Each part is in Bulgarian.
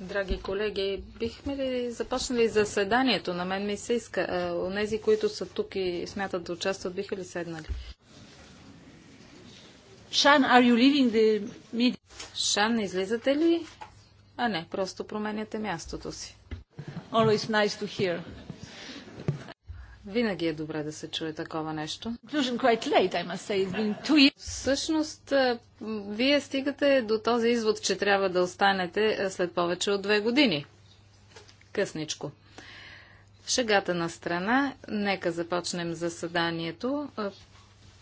Драги колеги, бихме ли започнали заседанието? На мен ми се иска. Е, онези, които са тук и смятат да участват, биха ли седнали? Шан, are you leaving the meeting? Шан, излизате ли? А не, просто променяте мястото си. Always nice to hear. Винаги е добре да се чуе такова нещо. Всъщност, вие стигате до този извод, че трябва да останете след повече от две години. Късничко. Шегата на страна, нека започнем заседанието.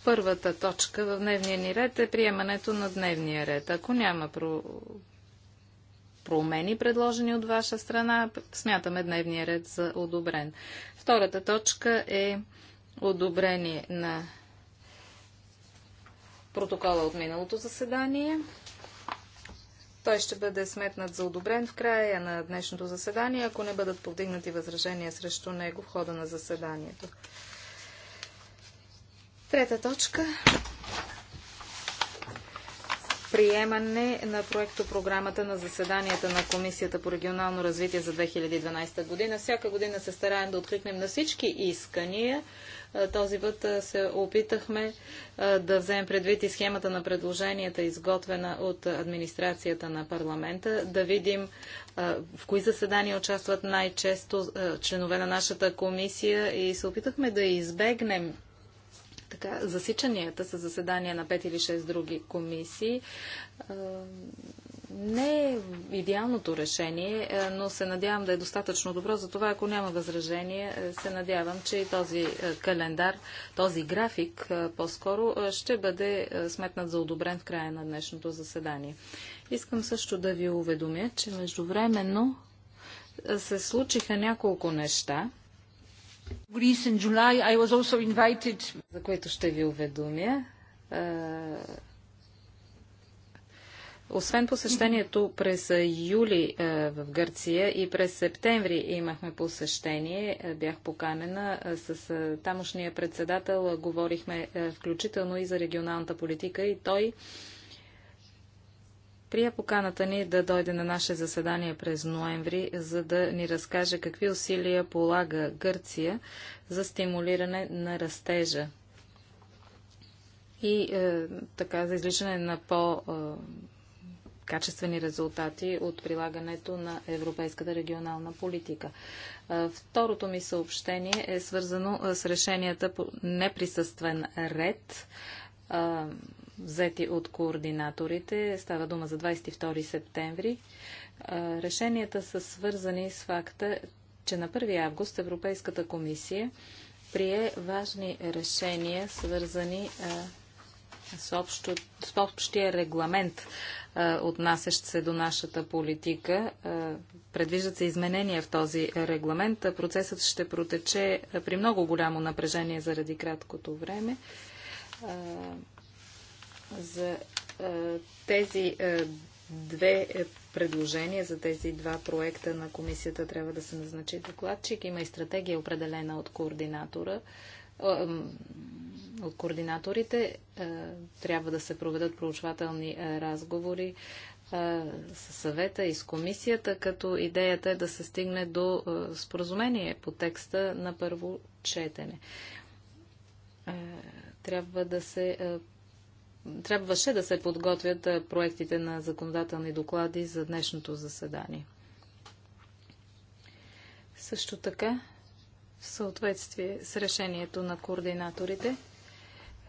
Първата точка в дневния ни ред е приемането на дневния ред. Ако няма промени, предложени от ваша страна, смятаме дневния ред за одобрен. Втората точка е одобрение на протокола от миналото заседание. Той ще бъде сметнат за одобрен в края на днешното заседание, ако не бъдат повдигнати възражения срещу него в хода на заседанието. Трета точка приемане на проектопрограмата програмата на заседанията на Комисията по регионално развитие за 2012 година. Всяка година се стараем да откликнем на всички искания. Този път се опитахме да вземем предвид и схемата на предложенията, изготвена от администрацията на парламента, да видим в кои заседания участват най-често членове на нашата комисия и се опитахме да избегнем така, засичанията с заседания на 5 или 6 други комисии не е идеалното решение, но се надявам да е достатъчно добро. Затова, ако няма възражение, се надявам, че и този календар, този график по-скоро ще бъде сметнат за одобрен в края на днешното заседание. Искам също да ви уведомя, че междувременно се случиха няколко неща, за което ще ви уведомя. Освен посещението през юли в Гърция и през септември имахме посещение, бях поканена с тамошния председател, говорихме включително и за регионалната политика и той прия поканата ни да дойде на наше заседание през ноември, за да ни разкаже какви усилия полага Гърция за стимулиране на растежа и е, така за изличане на по- качествени резултати от прилагането на европейската регионална политика. Е, второто ми съобщение е свързано е, с решенията по неприсъствен ред е, взети от координаторите. Става дума за 22 септември. Решенията са свързани с факта, че на 1 август Европейската комисия прие важни решения, свързани с, общо, с общия регламент, отнасящ се до нашата политика. предвиждат се изменения в този регламент. Процесът ще протече при много голямо напрежение заради краткото време за тези две предложения, за тези два проекта на комисията трябва да се назначи докладчик. Има и стратегия определена от координатора от координаторите трябва да се проведат проучвателни разговори с съвета и с комисията, като идеята е да се стигне до споразумение по текста на първо четене. Трябва да се трябваше да се подготвят проектите на законодателни доклади за днешното заседание. Също така, в съответствие с решението на координаторите,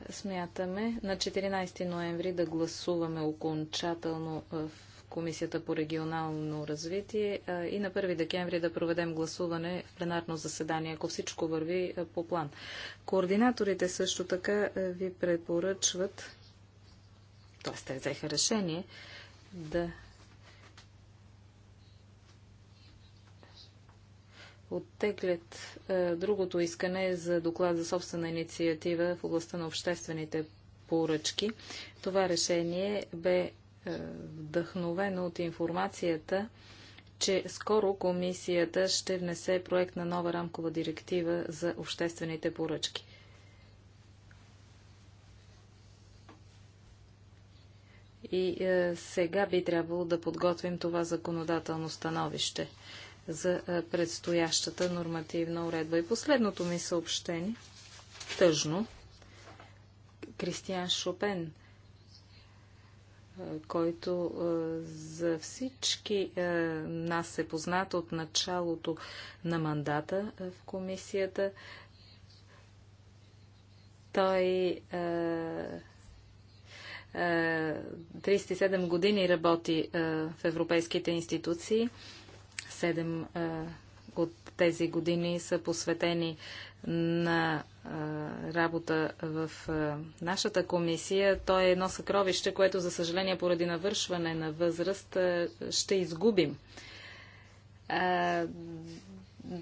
смятаме на 14 ноември да гласуваме окончателно в Комисията по регионално развитие и на 1 декември да проведем гласуване в пленарно заседание, ако всичко върви по план. Координаторите също така ви препоръчват т.е. те взеха решение да оттеглят е, другото искане за доклад за собствена инициатива в областта на обществените поръчки. Това решение бе е, вдъхновено от информацията, че скоро комисията ще внесе проект на нова рамкова директива за обществените поръчки. и е, сега би трябвало да подготвим това законодателно становище за е, предстоящата нормативна уредба. И последното ми съобщение, тъжно, Кристиан Шопен, е, който за всички нас е познат от началото на мандата в комисията. Той 37 е, години работи е, в европейските институции. 7 е, от тези години са посветени на работа в нашата комисия. Той е едно съкровище, което, за съжаление, поради навършване на възраст ще изгубим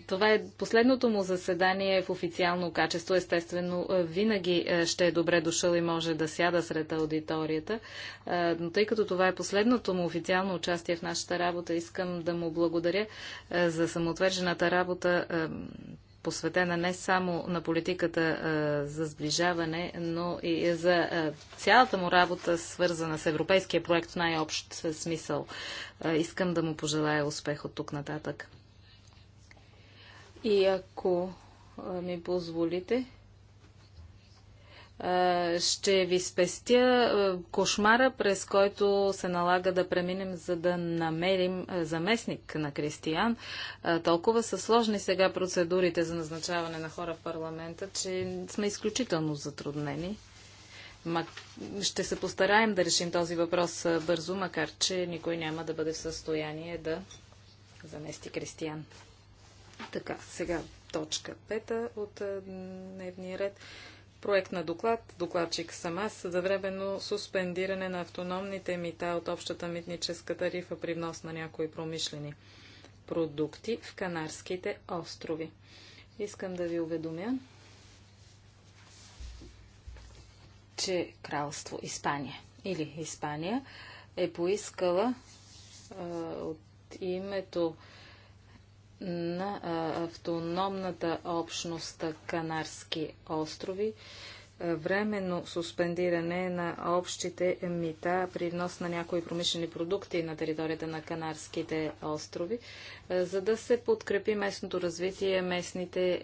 това е последното му заседание в официално качество. Естествено, е, винаги е, ще е добре дошъл и може да сяда сред аудиторията. Е, но тъй като това е последното му официално участие в нашата работа, искам да му благодаря за самоотвержената работа посветена не само на политиката за сближаване, но и за цялата му работа, свързана с европейския проект в най-общ смисъл. искам да му пожелая успех от тук нататък. И ако ми позволите, ще ви спестя кошмара, през който се налага да преминем, за да намерим заместник на Кристиян. Толкова са сложни сега процедурите за назначаване на хора в парламента, че сме изключително затруднени. Ще се постараем да решим този въпрос бързо, макар че никой няма да бъде в състояние да замести Кристиян. Така, сега точка пета от дневния ред. Проект на доклад, докладчик съм аз, за временно суспендиране на автономните мита от общата митническа тарифа при внос на някои промишлени продукти в Канарските острови. Искам да ви уведомя, че кралство Испания или Испания е поискала а, от името на автономната общност Канарски острови, временно суспендиране на общите мита при внос на някои промишлени продукти на територията на Канарските острови, за да се подкрепи местното развитие, местните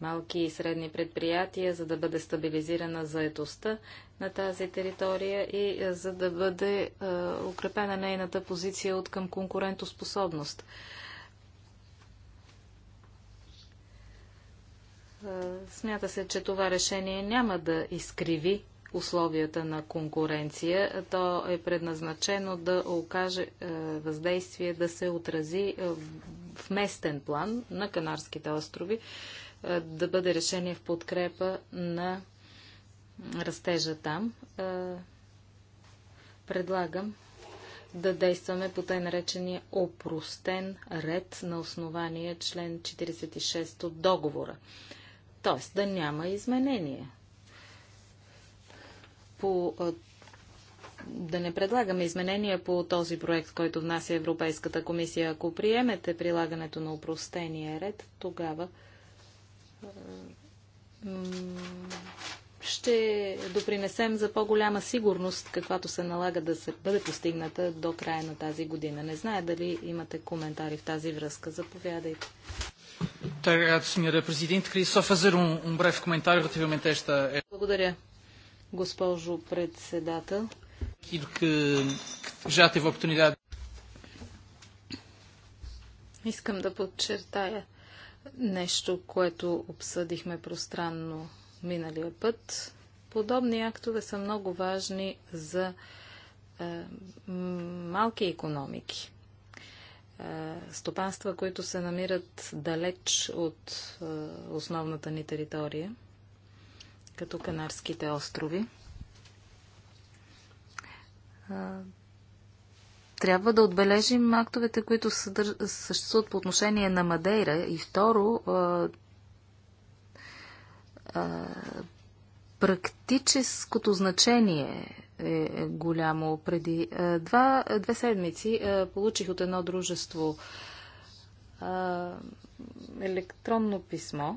малки и средни предприятия, за да бъде стабилизирана заетостта на тази територия и за да бъде укрепена нейната позиция от към конкурентоспособност. Смята се, че това решение няма да изкриви условията на конкуренция. То е предназначено да окаже въздействие да се отрази в местен план на Канарските острови, да бъде решение в подкрепа на растежа там. Предлагам да действаме по тъй наречения опростен ред на основание член 46 от договора т.е. да няма изменения. По, да не предлагаме изменения по този проект, който внася Европейската комисия. Ако приемете прилагането на упростения ред, тогава ще допринесем за по-голяма сигурност, каквато се налага да се бъде постигната до края на тази година. Не зная дали имате коментари в тази връзка. Заповядайте. Muito obrigado, Sra. Presidente. Queria só fazer um, um breve comentário relativamente a esta. Благодаря, госпожо председател. Aquilo que, que já teve a oportunidade. Искам да подчертая нещо, което обсъдихме пространно миналия път. Подобни актове са много важни за е, малки економики. Е, стопанства, които се намират далеч от е, основната ни територия, като Канарските острови. Е, трябва да отбележим актовете, които съществуват по отношение на Мадейра. И второ, практическото значение е голямо. Преди е, два, е, две седмици е, получих от едно дружество електронно писмо.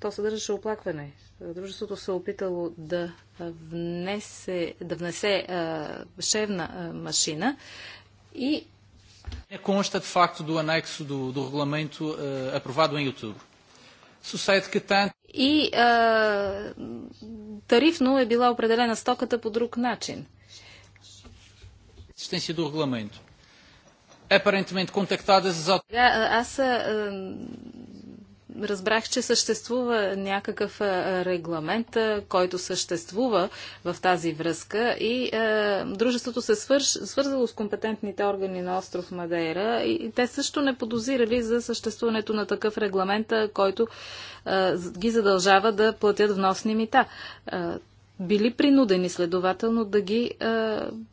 То съдържаше оплакване. Дружеството се е опитало да внесе, да внесе шевна машина и. Consta de факто до anexo до, до регламенто, uh, YouTube. И а, тарифно е била определена стоката по друг начин. Existência do regulamento. Aparentemente contactadas as autoridades. Аз а, разбрах, че съществува някакъв регламент, който съществува в тази връзка и е, дружеството се свърш, свързало с компетентните органи на остров Мадейра и, и те също не подозирали за съществуването на такъв регламент, който е, ги задължава да платят вносни мита. Е, били принудени следователно да ги е,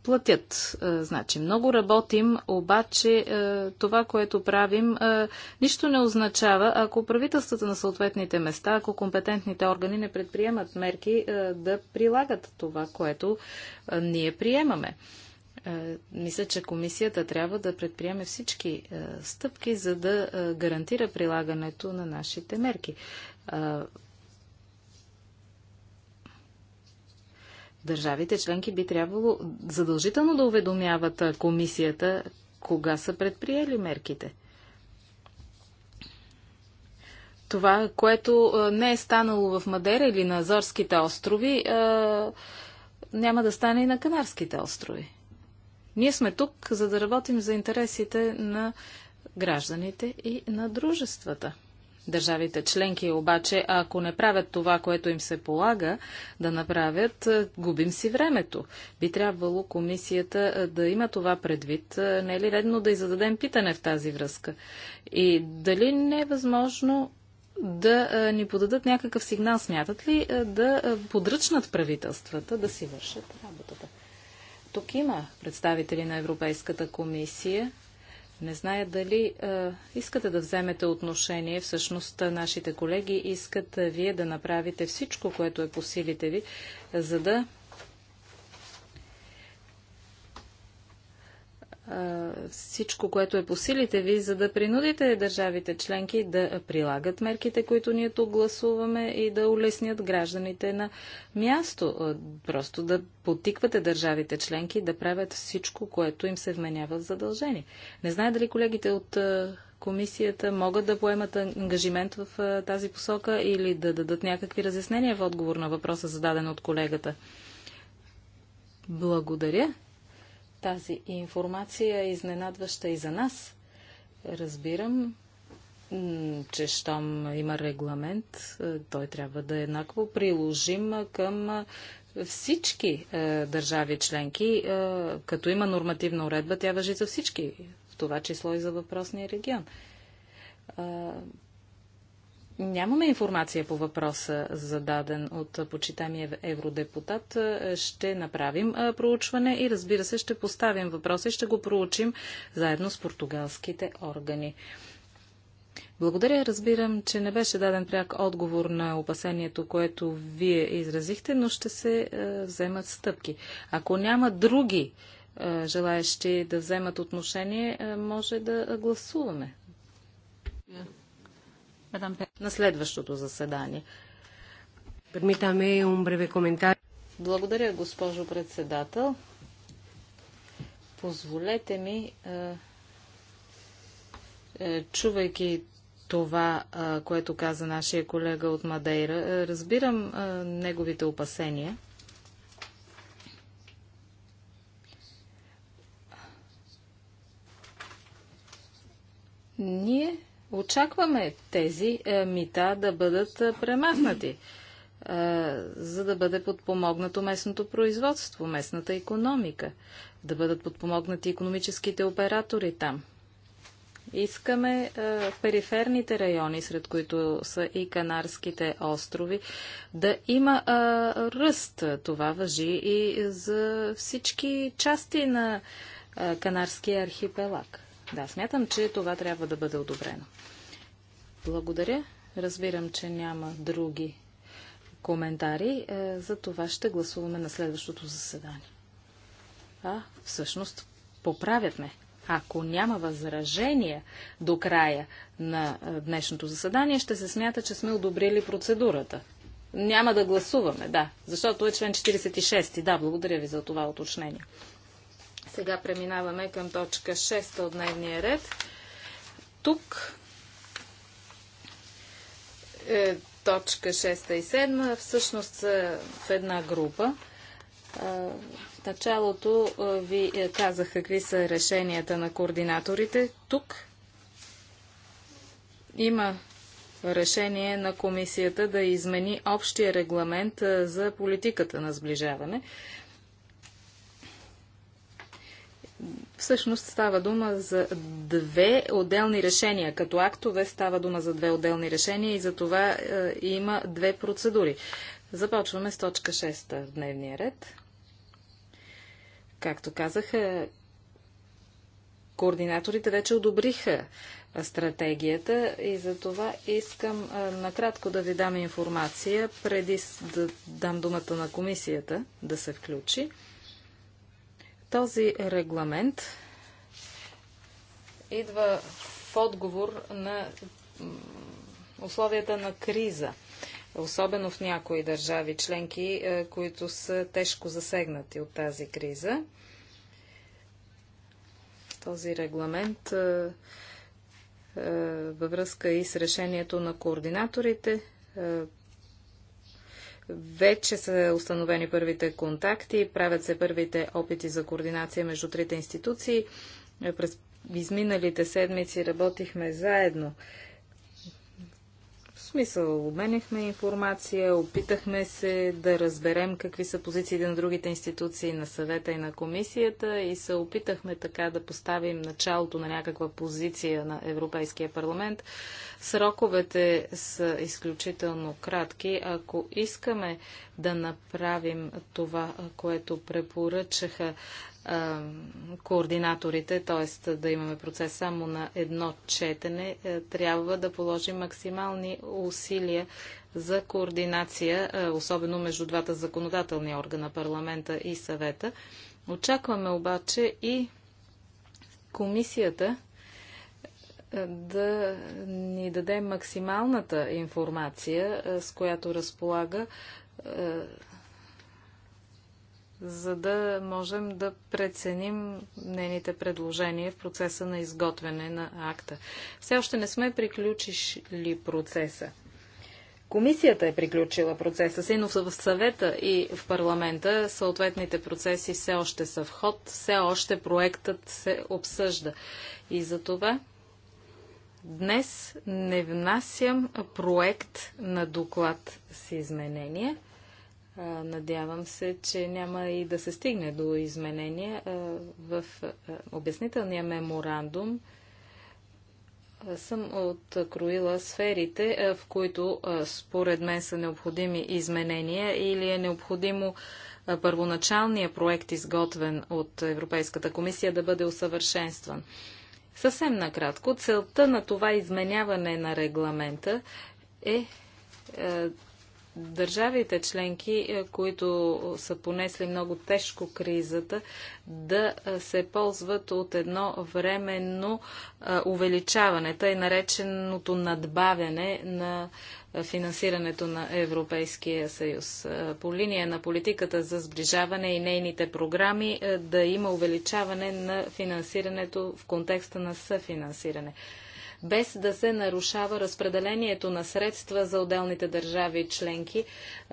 платят. Е, значи много работим, обаче е, това, което правим, е, нищо не означава, ако правителствата на съответните места, ако компетентните органи не предприемат мерки е, да прилагат това, което е, ние приемаме. Мисля, че комисията трябва да предприеме всички стъпки, за да гарантира прилагането на нашите мерки. Държавите членки би трябвало задължително да уведомяват комисията кога са предприели мерките. Това, което не е станало в Мадера или на Азорските острови, няма да стане и на Канарските острови. Ние сме тук, за да работим за интересите на гражданите и на дружествата. Държавите членки обаче, ако не правят това, което им се полага да направят, е, губим си времето. Би трябвало комисията е, да има това предвид. Е, не е ли редно да и зададем питане в тази връзка? И дали не е възможно да ни подадат някакъв сигнал, смятат ли да подръчнат правителствата да си вършат работата? Тук има представители на Европейската комисия. Не зная дали а, искате да вземете отношение. Всъщност, нашите колеги искат а, вие да направите всичко, което е по силите ви, за да всичко, което е по силите ви, за да принудите държавите членки да прилагат мерките, които ние тук гласуваме и да улеснят гражданите на място. Просто да потиквате държавите членки да правят всичко, което им се вменява в задължение. Не знае дали колегите от комисията могат да поемат ангажимент в тази посока или да дадат някакви разяснения в отговор на въпроса, зададен от колегата. Благодаря. Тази информация е изненадваща и за нас. Разбирам, че щом има регламент, е, той трябва да е еднакво приложим към е, всички е, държави членки. Е, като има нормативна уредба, тя въжи за всички, в това число и за въпросния регион. Е, Нямаме информация по въпроса зададен от почитания евродепутат. Ще направим проучване и разбира се ще поставим въпроса и ще го проучим заедно с португалските органи. Благодаря. Разбирам, че не беше даден пряк отговор на опасението, което вие изразихте, но ще се вземат стъпки. Ако няма други желаещи желаящи да вземат отношение, може да гласуваме. Yeah на следващото заседание. Благодаря, госпожо председател. Позволете ми, чувайки това, което каза нашия колега от Мадейра, разбирам неговите опасения. Ние Очакваме тези е, мита да бъдат е, премахнати, е, за да бъде подпомогнато местното производство, местната економика, да бъдат подпомогнати економическите оператори там. Искаме в периферните райони, сред които са и Канарските острови, да има ръст. Това въжи и за всички части на Канарския архипелаг. Да, смятам, че това трябва да бъде одобрено. Благодаря. Разбирам, че няма други коментари. Е, за това ще гласуваме на следващото заседание. А, всъщност, поправят ме. Ако няма възражения до края на е, днешното заседание, ще се смята, че сме одобрили процедурата. Няма да гласуваме, да, защото е член 46. Да, благодаря ви за това уточнение. Сега преминаваме към точка 6 от дневния ред. Тук е, точка 6 и 7 всъщност са в една група. В началото ви е, казах какви са решенията на координаторите. Тук има решение на комисията да измени общия регламент за политиката на сближаване. Всъщност става дума за две отделни решения. Като актове става дума за две отделни решения и за това е, има две процедури. Започваме с точка 6 в дневния ред. Както казах, координаторите вече одобриха стратегията и за това искам е, накратко да ви дам информация, преди да дам думата на комисията да се включи. Този регламент идва в отговор на условията на криза, особено в някои държави членки, е, които са тежко засегнати от тази криза. Този регламент е, е, във връзка и с решението на координаторите вече са установени първите контакти, правят се първите опити за координация между трите институции. През изминалите седмици работихме заедно смисъл, обменихме информация, опитахме се да разберем какви са позициите на другите институции, на съвета и на комисията и се опитахме така да поставим началото на някаква позиция на Европейския парламент. Сроковете са изключително кратки. Ако искаме да направим това, което препоръчаха координаторите, т.е. да имаме процес само на едно четене, е, трябва да положим максимални усилия за координация, е, особено между двата законодателни органа, парламента и съвета. Очакваме обаче и комисията е, да ни даде максималната информация, с която разполага за да можем да преценим нейните предложения в процеса на изготвяне на акта. Все още не сме приключили процеса. Комисията е приключила процеса си, но в съвета и в парламента съответните процеси все още са в ход, все още проектът се обсъжда. И за това днес не внасям проект на доклад с изменения – Надявам се, че няма и да се стигне до изменения. В обяснителния меморандум съм откроила сферите, в които според мен са необходими изменения или е необходимо първоначалния проект, изготвен от Европейската комисия, да бъде усъвършенстван. Съвсем накратко, целта на това изменяване на регламента е държавите членки, е, които са понесли много тежко кризата, да е, се ползват от едно временно е, увеличаване, тъй нареченото надбавяне на финансирането на Европейския съюз. По линия на политиката за сближаване и нейните програми да има увеличаване на финансирането в контекста на съфинансиране без да се нарушава разпределението на средства за отделните държави членки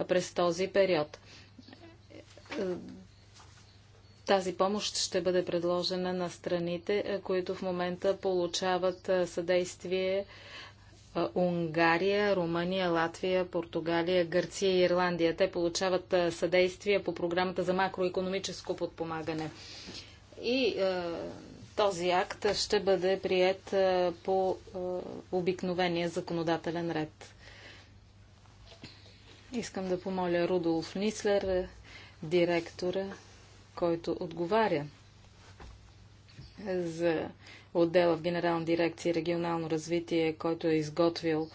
през този период. Е, тази помощ ще бъде предложена на страните, е, които в момента получават е, съдействие Унгария, Румъния, Латвия, Португалия, Гърция и Ирландия. Те получават съдействие по програмата за макроекономическо подпомагане. И е, този акт ще бъде прият е, по е, обикновения законодателен ред. Искам да помоля Рудолф Нислер, е, директора, който отговаря за отдела в Генерална дирекция регионално развитие, който е изготвил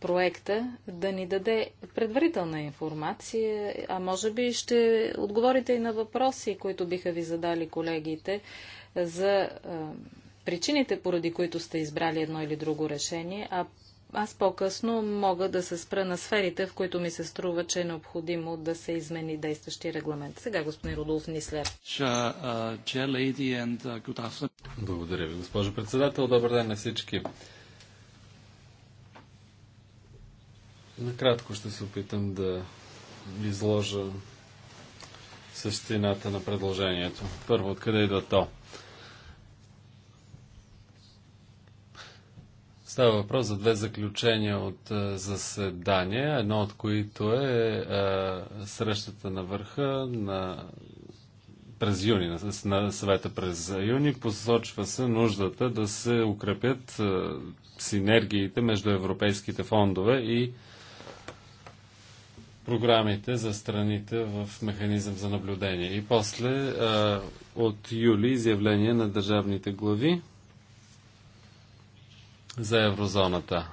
проекта, да ни даде предварителна информация, а може би ще отговорите и на въпроси, които биха ви задали колегите за причините, поради които сте избрали едно или друго решение, а аз по-късно мога да се спра на сферите, в които ми се струва, че е необходимо да се измени действащи регламент. Сега господин Рудолф Нислер. Uh, uh, Благодаря ви, госпожо председател. Добър ден на всички. Накратко ще се опитам да изложа същината на предложението. Първо, откъде идва то? Става въпрос за две заключения от заседания, едно от които е, е срещата на върха на през юни, на, съвета през юни, посочва се нуждата да се укрепят синергиите между европейските фондове и програмите за страните в механизъм за наблюдение. И после а, от юли изявление на държавните глави за еврозоната,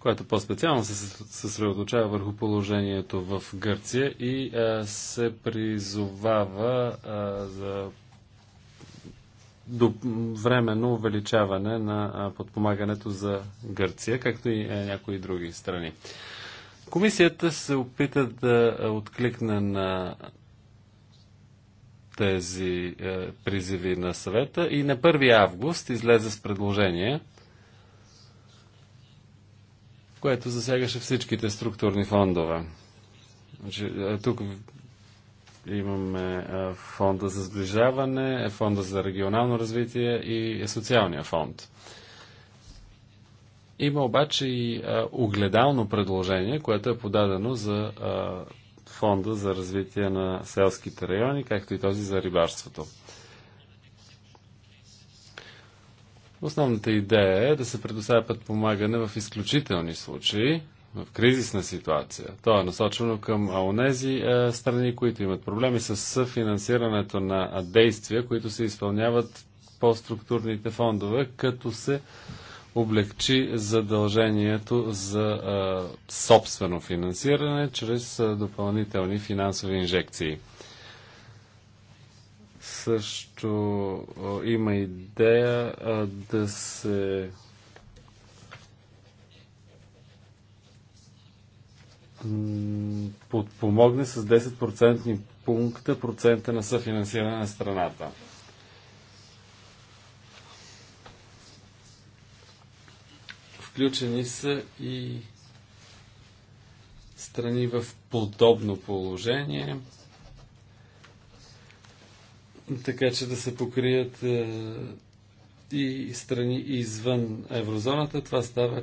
което по-специално се съсредоточава върху положението в Гърция и а, се призовава а, за до временно увеличаване на подпомагането за Гърция, както и някои други страни. Комисията се опита да откликне на тези е, призиви на съвета и на 1 август излезе с предложение, което засягаше всичките структурни фондове. Значи, е, тук имаме е, фонда за сближаване, фонда за регионално развитие и социалния фонд. Има обаче и огледално предложение, което е подадено за фонда за развитие на селските райони, както и този за рибарството. Основната идея е да се предоставя подпомагане в изключителни случаи, в кризисна ситуация. То е насочено към онези е, страни, които имат проблеми с съфинансирането на действия, които се изпълняват по структурните фондове, като се облегчи задължението за а, собствено финансиране чрез а, допълнителни финансови инжекции. Също а, има идея а, да се подпомогне с 10% пункта процента на съфинансиране на страната. Включени са и страни в подобно положение, така че да се покрият е, и страни извън еврозоната. Това става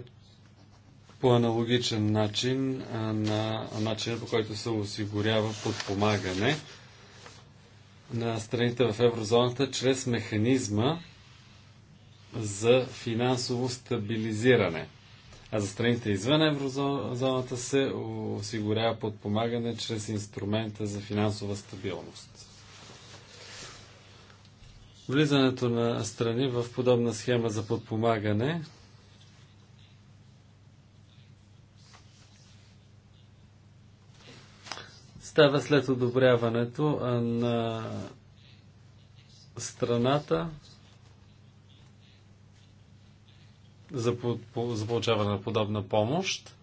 по аналогичен начин на начина по който се осигурява подпомагане на страните в еврозоната чрез механизма за финансово стабилизиране. А за страните извън еврозоната се осигурява подпомагане чрез инструмента за финансова стабилност. Влизането на страни в подобна схема за подпомагане става след одобряването на страната за, по, за получаване на подобна помощ,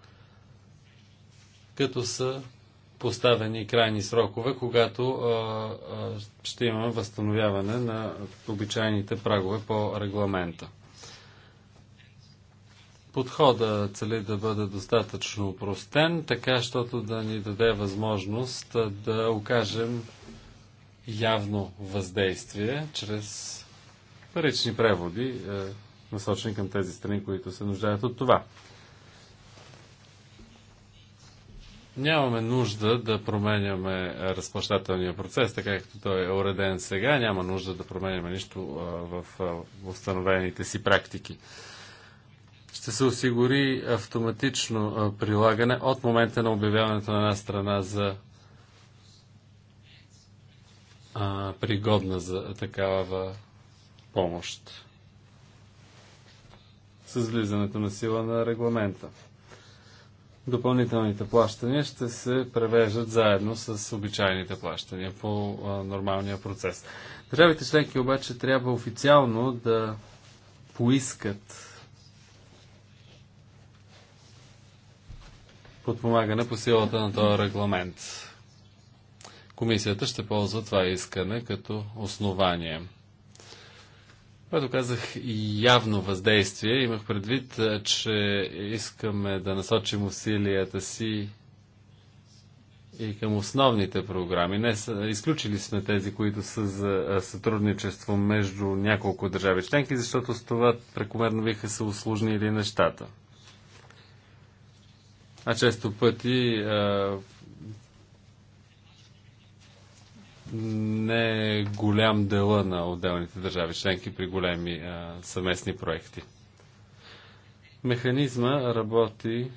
като са поставени крайни срокове, когато а, а, ще имаме възстановяване на обичайните прагове по регламента. Подхода цели да бъде достатъчно упростен, така, щото да ни даде възможност да окажем явно въздействие чрез парични преводи, насочени към тези страни, които се нуждаят от това. Нямаме нужда да променяме разплащателния процес, така както той е уреден сега. Няма нужда да променяме нищо в установените си практики. Ще се осигури автоматично прилагане от момента на обявяването на една страна за пригодна за такава помощ с влизането на сила на регламента. Допълнителните плащания ще се превеждат заедно с обичайните плащания по а, нормалния процес. Държавите членки обаче трябва официално да поискат подпомагане по силата на този регламент. Комисията ще ползва това искане като основание. Когато казах явно въздействие, имах предвид, че искаме да насочим усилията си и към основните програми. Не, изключили сме тези, които са за сътрудничество между няколко държави членки, защото с това прекомерно биха се усложнили нещата. А често пъти а, не е голям дела на отделните държави членки при големи а, съместни проекти. Механизма работи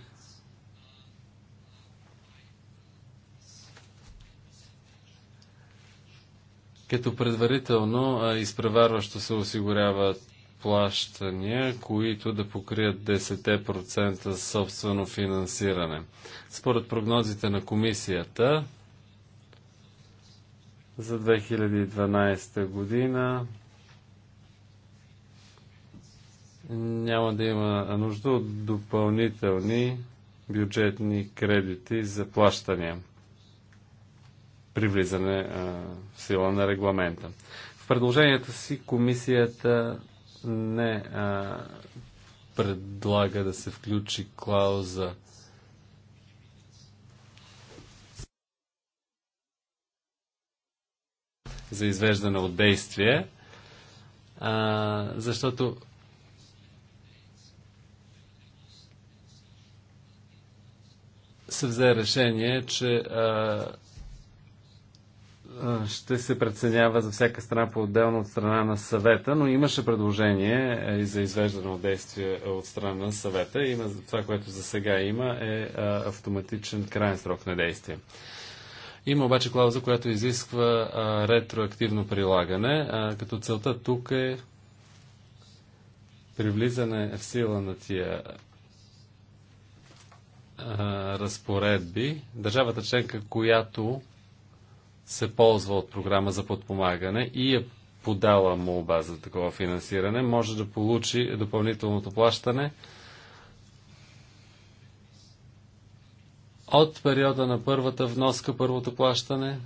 като предварително а, изпреварващо се осигуряват плащания, които да покрият 10% собствено финансиране. Според прогнозите на комисията, за 2012 година няма да има нужда от допълнителни бюджетни кредити за плащания при влизане в сила на регламента. В предложението си комисията не предлага да се включи клауза за извеждане от действие, а, защото се взе решение, че а, ще се преценява за всяка страна по-отделно от страна на съвета, но имаше предложение е, и за извеждане от действие е, от страна на съвета. Има, това, което за сега има, е автоматичен крайен срок на действие. Има обаче клауза, която изисква а, ретроактивно прилагане, а, като целта тук е привлизане в сила на тия а, разпоредби. Държавата членка, която се ползва от програма за подпомагане и е подала молба за такова финансиране, може да получи допълнителното плащане – от периода на първата вноска, първото плащане,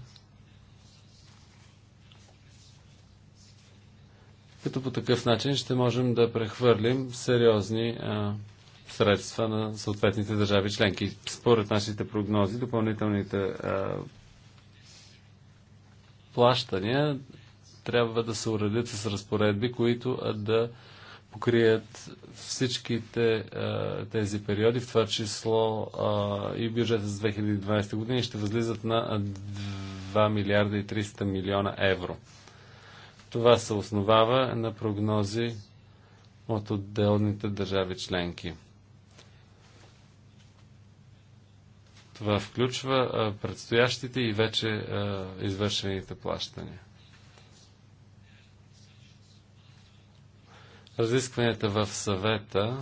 като по такъв начин ще можем да прехвърлим сериозни а, средства на съответните държави членки. Според нашите прогнози, допълнителните а, плащания трябва да се уредят с разпоредби, които а, да а, покрият всичките а, тези периоди, в това число а, и бюджета за 2012 година ще възлизат на 2 милиарда и 300 милиона евро. Това се основава на прогнози от отделните държави членки. Това включва а, предстоящите и вече извършените плащания. Разискванията в съвета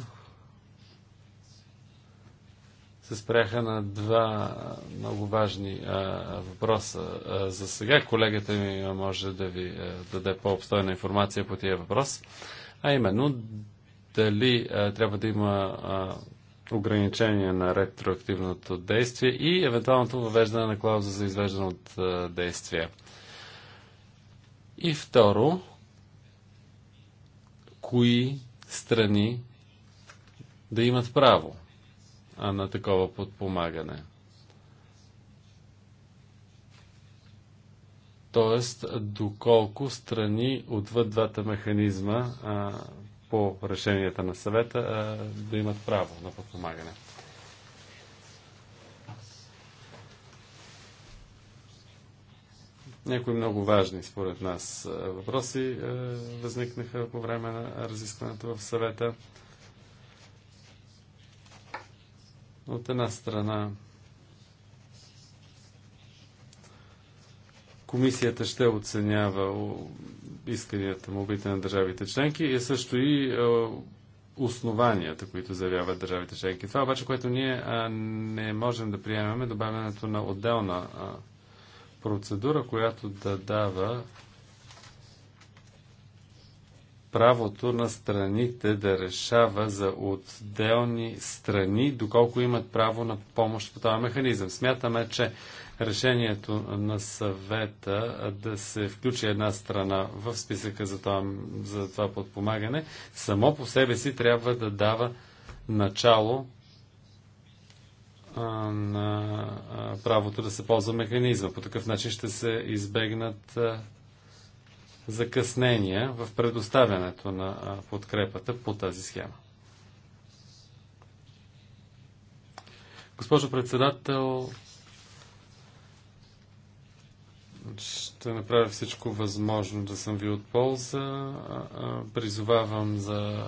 се спряха на два много важни а, въпроса. А, за сега колегата ми може да ви а, даде по-обстойна информация по тия въпрос, а именно дали а, трябва да има а, ограничение на ретроактивното действие и евентуалното въвеждане на клауза за извеждане от а, действие. И второ, кои страни да имат право на такова подпомагане. Тоест, доколко страни отвъд двата механизма а, по решенията на съвета а, да имат право на подпомагане. Някои много важни, според нас, е, въпроси е, възникнаха по време на разискването в съвета. От една страна, комисията ще оценява исканията, молбите на държавите членки и е също и основанията, които заявяват държавите членки. Това обаче, което ние не можем да приемем е добавянето на отделна процедура, която да дава правото на страните да решава за отделни страни, доколко имат право на помощ по този механизъм. Смятаме, че решението на съвета да се включи една страна в списъка за това, за това подпомагане, само по себе си трябва да дава начало на правото да се ползва механизма. По такъв начин ще се избегнат закъснения в предоставянето на подкрепата по тази схема. Госпожо председател, ще направя всичко възможно да съм ви от полза. Призовавам за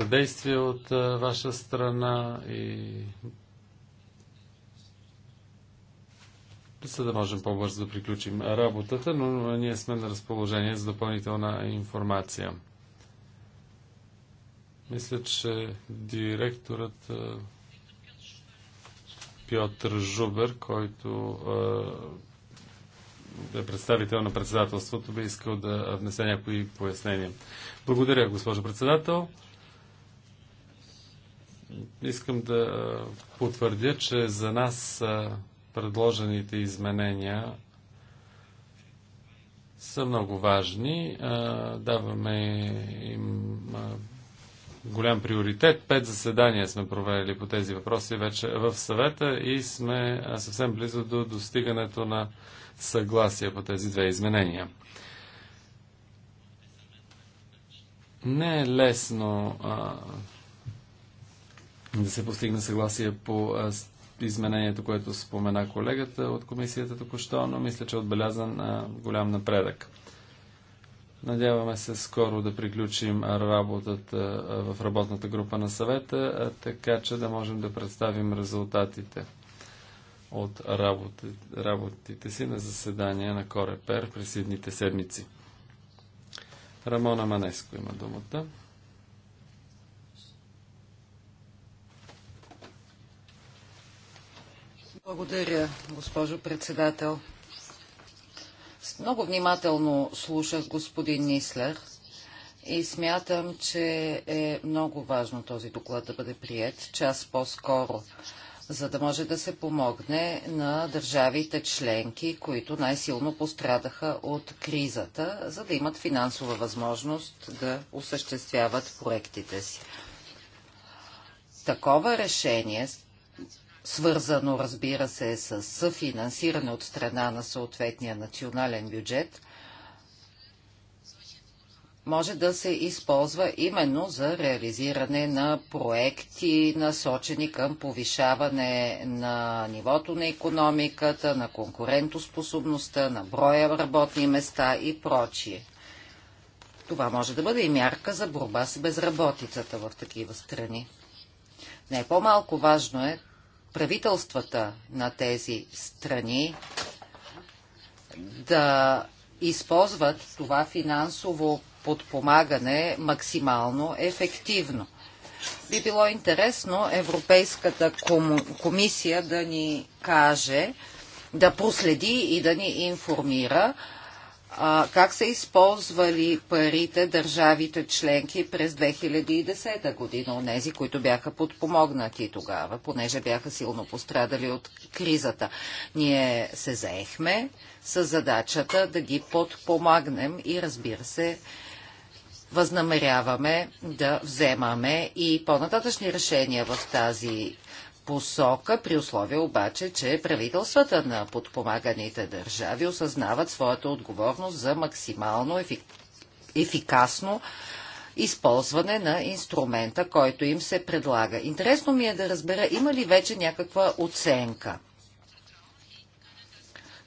съдействие от ваша страна и за да можем по-бързо да приключим работата, но ние сме на разположение за допълнителна информация. Мисля, че директорът Пьотър Жубер, който е представител на председателството, би искал да внесе някои пояснения. Благодаря, госпожо председател искам да потвърдя, че за нас предложените изменения са много важни. Даваме им голям приоритет. Пет заседания сме провели по тези въпроси вече в съвета и сме съвсем близо до достигането на съгласие по тези две изменения. Не е лесно а, да се постигне съгласие по изменението, което спомена колегата от комисията току-що, но мисля, че е отбелязан голям напредък. Надяваме се скоро да приключим работата в работната група на съвета, така че да можем да представим резултатите от работите, работите си на заседания на Корепер през едните седмици. Рамона Манеско има думата. Благодаря, госпожо председател. Много внимателно слушах господин Нислер и смятам, че е много важно този доклад да бъде прият час по-скоро, за да може да се помогне на държавите членки, които най-силно пострадаха от кризата, за да имат финансова възможност да осъществяват проектите си. Такова решение свързано, разбира се, с съфинансиране от страна на съответния национален бюджет, може да се използва именно за реализиране на проекти, насочени към повишаване на нивото на економиката, на конкурентоспособността, на броя работни места и прочие. Това може да бъде и мярка за борба с безработицата в такива страни. Не по-малко важно е правителствата на тези страни да използват това финансово подпомагане максимално ефективно. Би било интересно Европейската комисия да ни каже, да проследи и да ни информира а, как са използвали парите държавите членки през 2010 година, от тези, които бяха подпомогнати тогава, понеже бяха силно пострадали от кризата. Ние се заехме с задачата да ги подпомагнем и разбира се, възнамеряваме да вземаме и по-нататъчни решения в тази посока, при условие обаче, че правителствата на подпомаганите държави осъзнават своята отговорност за максимално ефик... ефикасно използване на инструмента, който им се предлага. Интересно ми е да разбера, има ли вече някаква оценка.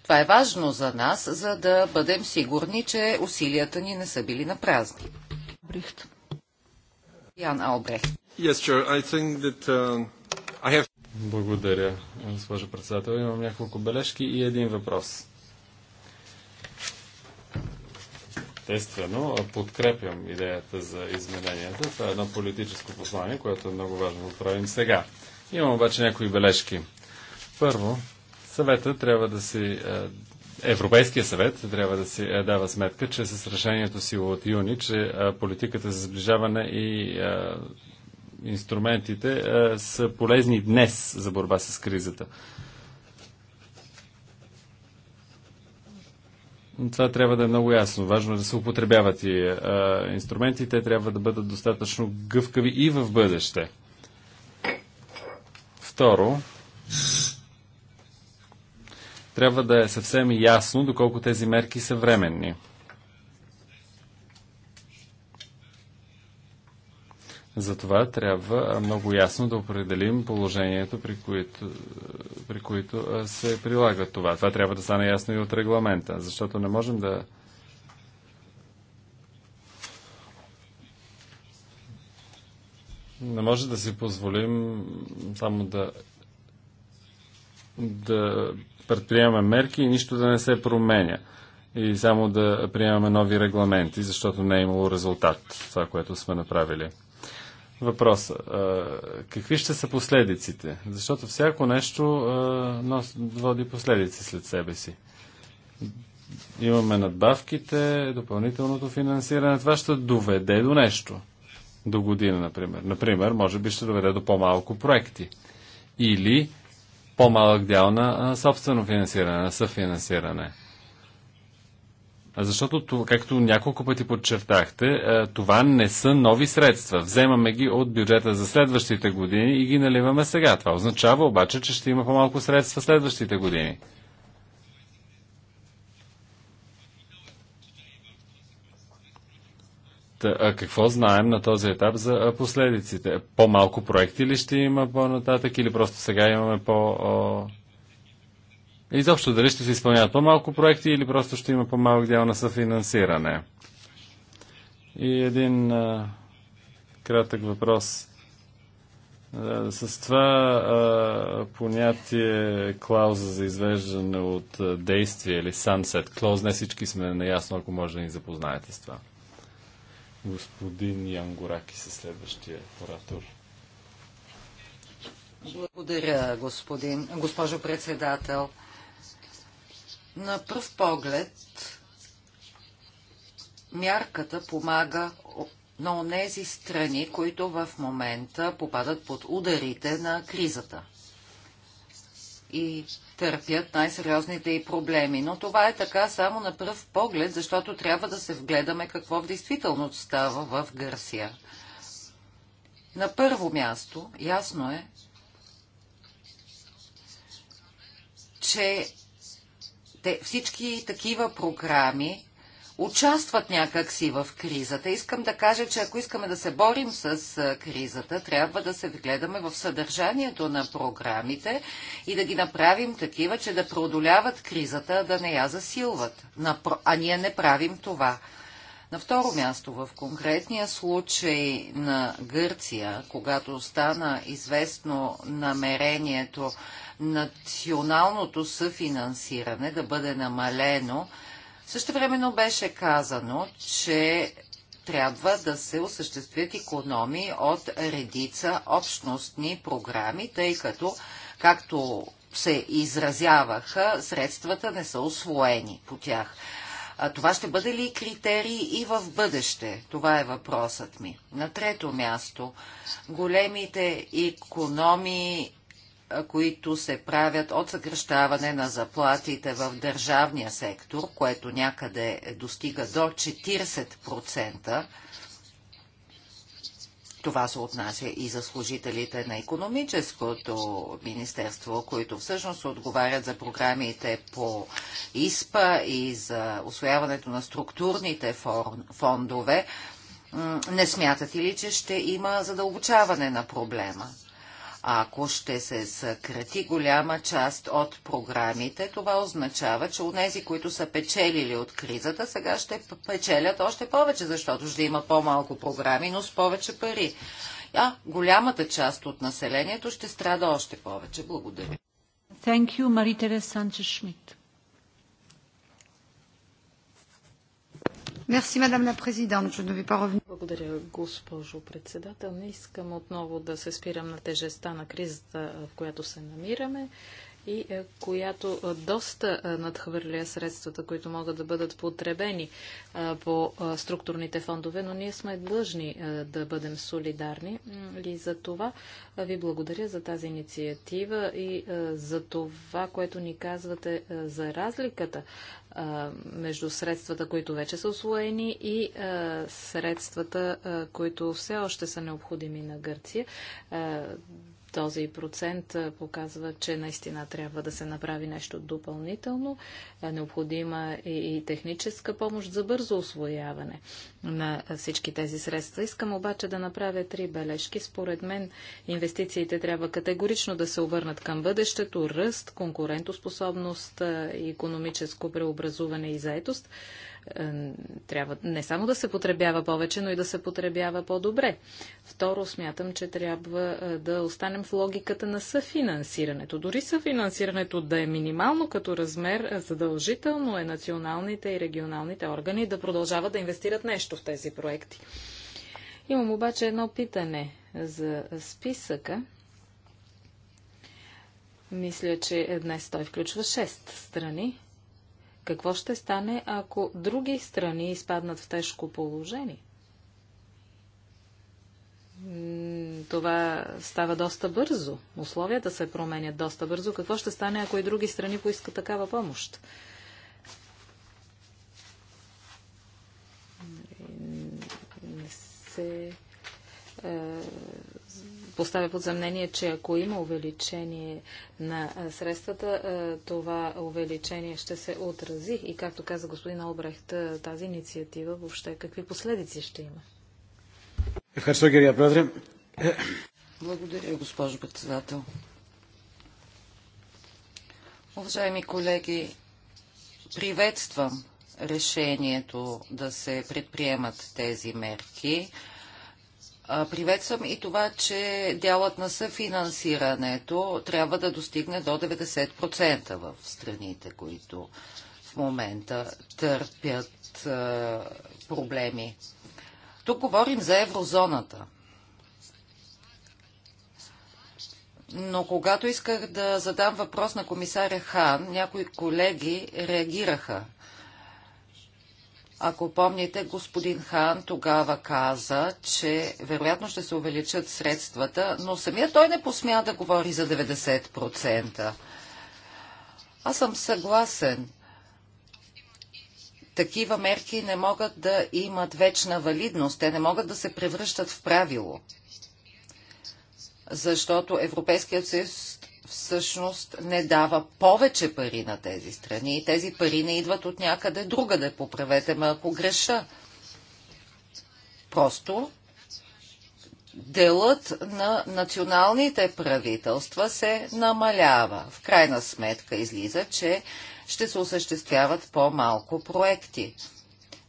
Това е важно за нас, за да бъдем сигурни, че усилията ни не са били на празни. Ян Албрехт. Yes, sure. I think that, uh, I have... Благодаря, госпожо председател. Имам няколко бележки и един въпрос. Естествено, подкрепям идеята за измененията. Това е едно политическо послание, което е много важно да правим сега. Имам обаче някои бележки. Първо, съвета трябва да си. Е, Европейския съвет трябва да си е, дава сметка, че с решението си от юни, че е, политиката за сближаване и инструментите е, са полезни днес за борба с кризата. Това трябва да е много ясно. Важно е да се употребяват и а, е, инструментите, трябва да бъдат достатъчно гъвкави и в бъдеще. Второ, трябва да е съвсем ясно доколко тези мерки са временни. Затова трябва много ясно да определим положението, при които, при които се прилага това. Това трябва да стане ясно и от регламента, защото не можем да. Не може да си позволим само да, да предприемаме мерки и нищо да не се променя и само да приемаме нови регламенти, защото не е имало резултат това, което сме направили въпроса. Какви ще са последиците? Защото всяко нещо нос, води последици след себе си. Имаме надбавките, допълнителното финансиране. Това ще доведе до нещо. До година, например. Например, може би ще доведе до по-малко проекти. Или по-малък дял на собствено финансиране, на съфинансиране. Защото, както няколко пъти подчертахте, е, това не са нови средства. Вземаме ги от бюджета за следващите години и ги наливаме сега. Това означава обаче, че ще има по-малко средства следващите години. какво знаем на този етап за последиците? По-малко проекти ли ще има по-нататък или просто сега имаме по- Изобщо дали ще се изпълняват по-малко проекти или просто ще има по-малък дял на съфинансиране. И един а, кратък въпрос. А, с това а, понятие клауза за извеждане от а, действие или sunset clause, не всички сме наясно, ако може да ни запознаете с това. Господин Янгораки със следващия оратор. Благодаря, господин, госпожо председател. На пръв поглед мярката помага на онези страни, които в момента попадат под ударите на кризата и търпят най-сериозните и проблеми. Но това е така само на пръв поглед, защото трябва да се вгледаме какво в действителност става в Гърсия. На първо място, ясно е, че те, всички такива програми участват някакси в кризата. Искам да кажа, че ако искаме да се борим с кризата, трябва да се вгледаме в съдържанието на програмите и да ги направим такива, че да преодоляват кризата, да не я засилват. А ние не правим това. На второ място, в конкретния случай на Гърция, когато стана известно намерението националното съфинансиране да бъде намалено. Също времено беше казано, че трябва да се осъществят економии от редица общностни програми, тъй като, както се изразяваха, средствата не са освоени по тях. А това ще бъде ли критерий и в бъдеще? Това е въпросът ми. На трето място, големите економии които се правят от съкръщаване на заплатите в държавния сектор, което някъде достига до 40%. Това се отнася и за служителите на економическото министерство, които всъщност отговарят за програмите по ИСПА и за освояването на структурните фондове. Не смятате ли, че ще има задълбочаване на проблема? Ако ще се съкрати голяма част от програмите, това означава, че онези, които са печелили от кризата, сега ще печелят още повече, защото ще има по-малко програми, но с повече пари. А голямата част от населението ще страда още повече. Благодаря. Thank you, Marie-Thérèse Sanchez-Schmidt. Благодаря, госпожо председател. Не искам отново да се спирам на тежестта на кризата, в която се намираме и е, която е, доста е, надхвърля средствата, които могат да бъдат потребени по структурните фондове, но ние сме длъжни да бъдем солидарни и за това ви благодаря за тази инициатива и за това, което ни казвате за разликата между средствата, които вече са освоени и средствата, които все още са необходими на Гърция този процент показва, че наистина трябва да се направи нещо допълнително. Е, необходима е и техническа помощ за бързо освояване на всички тези средства. Искам обаче да направя три бележки. Според мен инвестициите трябва категорично да се обърнат към бъдещето, ръст, конкурентоспособност, економическо преобразуване и заетост. Е, трябва не само да се потребява повече, но и да се потребява по-добре. Второ, смятам, че трябва е, да останем в логиката на съфинансирането. Дори съфинансирането да е минимално като размер, е, задължително е националните и регионалните органи да продължават да инвестират нещо в тези проекти. Имам обаче едно питане за списъка. Мисля, че днес той включва 6 страни. Какво ще стане, ако други страни изпаднат в тежко положение? Това става доста бързо. Условията се променят доста бързо. Какво ще стане, ако и други страни поискат такава помощ? Не се е, поставя под съмнение, че ако има увеличение на средствата, това увеличение ще се отрази и, както каза господин Албрехт, тази инициатива въобще какви последици ще има? Благодаря, госпожо председател. Уважаеми колеги, приветствам решението да се предприемат тези мерки. Приветствам и това, че дялът на съфинансирането трябва да достигне до 90% в страните, които в момента търпят проблеми. Тук говорим за еврозоната. Но когато исках да задам въпрос на комисаря Хан, някои колеги реагираха – ако помните, господин Хан тогава каза, че вероятно ще се увеличат средствата, но самия той не посмя да говори за 90%. Аз съм съгласен. Такива мерки не могат да имат вечна валидност, те не могат да се превръщат в правило. Защото Европейският съюз всъщност не дава повече пари на тези страни и тези пари не идват от някъде другаде. Поправете ме ако греша. Просто делът на националните правителства се намалява. В крайна сметка излиза, че ще се осъществяват по-малко проекти.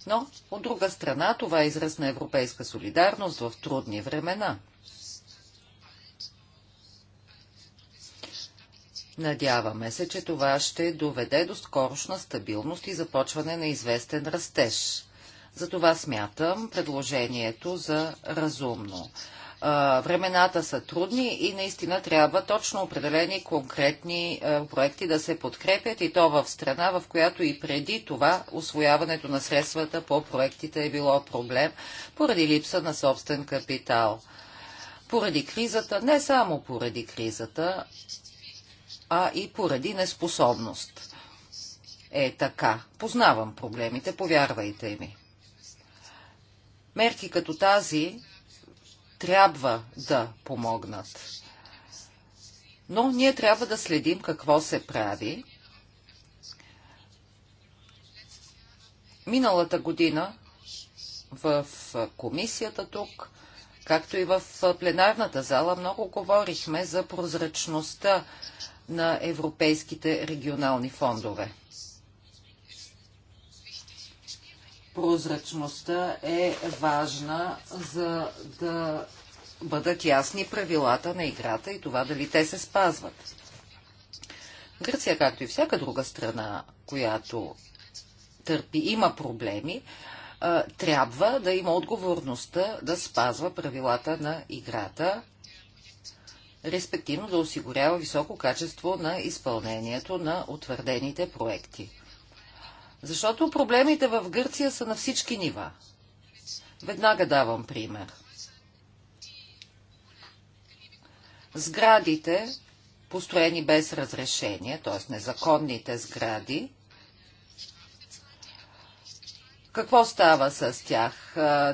Но, от друга страна, това е израз на европейска солидарност в трудни времена. Надяваме се, че това ще доведе до скорошна стабилност и започване на известен растеж. Затова смятам предложението за разумно. времената са трудни и наистина трябва точно определени конкретни проекти да се подкрепят и то в страна, в която и преди това освояването на средствата по проектите е било проблем поради липса на собствен капитал. Поради кризата, не само поради кризата, а и поради неспособност. Е така. Познавам проблемите, повярвайте ми. Мерки като тази трябва да помогнат. Но ние трябва да следим какво се прави. Миналата година в комисията тук, както и в пленарната зала, много говорихме за прозрачността на европейските регионални фондове. Прозрачността е важна, за да бъдат ясни правилата на играта и това дали те се спазват. Гърция, както и всяка друга страна, която търпи, има проблеми, трябва да има отговорността да спазва правилата на играта респективно да осигурява високо качество на изпълнението на утвърдените проекти. Защото проблемите в Гърция са на всички нива. Веднага давам пример. Сградите, построени без разрешение, т.е. незаконните сгради, какво става с тях?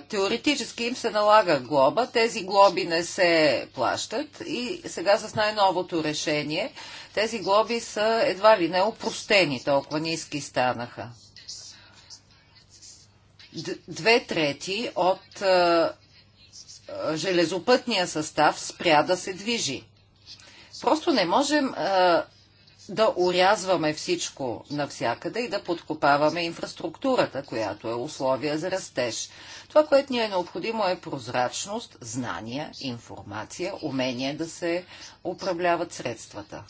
Теоретически им се налага глоба, тези глоби не се плащат и сега с най-новото решение тези глоби са едва ли не опростени, толкова ниски станаха. Две трети от железопътния състав спря да се движи. Просто не можем да урязваме всичко навсякъде и да подкопаваме инфраструктурата, която е условия за растеж. Това, което ни е необходимо е прозрачност, знания, информация, умение да се управляват средствата.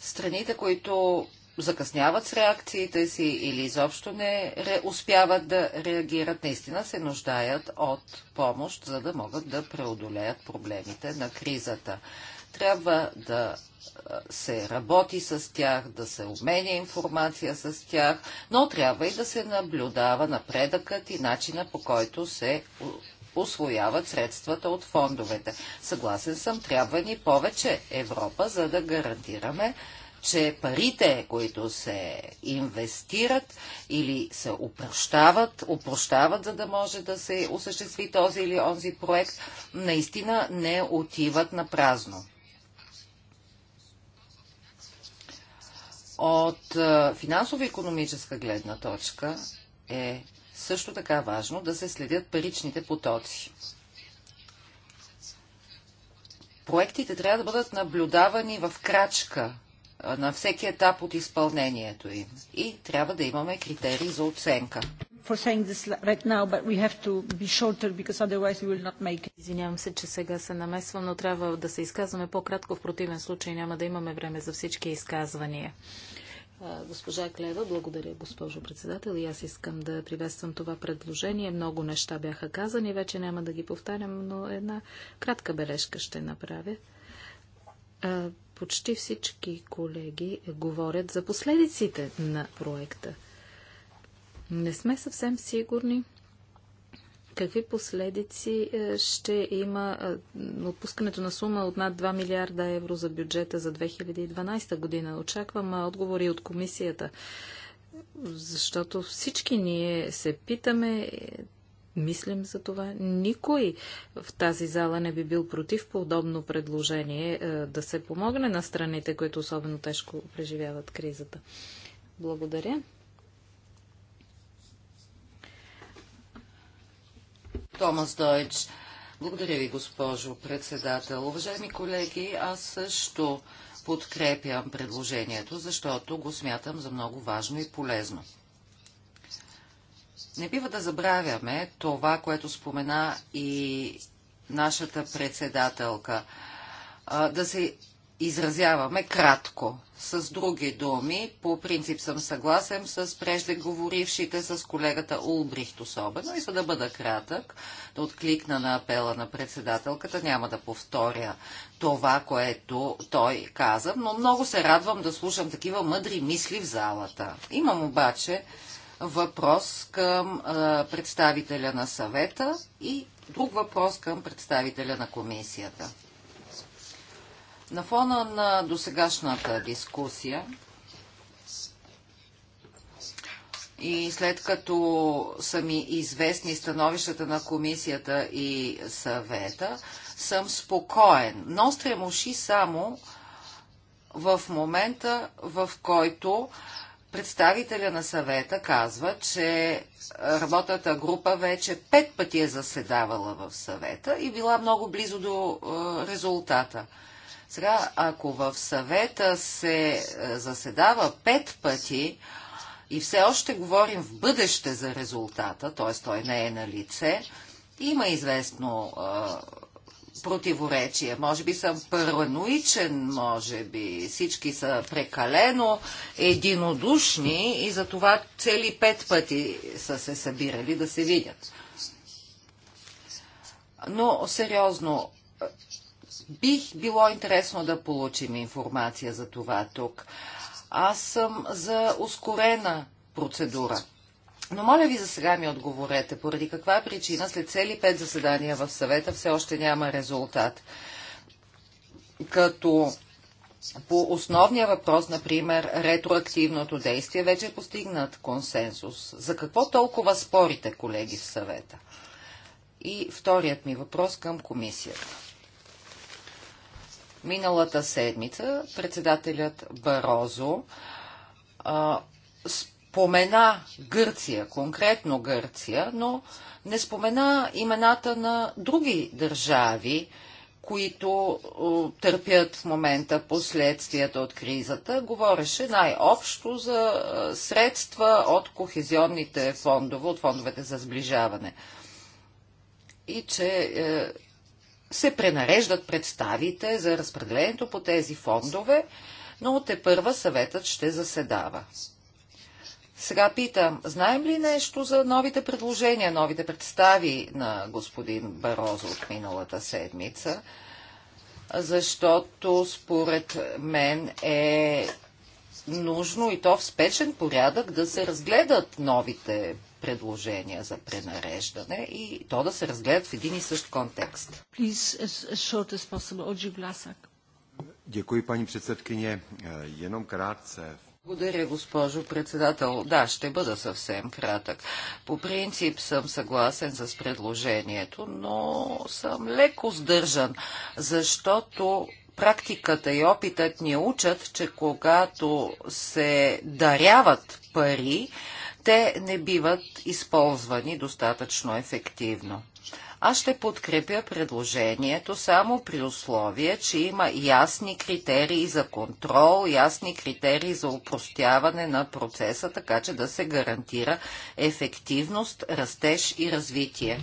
Страните, които закъсняват с реакциите си или изобщо не ре, успяват да реагират, наистина се нуждаят от помощ, за да могат да преодолеят проблемите на кризата. Трябва да се работи с тях, да се обменя информация с тях, но трябва и да се наблюдава напредъкът и начина по който се освояват средствата от фондовете. Съгласен съм, трябва ни повече Европа, за да гарантираме, че парите, които се инвестират или се упрощават, упрощават, за да може да се осъществи този или онзи проект, наистина не отиват на празно. От е, финансово-економическа гледна точка е също така важно да се следят паричните потоци. Проектите трябва да бъдат наблюдавани в крачка е, на всеки етап от изпълнението им и трябва да имаме критерии за оценка for saying this right now, but we have to be shorter because otherwise we will not make it. Извинявам се, че сега се намесвам, но трябва да се изказваме по-кратко. В противен случай няма да имаме време за всички изказвания. Госпожа Клева, благодаря, госпожо председател. И аз искам да приветствам това предложение. Много неща бяха казани, вече няма да ги повтарям, но една кратка бележка ще направя. Почти всички колеги говорят за последиците на проекта. Не сме съвсем сигурни какви последици е, ще има е, отпускането на сума от над 2 милиарда евро за бюджета за 2012 година. Очаквам е, отговори от комисията, защото всички ние се питаме, мислим за това. Никой в тази зала не би бил против подобно предложение да се помогне на страните, които особено тежко преживяват кризата. Благодаря. Томас Дойч. Благодаря ви, госпожо председател. Уважаеми колеги, аз също подкрепям предложението, защото го смятам за много важно и полезно. Не бива да забравяме това, което спомена и нашата председателка. да се изразяваме кратко. С други думи, по принцип съм съгласен с преждеговорившите с колегата Улбрихт особено и за да бъда кратък, да откликна на апела на председателката, няма да повторя това, което той каза, но много се радвам да слушам такива мъдри мисли в залата. Имам обаче въпрос към а, представителя на съвета и друг въпрос към представителя на комисията. На фона на досегашната дискусия и след като са ми известни становищата на комисията и съвета, съм спокоен. Но стрем уши само в момента, в който представителя на съвета казва, че работната група вече пет пъти е заседавала в съвета и била много близо до е, резултата. Сега, ако в съвета се е, заседава пет пъти и все още говорим в бъдеще за резултата, т.е. той не е на лице, има известно е, противоречие. Може би съм параноичен, може би всички са прекалено единодушни и за това цели пет пъти са се събирали да се видят. Но сериозно Бих било интересно да получим информация за това тук. Аз съм за ускорена процедура. Но моля ви за сега ми отговорете, поради каква е причина след цели пет заседания в съвета все още няма резултат. Като по основния въпрос, например, ретроактивното действие, вече е постигнат консенсус. За какво толкова спорите, колеги в съвета? И вторият ми въпрос към комисията. Миналата седмица председателят Барозо а, спомена Гърция, конкретно Гърция, но не спомена имената на други държави, които търпят в момента последствията от кризата. Говореше най-общо за средства от кохезионните фондове, от фондовете за сближаване. И че е, се пренареждат представите за разпределението по тези фондове, но те първа съветът ще заседава. Сега питам, знаем ли нещо за новите предложения, новите представи на господин Барозо от миналата седмица? Защото според мен е нужно и то в спешен порядък да се разгледат новите предложения за пренареждане и то да се разгледат в един и същ контекст. Дякую, пани председкиня. as кратце. Благодаря, госпожо председател. Да, ще бъда съвсем кратък. По принцип съм съгласен с предложението, но съм леко сдържан, защото практиката и опитът ни учат, че когато се даряват пари, те не биват използвани достатъчно ефективно. Аз ще подкрепя предложението само при условие, че има ясни критерии за контрол, ясни критерии за упростяване на процеса, така че да се гарантира ефективност, растеж и развитие.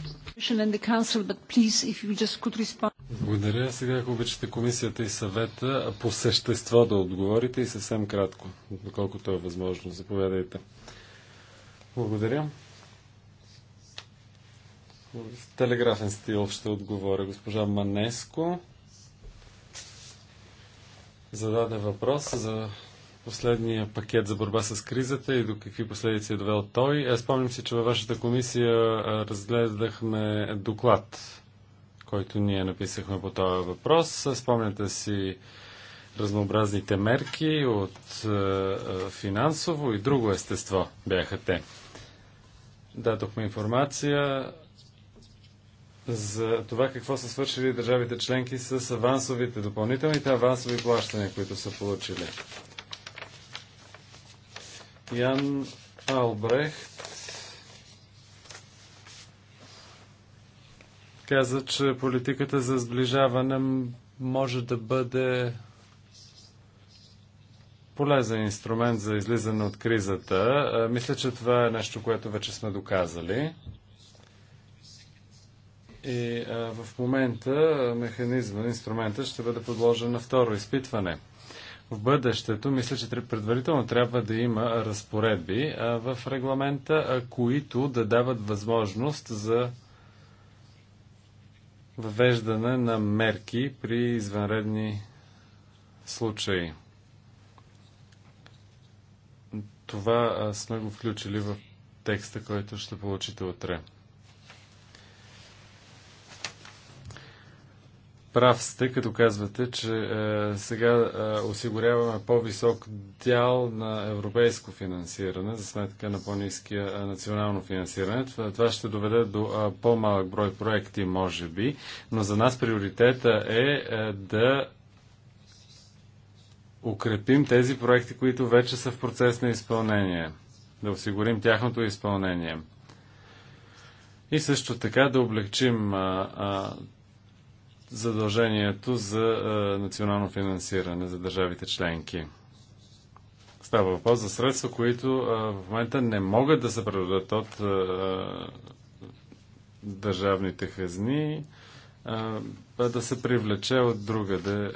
Благодаря. Сега, ако обичате комисията и съвета, по същество да отговорите и съвсем кратко, доколкото е възможно. Заповядайте. Благодаря. В телеграфен стил ще отговоря госпожа Манеско. Зададе въпрос за последния пакет за борба с кризата и до какви последици е довел той. Аз е, спомням си, че във вашата комисия е, разгледахме доклад, който ние написахме по този въпрос. Спомняте си разнообразните мерки от е, финансово и друго естество бяха те дадохме информация за това какво са свършили държавите членки с авансовите, допълнителните авансови плащания, които са получили. Ян Албрехт каза, че политиката за сближаване може да бъде полезен инструмент за излизане от кризата. Мисля, че това е нещо, което вече сме доказали. И в момента механизма, инструмента ще бъде подложен на второ изпитване. В бъдещето, мисля, че предварително трябва да има разпоредби в регламента, които да дават възможност за въвеждане на мерки при извънредни случаи това сме го включили в текста, който ще получите утре. прав сте, като казвате, че е, сега е, осигуряваме по-висок дял на европейско финансиране за сметка на по-низкия е, национално финансиране. Това, това ще доведе до е, по-малък брой проекти, може би, но за нас приоритета е, е да укрепим тези проекти, които вече са в процес на изпълнение, да осигурим тяхното изпълнение. И също така да облегчим а, а, задължението за а, национално финансиране за държавите членки. Става въпрос за средства, които а, в момента не могат да се предадат от а, държавните хазни да се привлече от другаде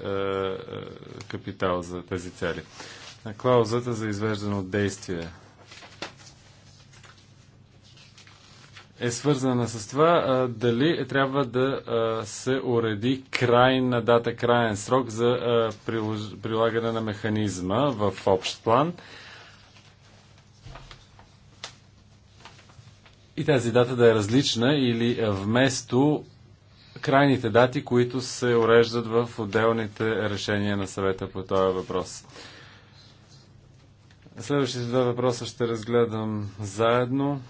капитал за тези цели. Клаузата за извеждане от действие е свързана с това а, дали трябва да а, се уреди крайна дата, крайен срок за а, прилож... прилагане на механизма в общ план. И тази дата да е различна или вместо крайните дати, които се уреждат в отделните решения на съвета по този въпрос. Следващите два въпроса ще разгледам заедно.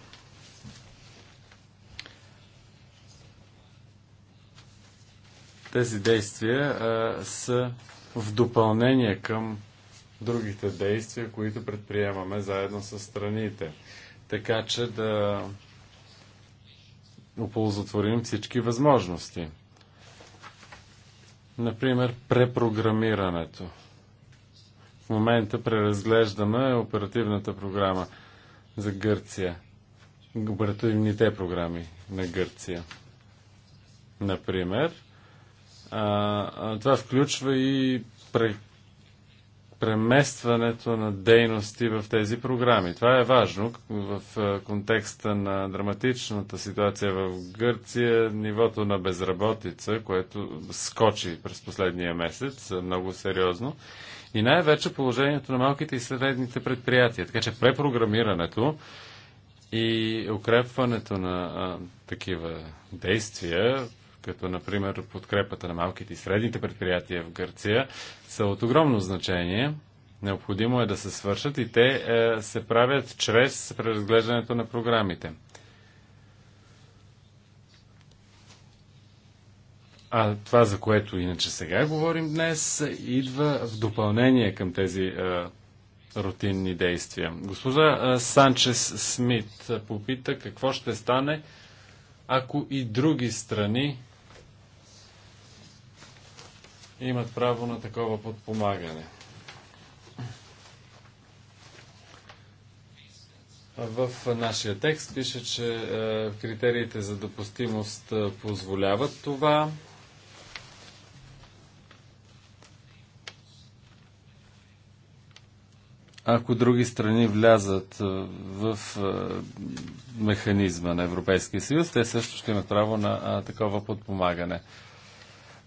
Тези действия а, са в допълнение към другите действия, които предприемаме заедно с страните. Така че да оползотворим всички възможности. Например, препрограмирането. В момента преразглеждаме оперативната програма за Гърция. Оперативните програми на Гърция. Например, а, а това включва и преместването на дейности в тези програми. Това е важно в е, контекста на драматичната ситуация в Гърция, нивото на безработица, което скочи през последния месец е много сериозно. И най-вече положението на малките и средните предприятия. Така че препрограмирането и укрепването на а, такива действия като например подкрепата на малките и средните предприятия в Гърция, са от огромно значение. Необходимо е да се свършат и те е, се правят чрез преразглеждането на програмите. А това, за което иначе сега говорим днес, идва в допълнение към тези е, рутинни действия. Госпожа е, Санчес Смит попита какво ще стане, ако и други страни имат право на такова подпомагане. В нашия текст пише, че е, критериите за допустимост е, позволяват това. ако други страни влязат е, в механизма на Европейския съюз, те също ще имат право на такова подпомагане.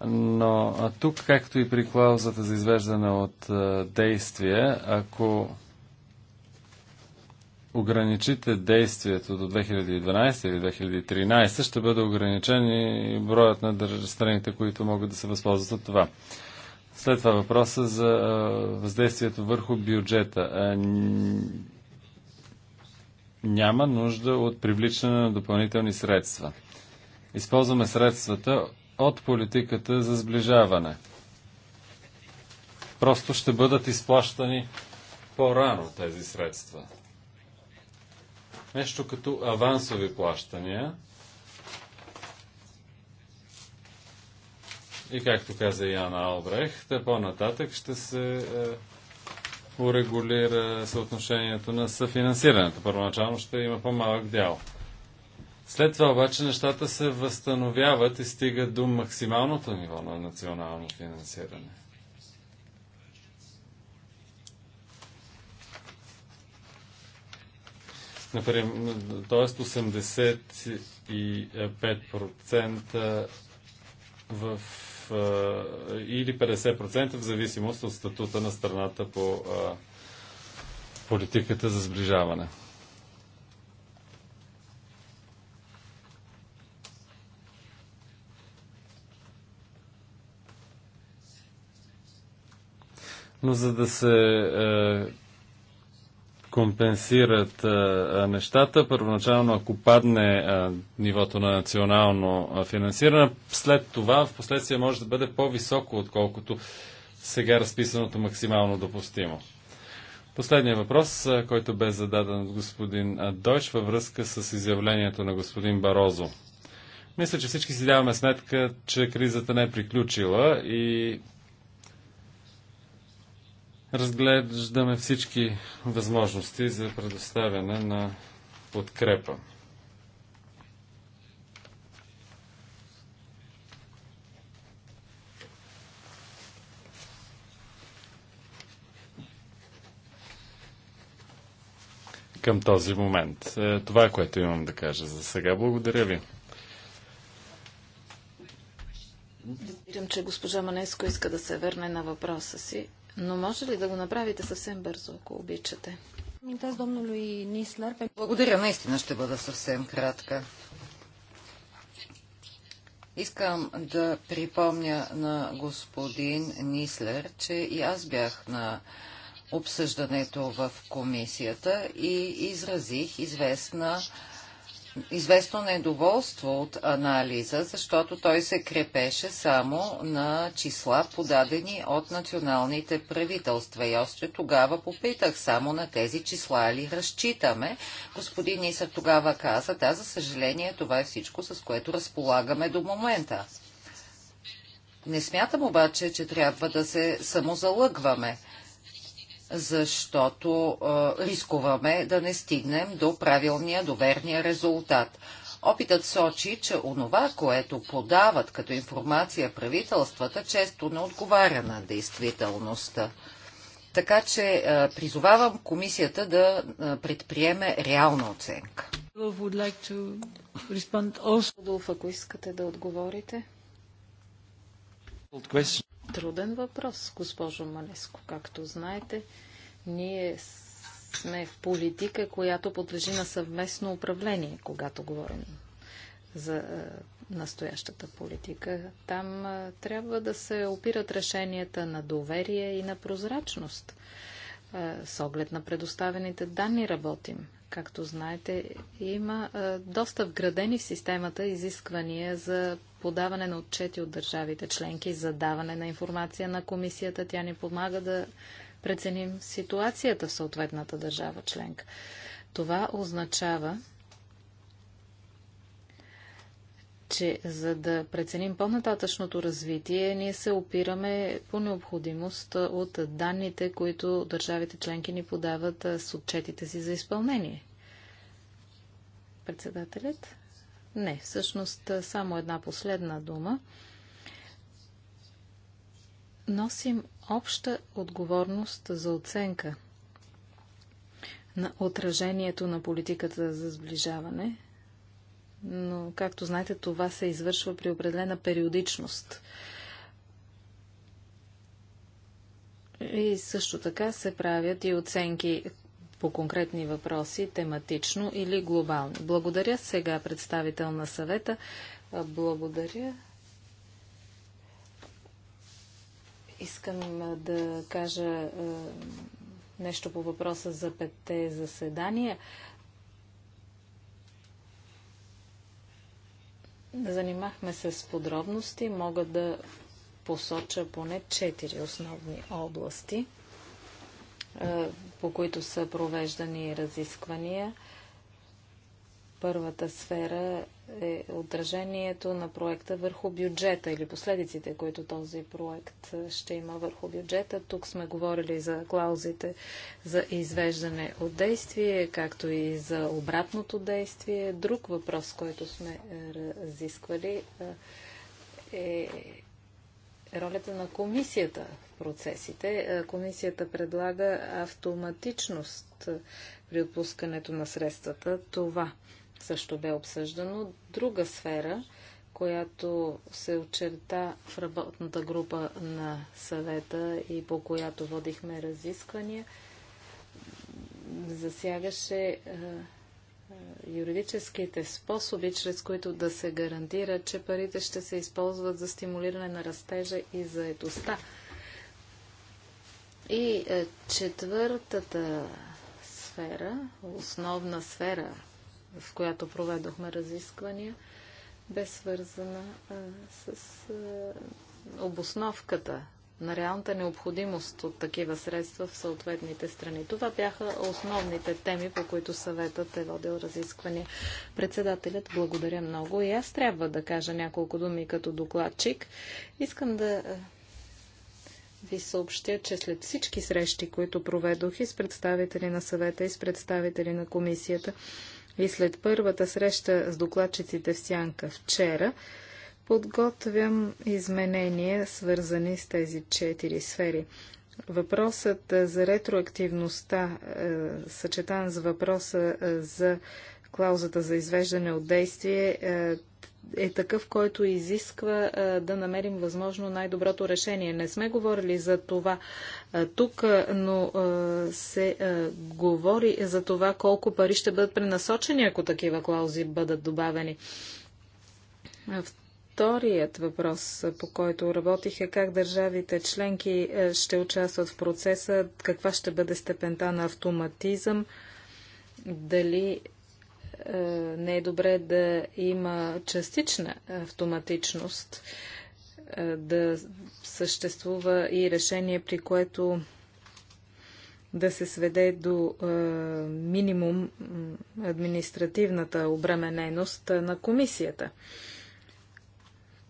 Но а тук, както и при клаузата за извеждане от а, действие, ако ограничите действието до 2012 или 2013, ще бъде ограничен и броят на страните, които могат да се възползват от това. След това въпроса за а, въздействието върху бюджета. А, няма нужда от привличане на допълнителни средства. Използваме средствата от политиката за сближаване. Просто ще бъдат изплащани по-рано тези средства. Нещо като авансови плащания. И както каза Яна те по-нататък ще се е, урегулира съотношението на съфинансирането. Първоначално ще има по-малък дял. След това обаче нещата се възстановяват и стигат до максималното ниво на национално финансиране. Например, т.е. 85% в или 50% в зависимост от статута на страната по политиката за сближаване. Но за да се е, компенсират е, е, нещата, първоначално ако падне е, нивото на национално е, финансиране, след това в последствие може да бъде по-високо, отколкото сега разписаното максимално допустимо. Последният въпрос, е, който бе зададен от господин е, Дойч във връзка с изявлението на господин Барозо. Мисля, че всички си даваме сметка, че кризата не е приключила и разглеждаме всички възможности за предоставяне на подкрепа. към този момент. Е, това е което имам да кажа за сега. Благодаря ви. Разбирам, че госпожа Манеско иска да се върне на въпроса си но може ли да го направите съвсем бързо, ако обичате? Благодаря, наистина ще бъда съвсем кратка. Искам да припомня на господин Нислер, че и аз бях на обсъждането в комисията и изразих известна известно недоволство от анализа, защото той се крепеше само на числа, подадени от националните правителства. И още тогава попитах само на тези числа ли разчитаме. Господин Исър тогава каза, да, за съжаление това е всичко, с което разполагаме до момента. Не смятам обаче, че трябва да се самозалъгваме защото а, рискуваме да не стигнем до правилния, доверния резултат. Опитът сочи, че онова, което подават като информация правителствата, често не отговаря на действителността. Така че а, призовавам комисията да а, предприеме реална оценка. Рудолф, ако искате да отговорите труден въпрос, госпожо Малеско. Както знаете, ние сме в политика, която подлежи на съвместно управление, когато говорим за е, настоящата политика. Там е, трябва да се опират решенията на доверие и на прозрачност. Е, с оглед на предоставените данни работим. Както знаете, има доста вградени в системата изисквания за подаване на отчети от държавите членки, за даване на информация на комисията. Тя ни помага да преценим ситуацията в съответната държава членка. Това означава, че за да преценим по-нататъчното развитие, ние се опираме по необходимост от данните, които държавите членки ни подават с отчетите си за изпълнение. Председателят? Не, всъщност само една последна дума. Носим обща отговорност за оценка на отражението на политиката за сближаване но както знаете, това се извършва при определена периодичност. И също така се правят и оценки по конкретни въпроси, тематично или глобално. Благодаря сега представител на съвета. Благодаря. Искам да кажа нещо по въпроса за петте заседания. Занимахме се с подробности. Мога да посоча поне четири основни области, е, по които са провеждани разисквания. Първата сфера е отражението на проекта върху бюджета или последиците, които този проект е, ще има върху бюджета. Тук сме говорили за клаузите за извеждане от действие, както и за обратното действие. Друг въпрос, който сме е, разисквали е, е ролята на комисията в процесите. Комисията предлага автоматичност при отпускането на средствата. Това също бе обсъждано. Друга сфера, която се очерта в работната група на съвета и по която водихме разисквания, засягаше е, е, юридическите способи, чрез които да се гарантира, че парите ще се използват за стимулиране на растежа и заетостта. И е, четвъртата сфера, основна сфера, с която проведохме разисквания, бе свързана с обосновката на реалната необходимост от такива средства в съответните страни. Това бяха основните теми, по които съветът е водил разисквания. Председателят, благодаря много и аз трябва да кажа няколко думи като докладчик. Искам да ви съобщя, че след всички срещи, които проведох и с представители на съвета, и с представители на комисията, и след първата среща с докладчиците в Сянка вчера, подготвям изменения, свързани с тези четири сфери. Въпросът за ретроактивността, съчетан с въпроса за клаузата за извеждане от действие, е такъв, който изисква да намерим възможно най-доброто решение. Не сме говорили за това тук, но се говори за това колко пари ще бъдат пренасочени, ако такива клаузи бъдат добавени. Вторият въпрос, по който работих е как държавите членки ще участват в процеса, каква ще бъде степента на автоматизъм, дали е, не е добре да има частична автоматичност, е, да съществува и решение, при което да се сведе до е, минимум административната обремененост е, на комисията.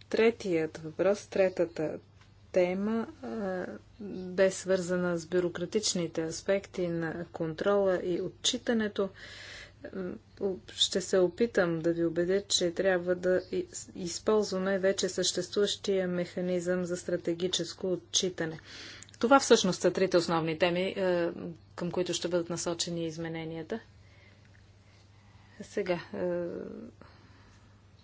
Третият въпрос, третата тема е, бе свързана с бюрократичните аспекти на контрола и отчитането. Е, ще се опитам да ви убедя, че трябва да използваме вече съществуващия механизъм за стратегическо отчитане. Това всъщност са трите основни теми, е, към които ще бъдат насочени измененията. Сега,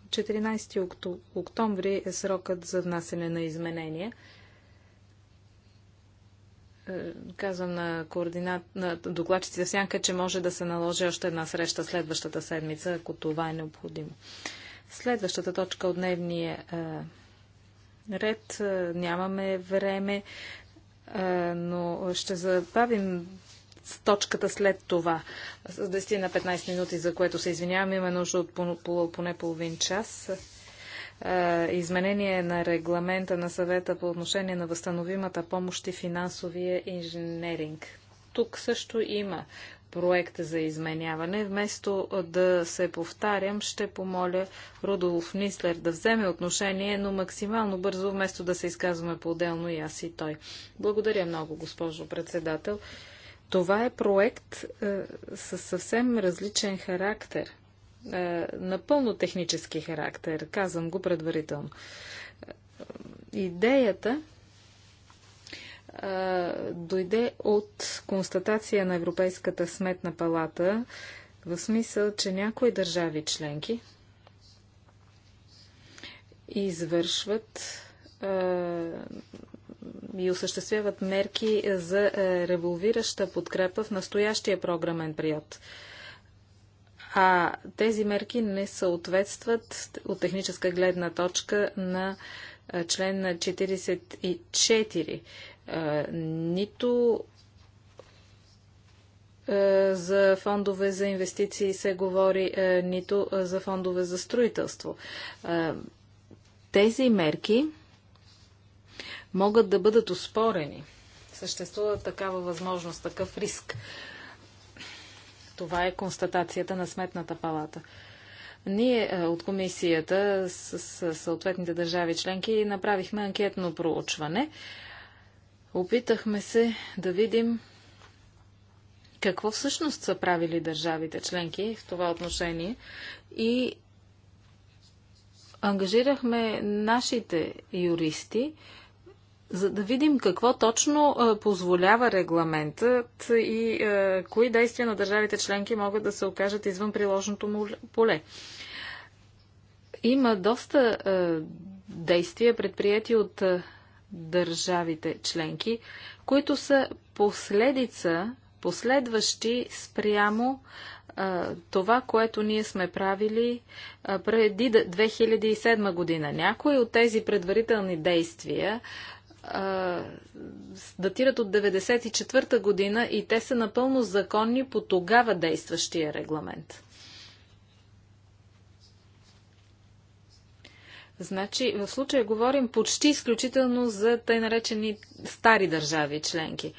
14 е, октомври е срокът за внасене на изменения. Е, каза на, координат, на докладчиците Сянка, че може да се наложи още една среща следващата седмица, ако това е необходимо. Следващата точка от дневния е, ред. Е, нямаме време, но ще забавим с точката след това. С 10 на 15 минути, за което се извинявам, има нужда от поне половин час. Е, изменение на регламента на съвета по отношение на възстановимата помощ и финансовия инженеринг. Тук също има проект за изменяване. Вместо да се повтарям, ще помоля Рудолф Нислер да вземе отношение, но максимално бързо, вместо да се изказваме по-отделно и аз и той. Благодаря много, госпожо председател. Това е проект е, със съвсем различен характер – е, напълно технически характер. Казвам го предварително. Идеята е, дойде от констатация на Европейската сметна палата в смисъл, че някои държави членки извършват е, и осъществяват мерки за е, револвираща подкрепа в настоящия програмен период а тези мерки не съответстват от техническа гледна точка на член 44. Нито за фондове за инвестиции се говори, нито за фондове за строителство. Тези мерки могат да бъдат успорени. Съществува такава възможност, такъв риск. Това е констатацията на Сметната палата. Ние е, от комисията с съответните държави членки направихме анкетно проучване. Опитахме се да видим какво всъщност са правили държавите членки в това отношение и ангажирахме нашите юристи за да видим какво точно позволява регламентът и кои действия на държавите членки могат да се окажат извън приложното му поле. Има доста действия, предприяти от държавите членки, които са последица, последващи спрямо това, което ние сме правили преди 2007 година. Някои от тези предварителни действия датират от 1994 година и те са напълно законни по тогава действащия регламент. Значи, в случая говорим почти изключително за тъй наречени стари държави членки.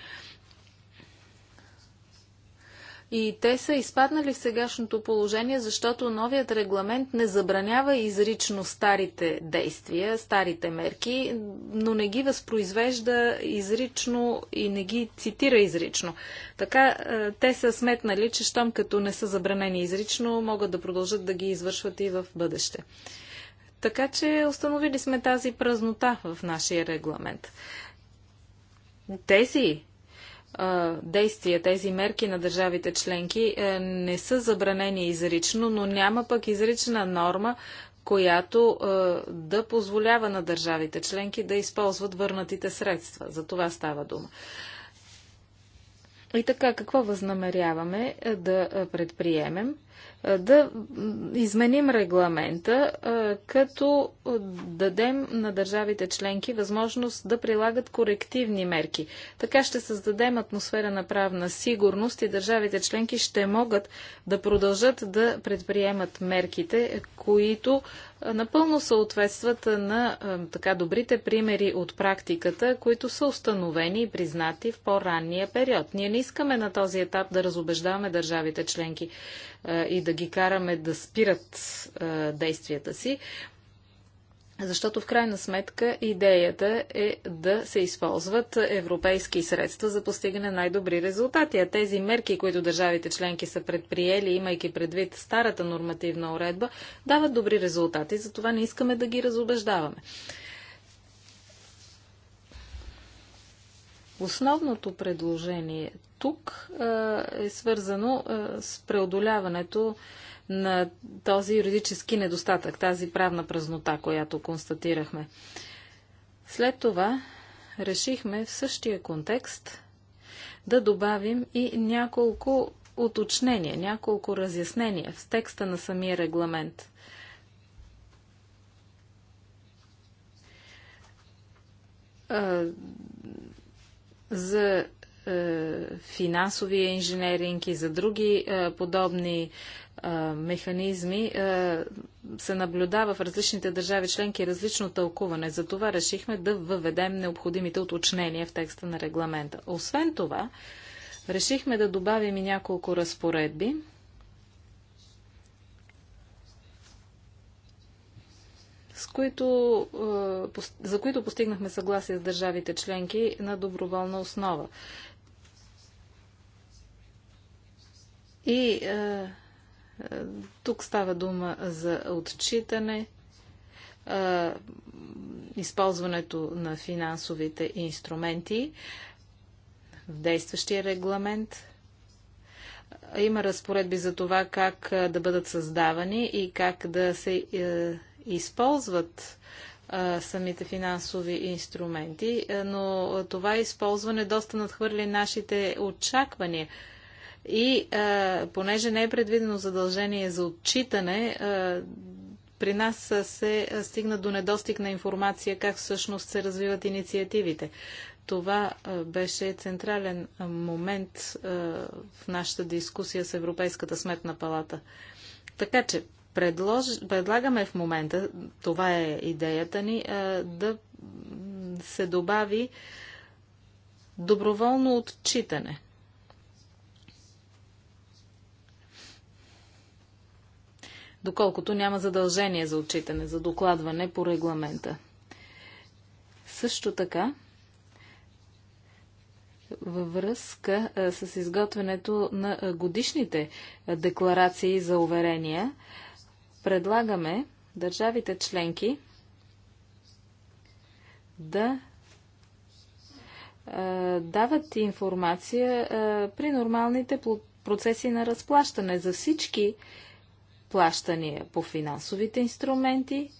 И те са изпаднали в сегашното положение, защото новият регламент не забранява изрично старите действия, старите мерки, но не ги възпроизвежда изрично и не ги цитира изрично. Така е, те са сметнали, че щом като не са забранени изрично, могат да продължат да ги извършват и в бъдеще. Така че установили сме тази празнота в нашия регламент. Тези действия, тези мерки на държавите членки е, не са забранени изрично, но няма пък изрична норма, която е, да позволява на държавите членки да използват върнатите средства. За това става дума. И така, какво възнамеряваме е, да предприемем? Е, да изменим регламента, е, като дадем на държавите членки възможност да прилагат корективни мерки. Така ще създадем атмосфера на правна сигурност и държавите членки ще могат да продължат да предприемат мерките, които е, напълно съответстват на така добрите примери от практиката, които са установени и признати в по-ранния период. Ние не искаме на този етап да разобеждаваме държавите членки и да ги караме да спират действията си. Защото в крайна сметка идеята е да се използват европейски средства за постигане най-добри резултати. А тези мерки, които държавите членки са предприели, имайки предвид старата нормативна уредба, дават добри резултати. Затова не искаме да ги разобеждаваме. Основното предложение тук е свързано с преодоляването на този юридически недостатък, тази правна празнота, която констатирахме. След това решихме в същия контекст да добавим и няколко уточнения, няколко разяснения в текста на самия регламент. За е, финансовия инженеринг и за други е, подобни е, механизми се наблюдава в различните държави членки различно тълкуване. За това решихме да въведем необходимите уточнения в текста на регламента. Освен това, решихме да добавим и няколко разпоредби, с които, за които постигнахме съгласие с държавите членки на доброволна основа. И е, е, тук става дума за отчитане, е, използването на финансовите инструменти в действащия регламент. Има разпоредби за това как е, да бъдат създавани и как да се е, използват е, самите финансови инструменти, но това използване доста надхвърли нашите очаквания. И а, понеже не е предвидено задължение за отчитане, а, при нас се стигна до недостиг на информация как всъщност се развиват инициативите. Това беше централен момент в нашата дискусия с Европейската сметна палата. Така че предлож... предлагаме в момента, това е идеята ни, да се добави доброволно отчитане – доколкото няма задължение за отчитане, за докладване по регламента. Също така, във връзка а, с изготвянето на годишните декларации за уверения, предлагаме държавите членки да а, дават информация а, при нормалните процеси на разплащане за всички плащания по финансовите инструменти,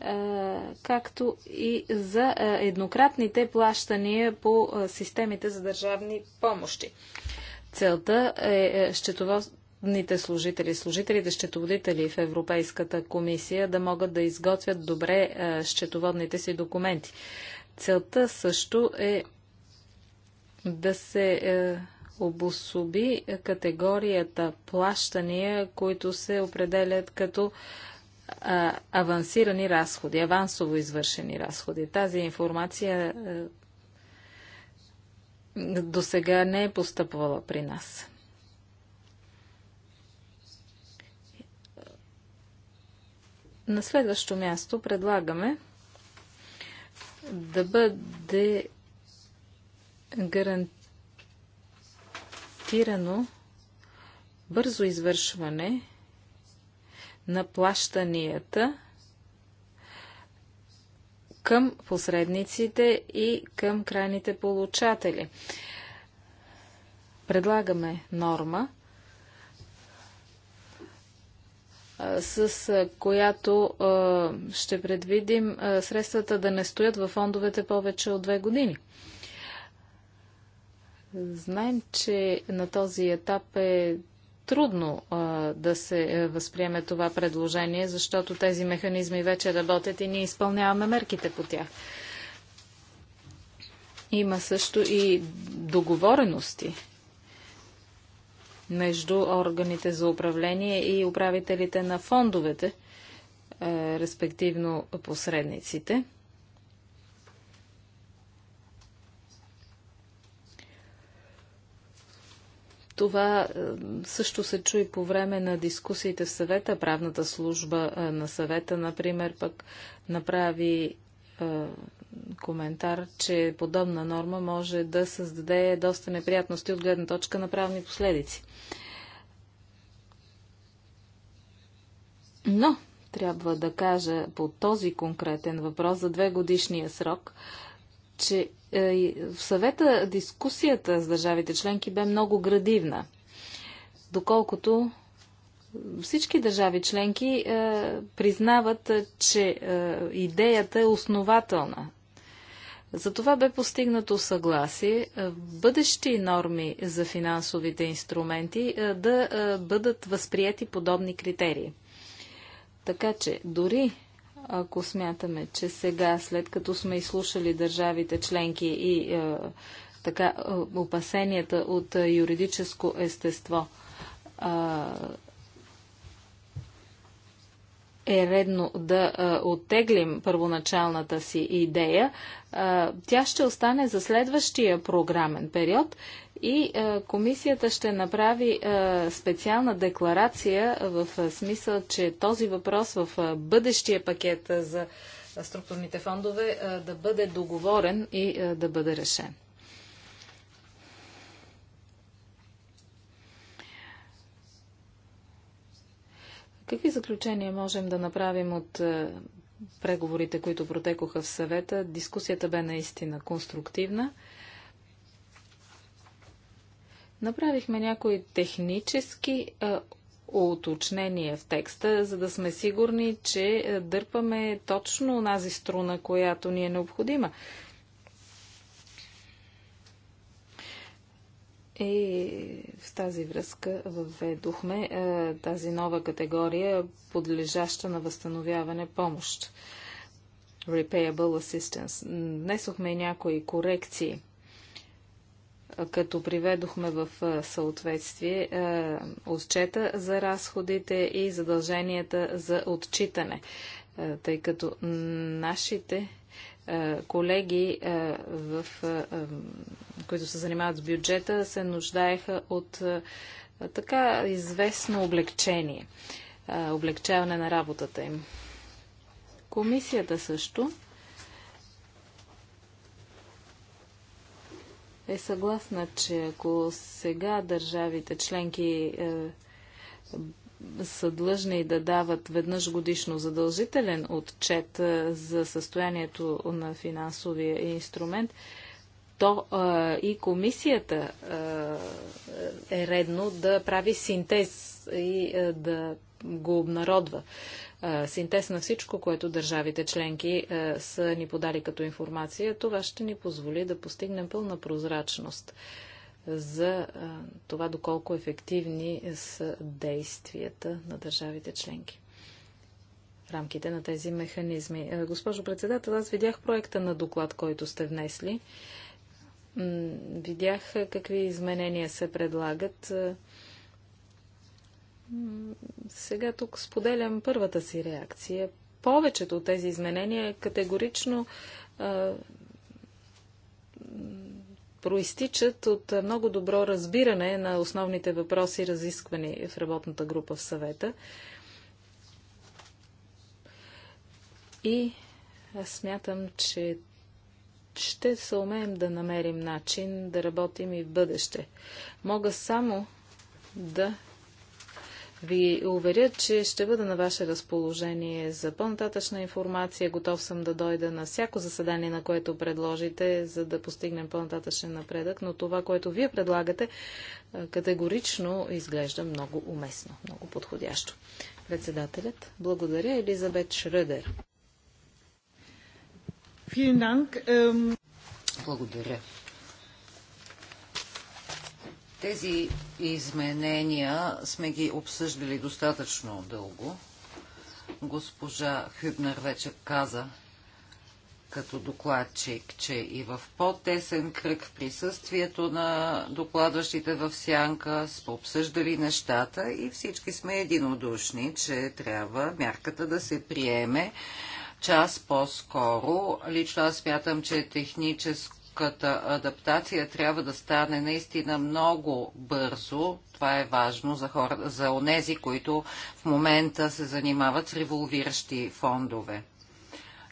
е, както и за е, еднократните плащания по е, системите за държавни помощи. Целта е счетоводните служители, служителите счетоводители в Европейската комисия да могат да изготвят добре счетоводните си документи. Целта също е да се обособи категорията плащания, които се определят като авансирани разходи, авансово извършени разходи. Тази информация до сега не е постъпвала при нас. На следващо място предлагаме да бъде гарантирана гарантирано бързо извършване на плащанията към посредниците и към крайните получатели. Предлагаме норма, с която ще предвидим средствата да не стоят във фондовете повече от две години. Знаем, че на този етап е трудно а, да се е, възприеме това предложение, защото тези механизми вече работят и ние изпълняваме мерките по тях. Има също и договорености между органите за управление и управителите на фондовете, а, е, респективно посредниците – Това е, също се чу и по време на дискусиите в съвета. Правната служба е, на съвета, например, пък направи е, коментар, че подобна норма може да създаде доста неприятности от гледна точка на правни последици. Но трябва да кажа по този конкретен въпрос за две годишния срок, че е, в съвета дискусията с държавите членки бе много градивна. Доколкото всички държави членки е, признават, е, че идеята е основателна. Затова бе постигнато съгласие бъдещи норми за финансовите инструменти да бъдат възприяти подобни критерии. Така че дори ако смятаме, че сега, след като сме изслушали държавите членки и е, така е, опасенията от е, юридическо естество, е, е редно да оттеглим първоначалната си идея, тя ще остане за следващия програмен период и комисията ще направи специална декларация в смисъл, че този въпрос в бъдещия пакет за структурните фондове да бъде договорен и да бъде решен. Какви заключения можем да направим от е, преговорите, които протекоха в съвета? Дискусията бе наистина конструктивна. Направихме някои технически е, уточнения в текста, за да сме сигурни, че е, дърпаме точно онази струна, която ни е необходима. И е, в тази връзка въведохме е, тази нова категория, подлежаща на възстановяване помощ. Repayable Assistance. Внесохме някои корекции, е, като приведохме в е, съответствие е, отчета за разходите и задълженията за отчитане, е, тъй като нашите е, колеги, е, в, е, които се занимават с бюджета, се нуждаеха от така известно облегчение, облегчаване на работата им. Комисията също е съгласна, че ако сега държавите членки са длъжни да дават веднъж годишно задължителен отчет за състоянието на финансовия инструмент, то а, и комисията а, е редно да прави синтез и а, да го обнародва. А, синтез на всичко, което държавите членки а, са ни подали като информация, това ще ни позволи да постигнем пълна прозрачност. А, за това доколко ефективни са действията на държавите членки в рамките на тези механизми. Госпожо председател, аз видях проекта на доклад, който сте внесли. Видях какви изменения се предлагат. Сега тук споделям първата си реакция. Повечето от тези изменения категорично проистичат от много добро разбиране на основните въпроси, разисквани в работната група в съвета. И аз смятам, че ще се умеем да намерим начин да работим и в бъдеще. Мога само да ви уверя, че ще бъда на ваше разположение за по-нататъчна информация. Готов съм да дойда на всяко заседание, на което предложите, за да постигнем по-нататъчен напредък, но това, което вие предлагате, категорично изглежда много уместно, много подходящо. Председателят, благодаря Елизабет Шредер. Ähm, благодаря. Тези изменения сме ги обсъждали достатъчно дълго. Госпожа Хюбнер вече каза като докладчик, че и в по-тесен кръг в присъствието на докладващите в Сянка сме обсъждали нещата и всички сме единодушни, че трябва мярката да се приеме час по-скоро. Лично аз смятам, че техническо търговската адаптация трябва да стане наистина много бързо. Това е важно за, хора, за онези, които в момента се занимават с револвиращи фондове.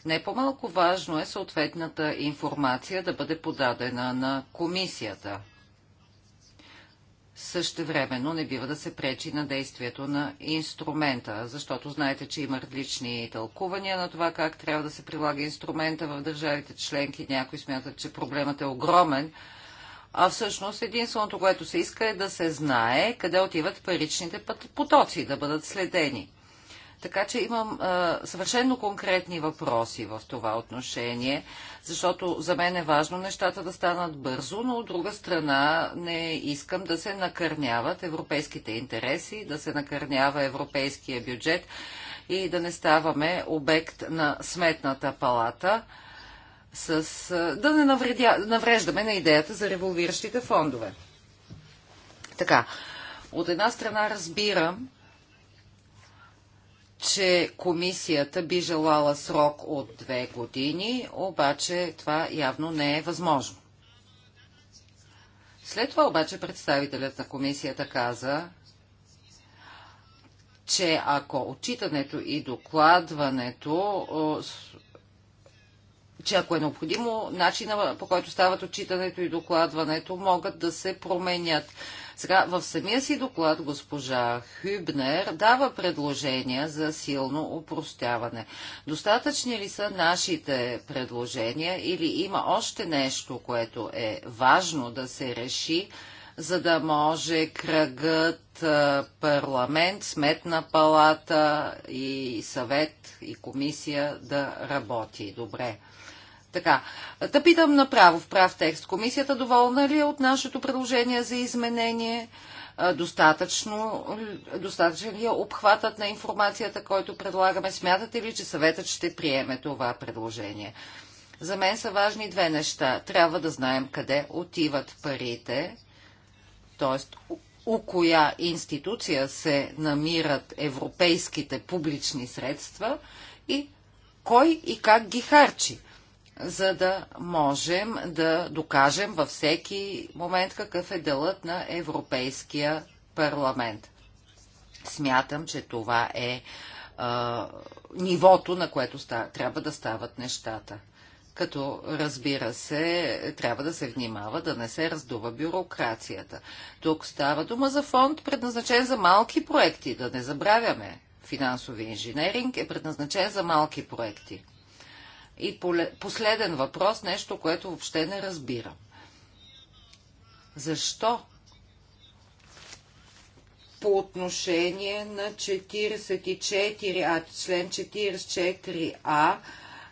Не по-малко важно е съответната информация да бъде подадена на комисията. Същевременно не бива да се пречи на действието на инструмента, защото знаете, че има различни тълкувания на това как трябва да се прилага инструмента в държавите членки. Някои смятат, че проблемът е огромен, а всъщност единственото, което се иска е да се знае къде отиват паричните потоци, да бъдат следени. Така че имам а, съвършенно конкретни въпроси в това отношение, защото за мен е важно нещата да станат бързо, но от друга страна не искам да се накърняват европейските интереси, да се накърнява европейския бюджет и да не ставаме обект на сметната палата с, да не навредя, навреждаме на идеята за револвиращите фондове. Така, от една страна разбирам, че комисията би желала срок от две години, обаче това явно не е възможно. След това обаче представителят на комисията каза, че ако отчитането и докладването, че ако е необходимо, начина по който стават отчитането и докладването могат да се променят. Сега, в самия си доклад госпожа Хюбнер дава предложения за силно упростяване. Достатъчни ли са нашите предложения или има още нещо, което е важно да се реши, за да може кръгът парламент, сметна палата и съвет и комисия да работи добре? Така. Да питам направо в прав текст. Комисията доволна ли е от нашето предложение за изменение? Достатъчно, достатъчен ли е обхватът на информацията, който предлагаме? Смятате ли, че съветът ще приеме това предложение? За мен са важни две неща. Трябва да знаем къде отиват парите, т.е. у коя институция се намират европейските публични средства и кой и как ги харчи за да можем да докажем във всеки момент какъв е делът на Европейския парламент. Смятам, че това е а, нивото, на което ста, трябва да стават нещата. Като разбира се, трябва да се внимава да не се раздува бюрокрацията. Тук става дума за фонд, предназначен за малки проекти, да не забравяме. Финансови инженеринг е предназначен за малки проекти. И последен въпрос, нещо, което въобще не разбирам. Защо по отношение на 44А, член 44А,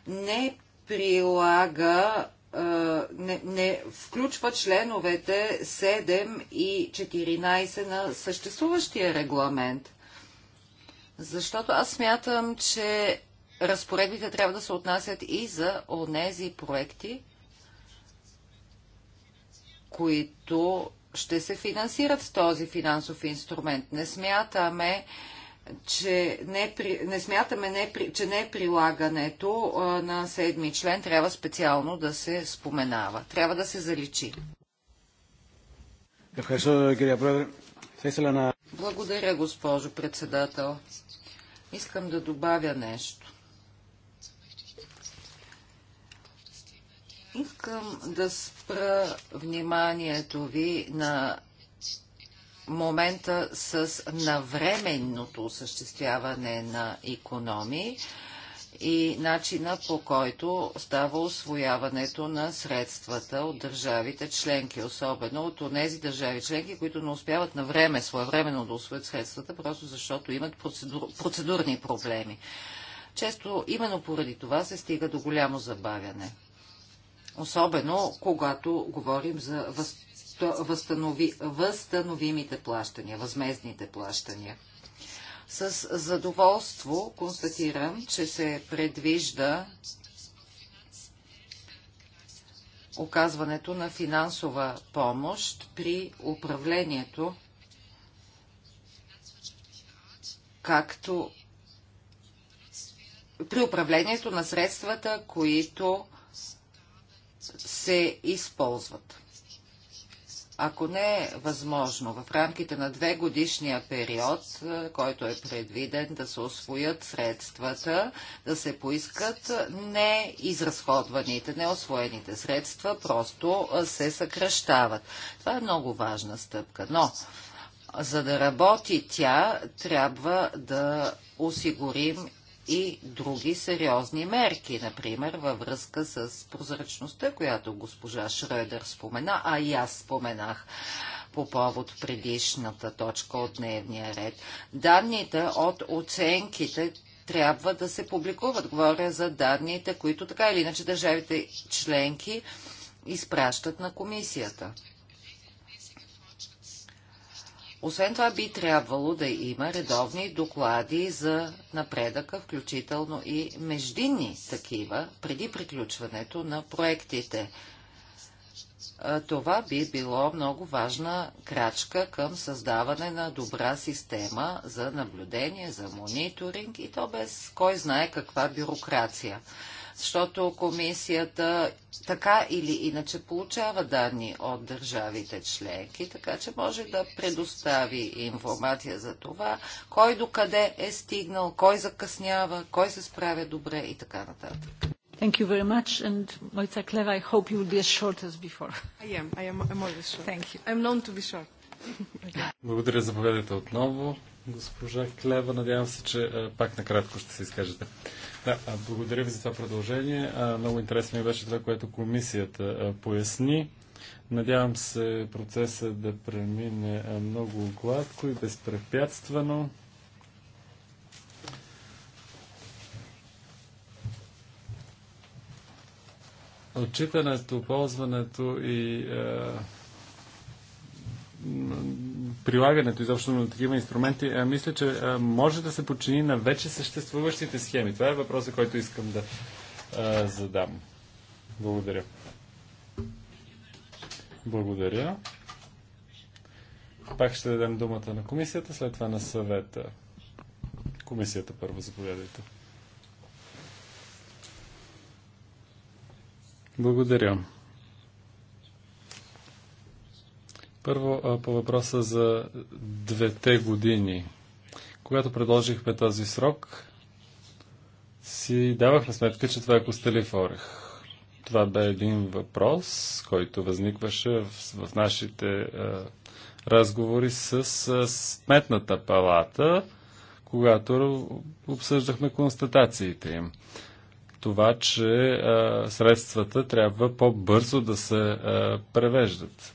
не прилага, не, не включва членовете 7 и 14 на съществуващия регламент. Защото аз смятам, че разпоредбите трябва да се отнасят и за онези проекти, които ще се финансират с този финансов инструмент. Не смятаме, че, не, не смятаме не, че не прилагането на седми член трябва специално да се споменава. Трябва да се заличи. Благодаря, госпожо председател. Искам да добавя нещо. Искам да спра вниманието ви на момента с навременното осъществяване на економии и начина по който става освояването на средствата от държавите членки, особено от тези държави членки, които не успяват на време, своевременно да освоят средствата, просто защото имат процедур, процедурни проблеми. Често именно поради това се стига до голямо забавяне особено когато говорим за възстанови, възстановимите плащания, възмездните плащания. С задоволство констатирам, че се предвижда оказването на финансова помощ при управлението, както при управлението на средствата, които се използват. Ако не е възможно в рамките на две годишния период, е, който е предвиден да се освоят средствата, да се поискат не изразходваните, не освоените средства, просто е, се съкръщават. Това е много важна стъпка, но за да работи тя, трябва да осигурим и други сериозни мерки, например във връзка с прозрачността, която госпожа Шройдер спомена, а и аз споменах по повод предишната точка от дневния ред. Данните от оценките трябва да се публикуват. Говоря за данните, които така или иначе държавите членки изпращат на комисията. Освен това би трябвало да има редовни доклади за напредъка, включително и междинни такива, преди приключването на проектите. Това би било много важна крачка към създаване на добра система за наблюдение, за мониторинг и то без кой знае каква бюрокрация защото комисията така или иначе получава данни от държавите членки, така че може да предостави информация за това, кой докъде е стигнал, кой закъснява, кой се справя добре и така нататък. Thank you very much. And Moitza Kleva, I hope you will be as short as before. I am. I am. I'm always short. Thank you. I'm known to be short. Благодаря. поведете отново, госпожа Клева. Надявам се, че пак накратко ще се изкажете. Да, благодаря ви за това продължение. Много интересно ми беше това, което комисията поясни. Надявам се процесът да премине много гладко и безпрепятствено. Отчитането, ползването и е, прилагането изобщо на такива инструменти, мисля, че може да се почини на вече съществуващите схеми. Това е въпросът, който искам да задам. Благодаря. Благодаря. Пак ще дадем думата на комисията, след това на съвета. Комисията първо, заповядайте. Благодаря. Първо по въпроса за двете години. Когато предложихме този срок, си давахме сметка, че това е костелив орех. Това бе един въпрос, който възникваше в, в нашите е, разговори с, с Сметната палата, когато обсъждахме констатациите им. Това, че е, средствата трябва по-бързо да се е, превеждат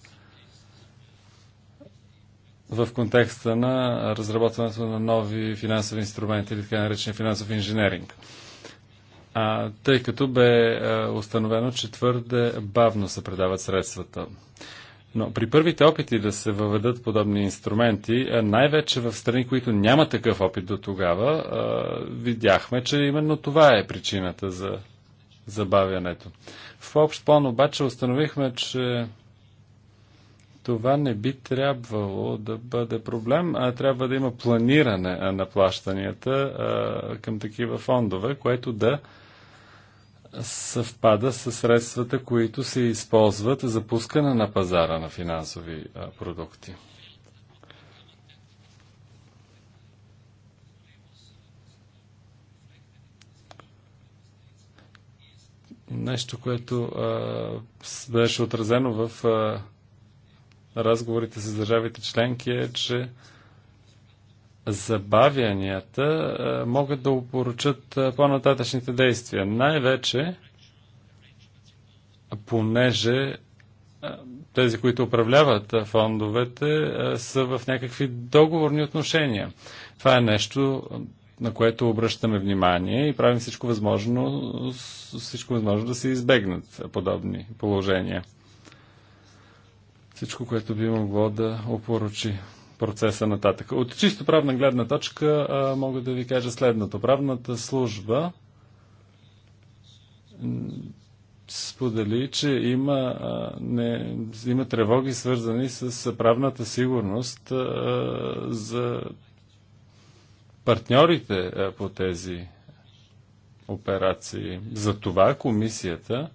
в контекста на разработването на нови финансови инструменти или така наречен финансов инженеринг. А, тъй като бе а, е, установено, че твърде бавно се предават средствата. Но при първите опити да се въведат подобни инструменти, е, най-вече в страни, които няма такъв опит до тогава, а, е, видяхме, че именно това е причината за забавянето. В общ план обаче установихме, че това не би трябвало да бъде проблем, а трябва да има планиране на плащанията а, към такива фондове, което да съвпада с средствата, които се използват за пускане на пазара на финансови а, продукти. Нещо, което а, беше отразено в а, разговорите с държавите членки е, че забавянията е, могат да опоручат е, по-нататъчните действия. Най-вече, понеже е, тези, които управляват фондовете, са в някакви договорни отношения. Това е нещо, на което обръщаме внимание и правим всичко възможно, всичко възможно да се избегнат подобни положения всичко, което би могло да опоручи процеса нататък. От чисто правна гледна точка а, мога да ви кажа следното. Правната служба сподели, че има, а, не, има тревоги свързани с правната сигурност а, за партньорите а, по тези операции. За това комисията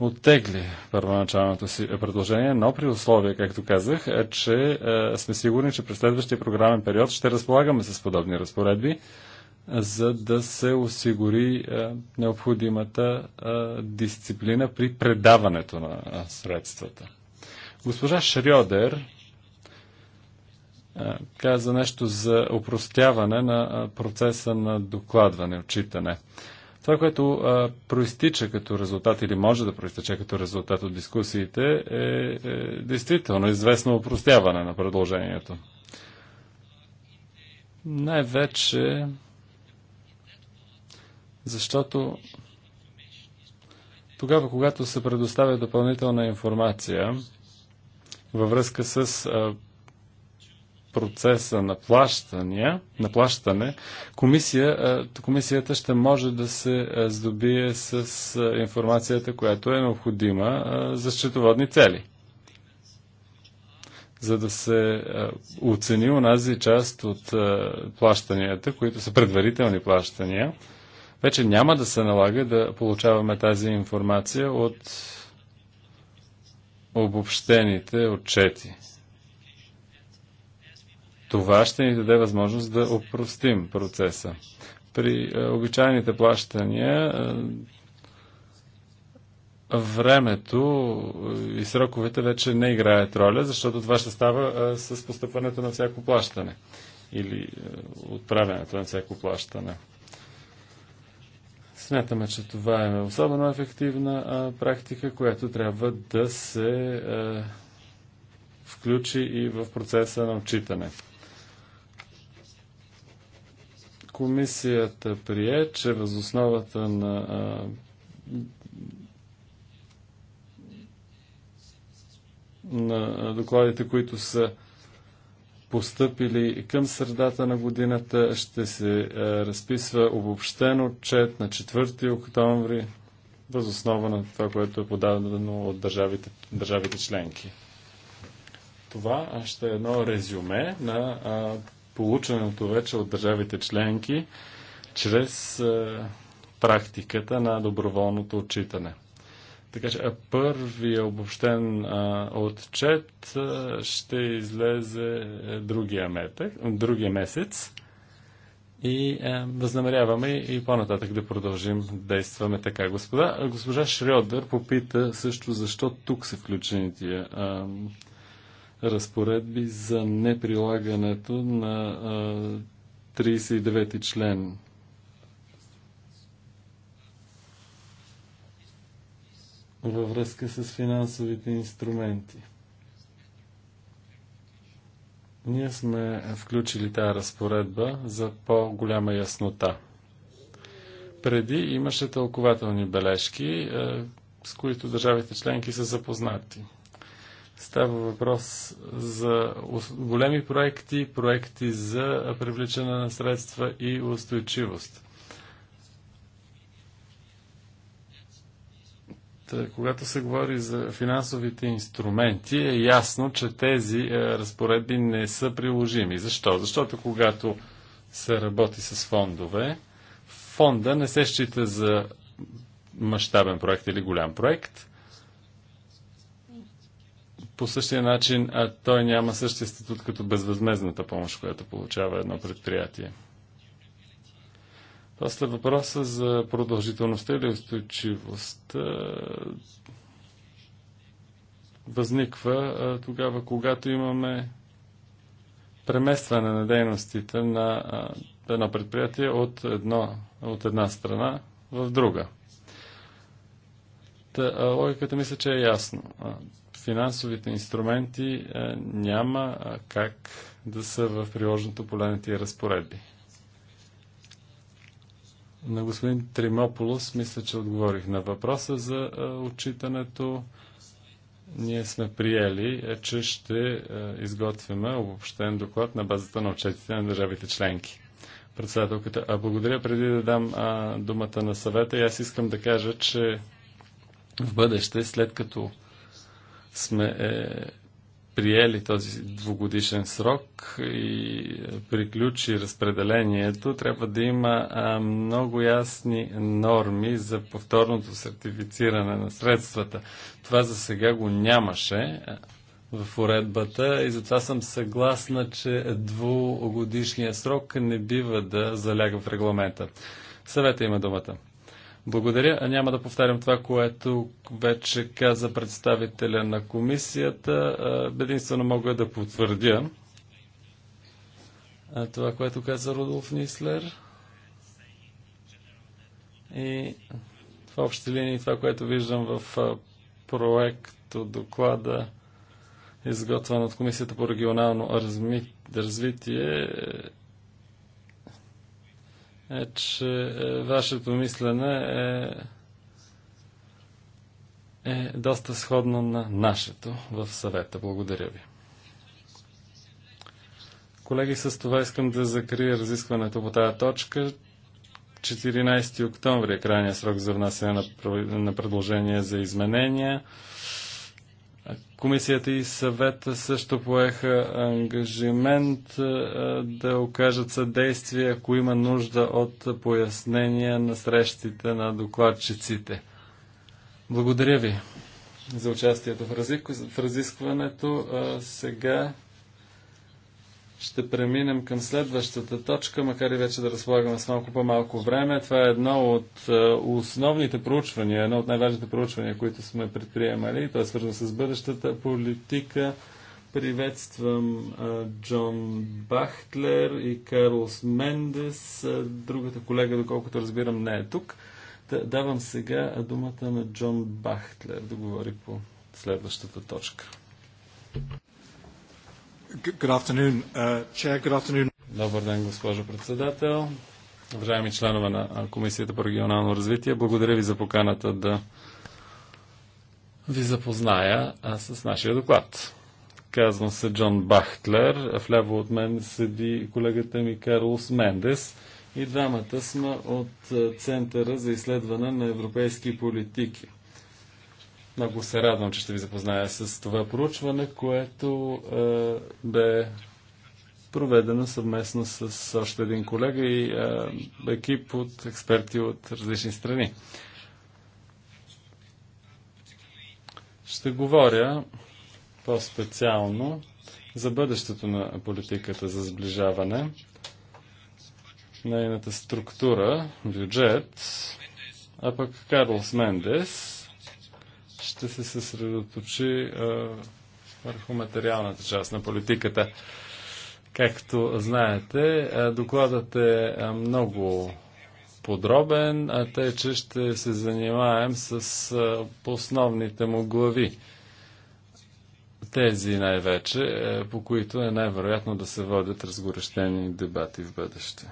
оттегли първоначалното си предложение, но при условие, както казах, е, че е, сме сигурни, че през следващия програмен период ще разполагаме с подобни разпоредби, за да се осигури е, необходимата е, дисциплина при предаването на е, средствата. Госпожа Шрьодер е, каза нещо за упростяване на е, процеса на докладване, отчитане. Това, което а, проистича като резултат или може да проистече като резултат от дискусиите е, е действително известно упростяване на предложението. Най-вече защото тогава, когато се предоставя допълнителна информация във връзка с а, процеса на плащания, на плащане, комисия, комисията ще може да се здобие с информацията, която е необходима за счетоводни цели. За да се оцени онази част от плащанията, които са предварителни плащания, вече няма да се налага да получаваме тази информация от обобщените отчети това ще ни даде възможност да опростим процеса. При е, обичайните плащания е, времето е, и сроковете вече не играят роля, защото това ще става с постъпването на всяко плащане или отправянето на всяко плащане. Смятаме, че това е особено ефективна практика, която трябва да се включи и в процеса на отчитане. комисията прие, че възосновата на на докладите, които са постъпили към средата на годината, ще се е, разписва обобщен отчет на 4 октомври, възоснова на това, което е подадено от държавите, държавите членки. Това ще е едно резюме на а, полученото вече от държавите членки чрез е, практиката на доброволното отчитане. Така че първият обобщен отчет ще излезе е, другия, метък, другия месец и е, възнамеряваме и по-нататък да продължим действаме така. Господа, госпожа Шрьодър попита също защо тук са включени тия а, разпоредби за неприлагането на 39 ти член. Във връзка с финансовите инструменти. Ние сме включили тази разпоредба за по-голяма яснота. Преди имаше тълкователни бележки, с които държавите членки са запознати. Става въпрос за големи проекти, проекти за привличане на средства и устойчивост. когато се говори за финансовите инструменти, е ясно, че тези е, разпоредби не са приложими. Защо? Защото когато се работи с фондове, фонда не се счита за мащабен проект или голям проект, по същия начин а той няма същия статут като безвъзмезната помощ, която получава едно предприятие. После въпроса за продължителността или устойчивостта възниква тогава, когато имаме преместване на дейностите на едно предприятие от, едно, от една страна в друга. Та, логиката мисля, че е ясно финансовите инструменти е, няма как да са в приложното поле на тия разпоредби. На господин Тримополос мисля, че отговорих на въпроса за е, отчитането. Ние сме приели, е, че ще изготвяме обобщен доклад на базата на отчетите на държавите членки. Председателката, а благодаря преди да дам а, думата на съвета. И аз искам да кажа, че в бъдеще, след като сме е, приели този двугодишен срок и приключи разпределението, трябва да има а, много ясни норми за повторното сертифициране на средствата. Това за сега го нямаше в уредбата и затова съм съгласна, че двугодишният срок не бива да заляга в регламента. Съвета има думата. Благодаря. Няма да повтарям това, което вече каза представителя на комисията. Единствено мога да потвърдя това, което каза Рудолф Нислер. И в общи линии това, което виждам в проекто доклада, изготвен от Комисията по регионално развитие, е, че е, вашето мислене е, е доста сходно на нашето в съвета. Благодаря ви. Колеги, с това искам да закрия разискването по тази точка. 14 октомври е крайния срок за внасяне на, на предложения за изменения. Комисията и съвета също поеха ангажимент да окажат съдействие, ако има нужда от пояснения на срещите на докладчиците. Благодаря ви за участието в разискването. Сега ще преминем към следващата точка, макар и вече да разполагаме с малко по-малко време. Това е едно от е, основните проучвания, едно от най-важните проучвания, които сме предприемали. То е свързано с бъдещата политика. Приветствам е, Джон Бахтлер и Карлос Мендес. Е, другата колега, доколкото разбирам, не е тук. Давам сега думата на Джон Бахтлер да говори по следващата точка. Uh, Добър ден, госпожо председател. Уважаеми членове на Комисията по регионално развитие, благодаря ви за поканата да ви запозная с нашия доклад. Казвам се Джон Бахтлер. Вляво от мен седи колегата ми Карлос Мендес. И двамата сме от Центъра за изследване на европейски политики – много се радвам, че ще ви запозная с това проучване, което е, бе проведено съвместно с още един колега и е, екип от експерти от различни страни. Ще говоря по-специално за бъдещето на политиката за сближаване, нейната структура, бюджет, а пък Карлос Мендес ще се съсредоточи а, върху материалната част на политиката. Както знаете, докладът е много подробен, а тъй, че ще се занимаем с основните му глави. Тези най-вече, по които е най-вероятно да се водят разгорещени дебати в бъдеще.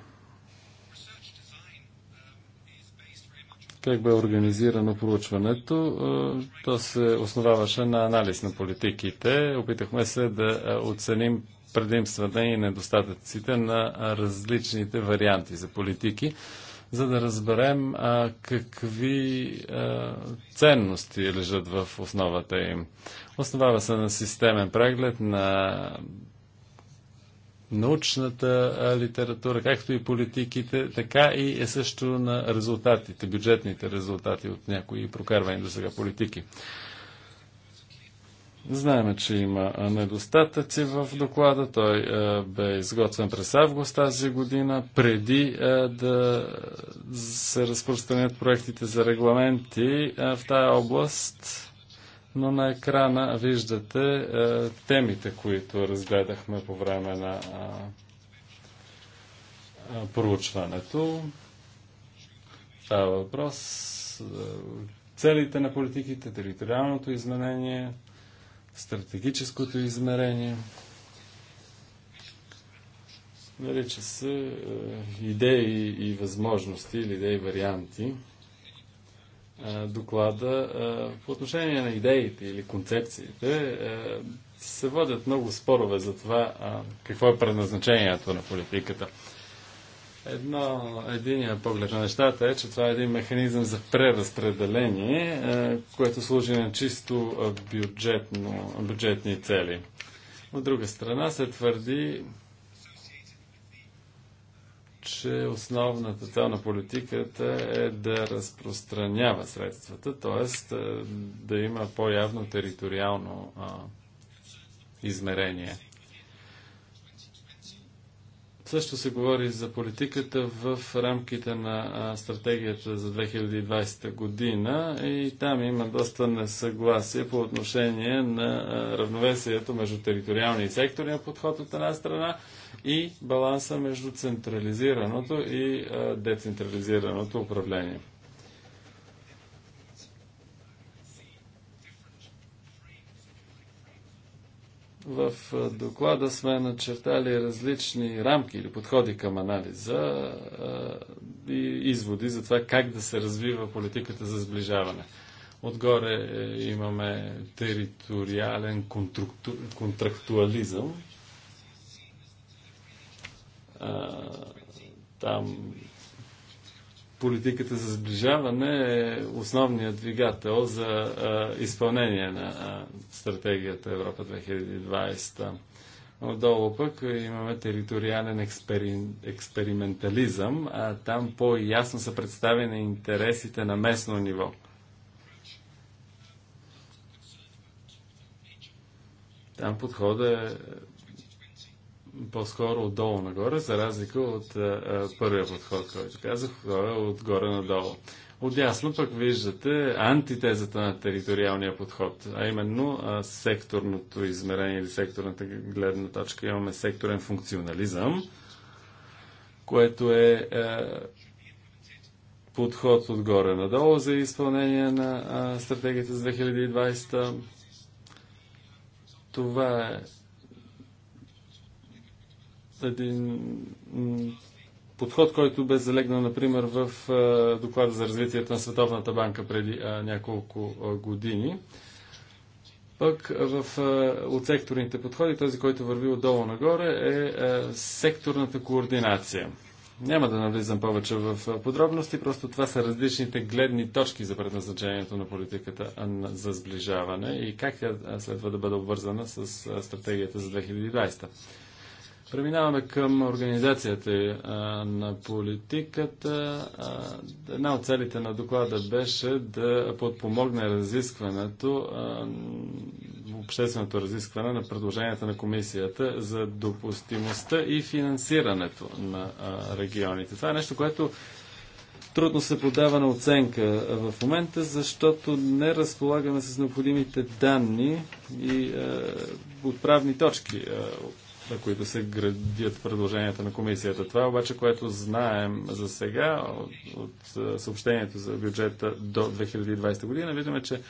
как бе организирано проучването. То се основаваше на анализ на политиките. Опитахме се да оценим предимствата и недостатъците на различните варианти за политики, за да разберем какви ценности лежат в основата им. Основава се на системен преглед на научната литература, както и политиките, така и е също на резултатите, бюджетните резултати от някои прокарвани до сега политики. Знаеме, че има недостатъци в доклада. Той бе изготвен през август тази година, преди да се разпространят проектите за регламенти в тая област но на екрана виждате е, темите, които разгледахме по време на е, е проучването. Става въпрос е, целите на политиките, териториалното изменение, стратегическото измерение. Нарича се е, идеи и възможности или идеи и варианти доклада по отношение на идеите или концепциите се водят много спорове за това какво е предназначението на политиката. Едно, единия поглед на нещата е, че това е един механизъм за преразпределение, което служи на чисто бюджетно, бюджетни цели. От друга страна се твърди, че основната цел на политиката е да разпространява средствата, т.е. Е, да има по-явно териториално а, измерение. Също се говори за политиката в рамките на стратегията за 2020 година и там има доста несъгласие по отношение на равновесието между териториалния и секторния подход от една страна и баланса между централизираното и децентрализираното управление. В доклада сме начертали различни рамки или подходи към анализа и изводи за това как да се развива политиката за сближаване. Отгоре е, имаме териториален контрактуализъм, там политиката за сближаване е основният двигател за а, изпълнение на а, стратегията Европа 2020. Отдолу пък имаме териториален експери... експериментализъм, а там по-ясно са представени интересите на местно ниво. Там подходът е по-скоро отдолу нагоре, за разлика от а, първия подход, който казах, отгоре надолу. Отясно пък виждате антитезата на териториалния подход, а именно а, секторното измерение или секторната гледна точка. Имаме секторен функционализъм, което е а, подход отгоре надолу за изпълнение на а, стратегията за 2020. Това е един подход, който бе залегнал, например, в доклада за развитието на Световната банка преди няколко години. Пък в, от секторните подходи, този, който върви отдолу нагоре, е секторната координация. Няма да навлизам повече в подробности, просто това са различните гледни точки за предназначението на политиката за сближаване и как тя следва да бъде обвързана с стратегията за 2020. Преминаваме към организацията на политиката. една от целите на доклада беше да подпомогне разискването, общественото разискване на предложенията на комисията за допустимостта и финансирането на регионите. Това е нещо, което трудно се подава на оценка в момента, защото не разполагаме с необходимите данни и отправни точки на които се градят предложенията на комисията. Това е обаче, което знаем за сега от, от е, съобщението за бюджета до 2020 година, виждаме, че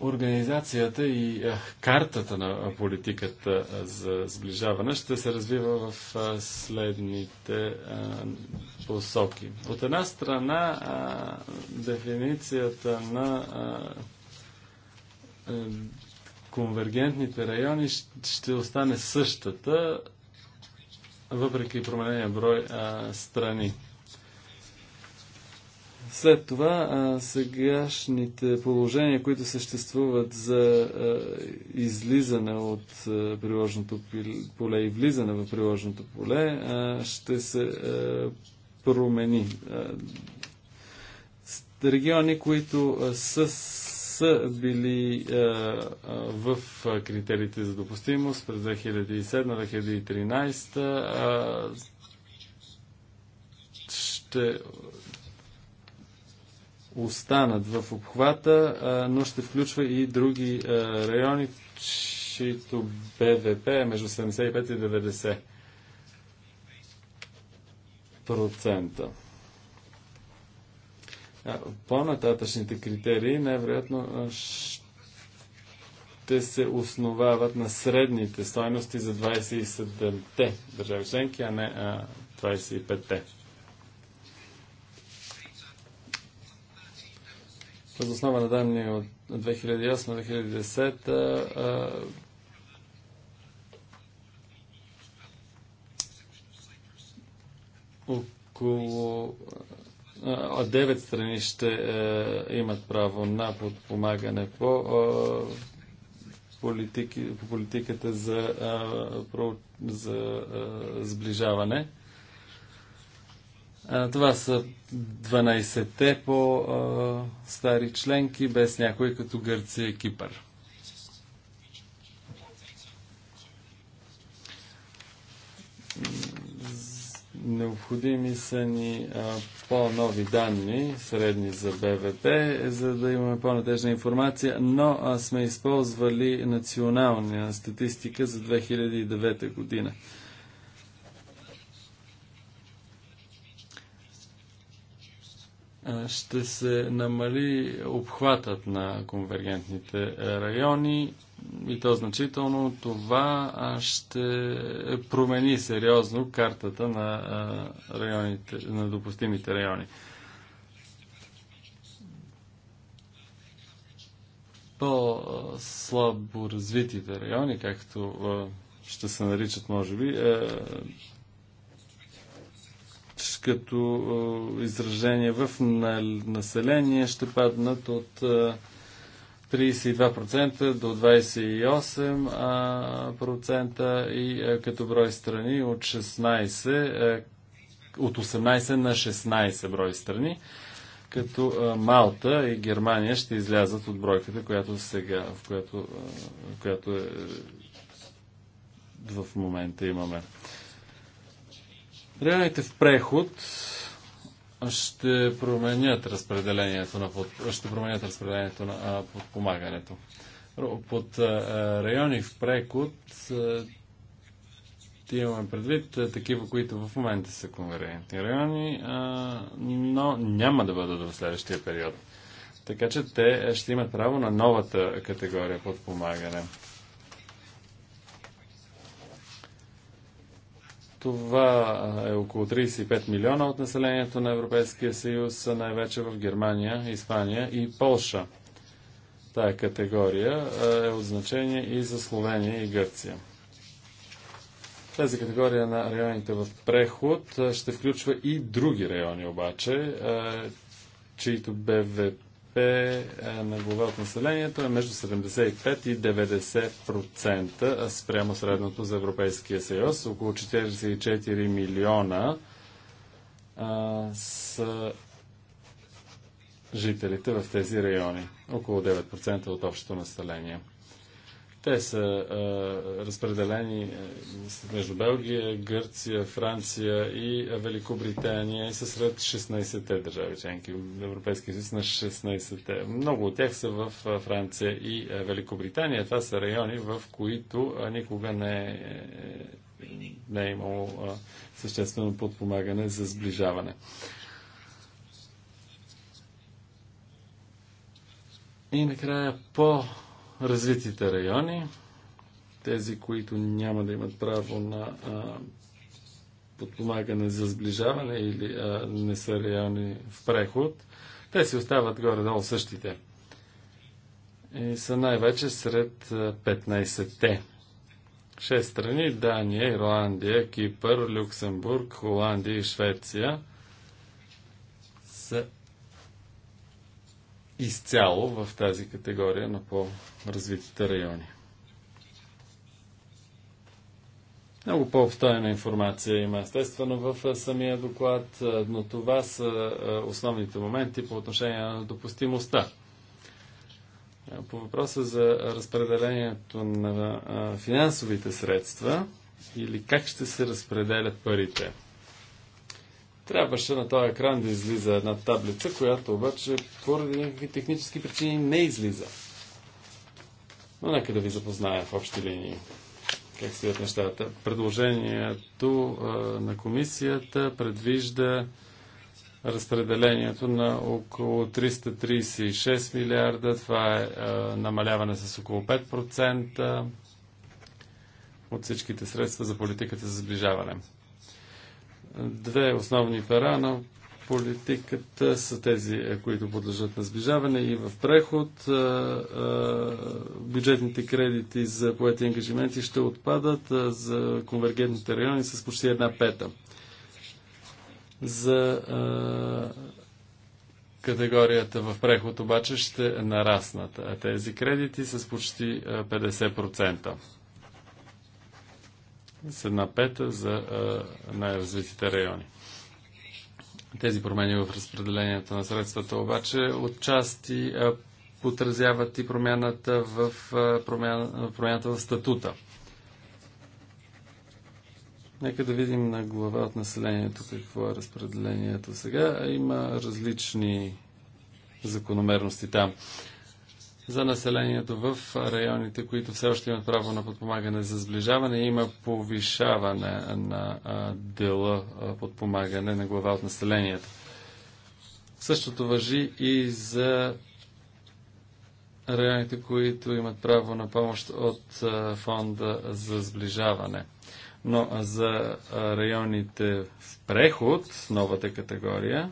организацията и е, картата на политиката за сближаване ще се развива в следните посоки. От една страна, дефиницията на конвергентните райони ще остане същата, въпреки променения брой а, страни. След това а, сегашните положения, които съществуват за а, излизане от а, приложното поле и влизане в приложното поле, а, ще се а, промени. А, региони, които а, с са били е, е, в критериите за допустимост през 2007-2013. Е, ще останат в обхвата, но ще включва и други райони, чието БВП е между 75 и 90 процента. По-нататъчните критерии най-вероятно ще се основават на средните стоености за 27-те държави членки, а не 25-те. Въз основа на данни от 2008-2010 около девет страни ще е, имат право на подпомагане по, е, политики, по политиката за, е, про, за е, сближаване. Това са 12-те по е, стари членки, без някои като Гърция и Кипър. Необходими са ни по-нови данни, средни за БВП, за да имаме по-надежна информация, но а, сме използвали национална статистика за 2009 година. Ще се намали обхватът на конвергентните райони и то значително, това ще промени сериозно картата на, районите, на допустимите райони. По-слабо развитите райони, както ще се наричат, може би, като изражение в население ще паднат от 32% до 28% и е, като брой страни от 16, е, от 18 на 16 брой страни, като е, Малта и Германия ще излязат от бройката, която сега, в която, която е, в момента имаме. Реалните в преход ще променят разпределението на, под... ще променят разпределението на а, подпомагането. Под а, райони в прекод а, имаме предвид а, такива, които в момента са конвергентни райони, а, но няма да бъдат в следващия период. Така че те ще имат право на новата категория подпомагане. Това е около 35 милиона от населението на Европейския съюз, най-вече в Германия, Испания и Полша. Тая категория е от значение и за Словения и Гърция. Тази категория на районите в преход ще включва и други райони обаче, чието БВП е, на глава от населението е между 75 и 90% спрямо средното за Европейския съюз. Около 44 милиона а, са жителите в тези райони. Около 9% от общото население. Те са а, разпределени между Белгия, Гърция, Франция и Великобритания и са сред 16-те държави членки Европейския съюз на 16-те. Много от тях са в Франция и Великобритания. Това са райони, в които никога не е, не е имало а, съществено подпомагане за сближаване. И накрая по развитите райони, тези, които няма да имат право на а, подпомагане за сближаване или а, не са райони в преход, те си остават горе-долу същите. И са най-вече сред 15-те. Шест страни Дания, Ирландия, Кипър, Люксембург, Холандия и Швеция са изцяло в тази категория на по-развитите райони. Много по-обстойна информация има естествено в самия доклад, но това са основните моменти по отношение на допустимостта. По въпроса за разпределението на финансовите средства или как ще се разпределят парите – Трябваше на този екран да излиза една таблица, която обаче поради някакви технически причини не излиза. Но нека да ви запозная в общи линии как стоят нещата. Предложението на комисията предвижда разпределението на около 336 милиарда. Това е намаляване с около 5% от всичките средства за политиката за сближаване. Две основни пера на политиката са тези, които подлежат на сближаване и в преход. Бюджетните кредити за поети ангажименти ще отпадат за конвергентните райони с почти една пета. За категорията в преход обаче ще нараснат тези кредити с почти 50% с една пета за най-развитите райони. Тези промени в разпределението на средствата обаче отчасти отразяват и промяната в, промяна, промяната в статута. Нека да видим на глава от населението какво е разпределението сега. Има различни закономерности там за населението в районите, които все още имат право на подпомагане за сближаване. Има повишаване на дела подпомагане на глава от населението. Същото въжи и за районите, които имат право на помощ от фонда за сближаване. Но за районите в преход, новата категория,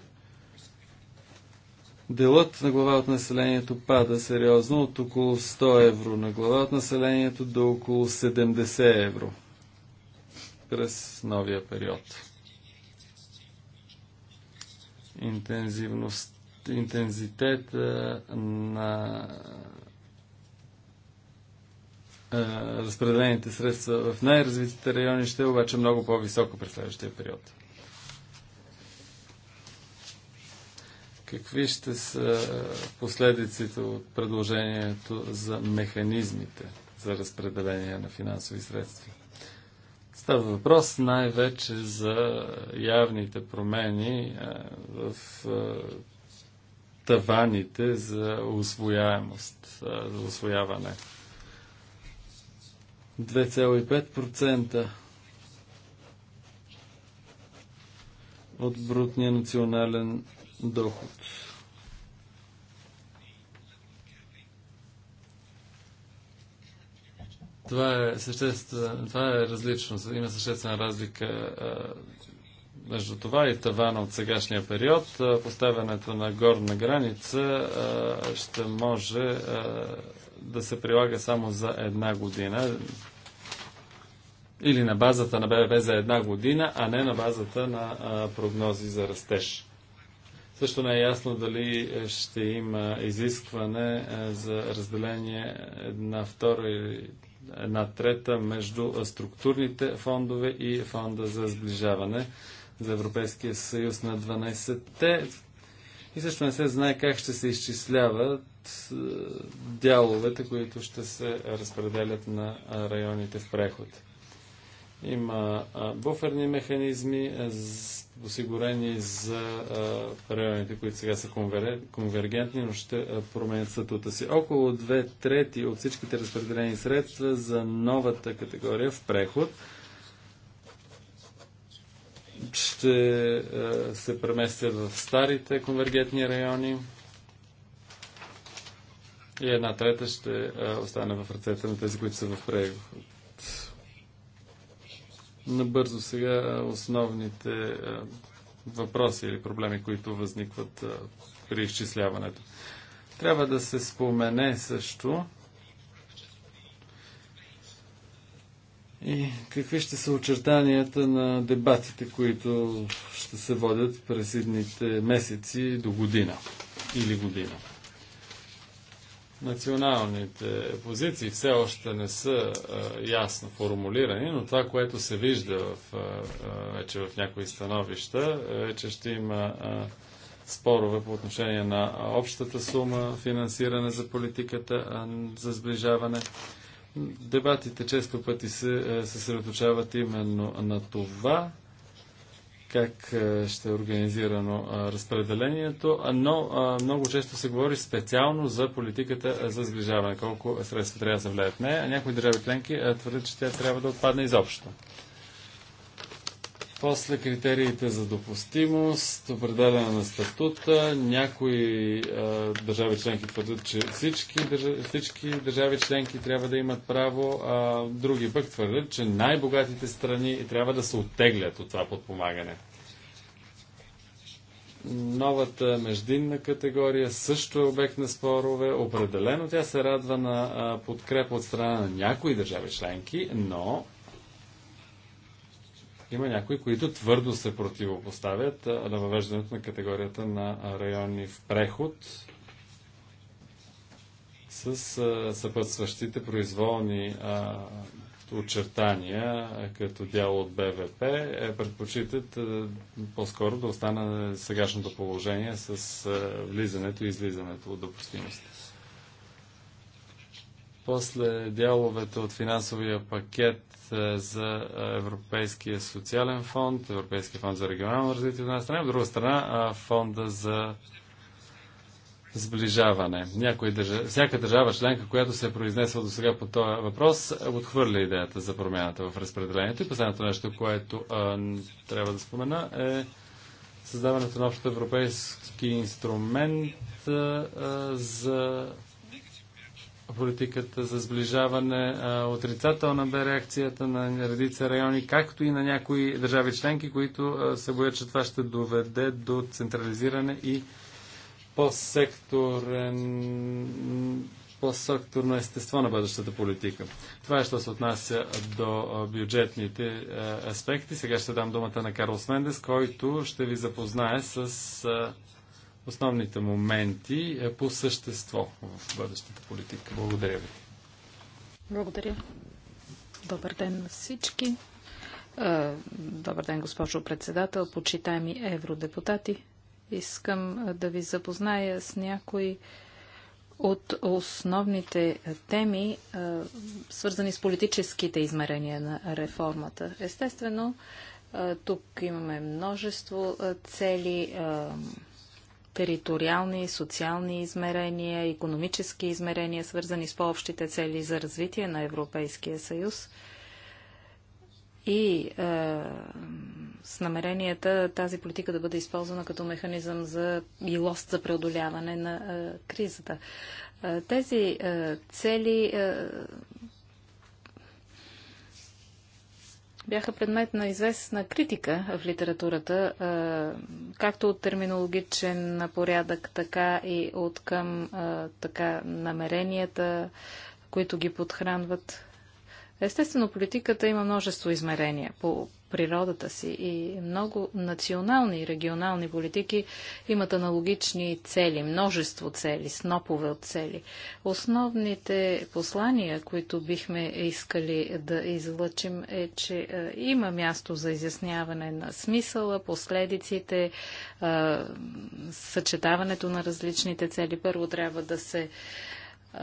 делът на глава от населението пада сериозно от около 100 евро на глава от населението до около 70 евро през новия период. Интензивност, интензитета на разпределените средства в най-развитите райони ще е обаче много по-високо през следващия период. Какви ще са е, последиците от предложението за механизмите за разпределение на финансови средства? Става въпрос най-вече за явните промени е, в е, таваните за освояемост, за освояване. 2,5% от брутния национален доход. Това е, съществен, това е различно. Има съществена разлика а, между това и тавана от сегашния период. А, поставянето на горна граница а, ще може да се прилага само за една година или на базата на ББ за една година, а не на базата на прогнози за растеж. Също не е ясно дали е, ще има изискване е, за разделение една втора или една трета между структурните фондове и фонда за сближаване за Европейския съюз на 12-те. И също не се знае как ще се изчисляват е, дяловете, които ще се разпределят на районите в преход. Има буферни механизми, осигурени за районите, които сега са конвер... конвергентни, но ще променят статута си. Около две трети от всичките разпределени средства за новата категория в преход ще се преместят в старите конвергентни райони и една трета ще остане в ръцете на тези, които са в преход. Набързо сега основните въпроси или проблеми, които възникват при изчисляването. Трябва да се спомене също и какви ще са очертанията на дебатите, които ще се водят през едните месеци до година или година. Националните позиции все още не са а, ясно формулирани, но това, което се вижда в, а, вече в някои становища, е, че ще има а, спорове по отношение на общата сума, финансиране за политиката а, за сближаване. Дебатите често пъти се е, съсредоточават именно на това, как е, ще е организирано е, разпределението, но е, много често се говори специално за политиката за сближаване, колко средства трябва да се влеят в нея. Някои държави членки твърдят, че тя трябва да отпадне изобщо. После критериите за допустимост, определяне на статута. Някои а, държави членки твърдят, че всички, държави, всички държави членки трябва да имат право, а други пък твърдят, че най-богатите страни трябва да се оттеглят от това подпомагане. Новата междинна категория също е обект на спорове. Определено тя се радва на подкрепа от страна на някои държави членки, но има някои, които твърдо се противопоставят на въвеждането на категорията на райони в преход с съпътстващите произволни очертания като дял от БВП, е, предпочитат по-скоро да остане сегашното положение с влизането и излизането от допустимост. После дяловете от финансовия пакет е, за Европейския социален фонд, Европейския фонд за регионално развитие от една страна, от друга страна фонда за сближаване. Някой държа... Всяка държава членка, която се е произнесла до сега по този въпрос, отхвърля идеята за промяната в разпределението. И последното нещо, което а, трябва да спомена е създаването на общо европейски инструмент а, за политиката за сближаване. Отрицателна бе реакцията на редица райони, както и на някои държави членки, които се боят, че това ще доведе до централизиране и по-секторен по-секторно естество на бъдещата политика. Това е, що се отнася до бюджетните аспекти. Сега ще дам думата на Карлос Мендес, който ще ви запознае с основните моменти е по същество в бъдещата политика. Благодаря ви. Благодаря. Добър ден на всички. Добър ден, госпожо председател, почитаеми евродепутати. Искам да ви запозная с някои от основните теми, свързани с политическите измерения на реформата. Естествено, тук имаме множество цели, териториални, социални измерения, економически измерения, свързани с по-общите цели за развитие на Европейския съюз и е, с намеренията тази политика да бъде използвана като механизъм за и лост за преодоляване на е, кризата. Е, тези е, цели е, бяха предмет на известна критика в литературата, както от терминологичен порядък, така и от към така, намеренията, които ги подхранват. Естествено, политиката има множество измерения. По природата си и много национални и регионални политики имат аналогични цели, множество цели, снопове от цели. Основните послания, които бихме искали да излъчим е, че е, има място за изясняване на смисъла, последиците, е, съчетаването на различните цели. Първо трябва да се е,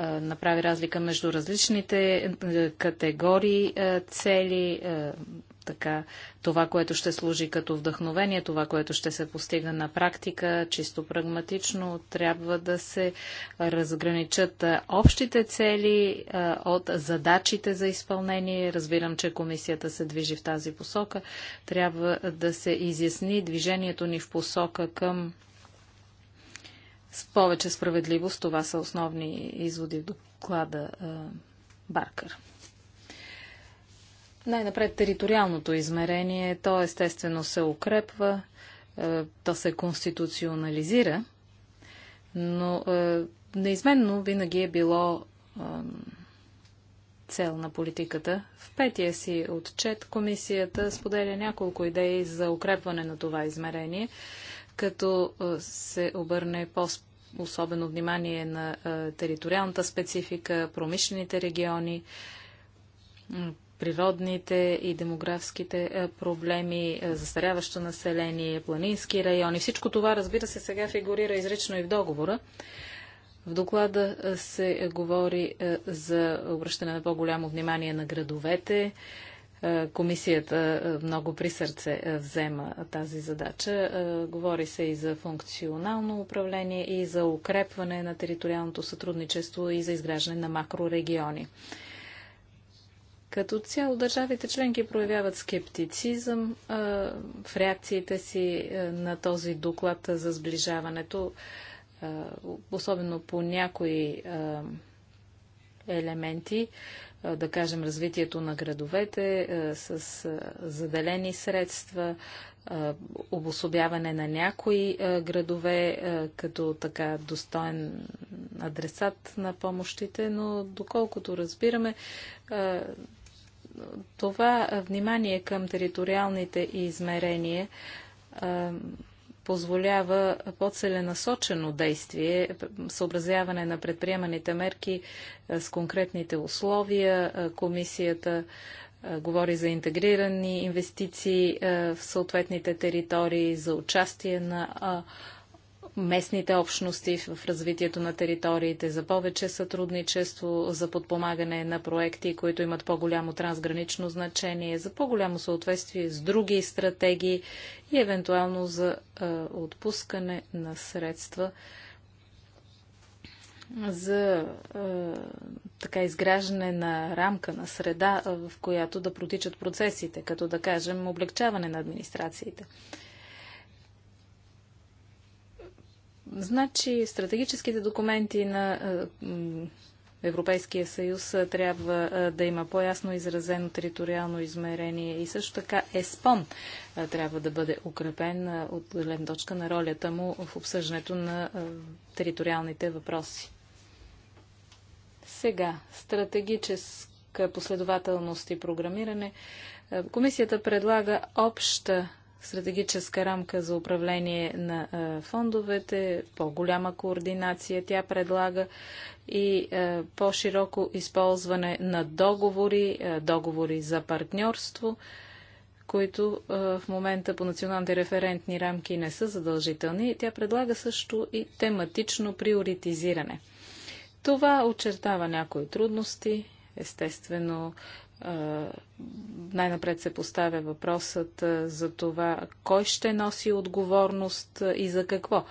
направи разлика между различните категории цели, така това, което ще служи като вдъхновение, това, което ще се постига на практика, чисто прагматично, трябва да се разграничат общите цели от задачите за изпълнение. Разбирам, че комисията се движи в тази посока. Трябва да се изясни движението ни в посока към с повече справедливост. Това са основни изводи в доклада Баркър. Най-напред териториалното измерение, то естествено се укрепва, е, то се конституционализира, но е, неизменно винаги е било е, цел на политиката. В петия си отчет комисията споделя няколко идеи за укрепване на това измерение, като се обърне по-особено внимание на териториалната специфика, промишлените региони, природните и демографските е, проблеми, е, застаряващо население, планински райони. Всичко това, разбира се, сега фигурира изрично и в договора. В доклада е, се говори за обръщане на по-голямо внимание на градовете. Комисията много при сърце взема тази задача. Говори се и за функционално управление, и за укрепване на териториалното сътрудничество, и за изграждане на макрорегиони. Като цяло държавите членки проявяват скептицизъм а, в реакциите си а, на този доклад за сближаването, а, особено по някои елементи, да кажем развитието на градовете с заделени средства, обособяване на някои градове като така достоен адресат на помощите, но доколкото разбираме, това внимание към териториалните измерения позволява по-целенасочено действие, съобразяване на предприеманите мерки с конкретните условия. комисията говори за интегрирани инвестиции в съответните територии, за участие на местните общности в развитието на териториите, за повече сътрудничество, за подпомагане на проекти, които имат по-голямо трансгранично значение, за по-голямо съответствие с други стратегии и евентуално за отпускане на средства за е, така изграждане на рамка, на среда, в която да протичат процесите, като да кажем облегчаване на администрациите. Значи стратегическите документи на Европейския съюз трябва да има по-ясно изразено териториално измерение и също така ЕСПОН трябва да бъде укрепен от гледна точка на ролята му в обсъждането на териториалните въпроси. Сега, стратегическа последователност и програмиране. Комисията предлага обща стратегическа рамка за управление на фондовете, по-голяма координация тя предлага и по-широко използване на договори, договори за партньорство, които в момента по националните референтни рамки не са задължителни. Тя предлага също и тематично приоритизиране. Това очертава някои трудности, естествено най-напред се поставя въпросът за това кой ще носи отговорност и за какво.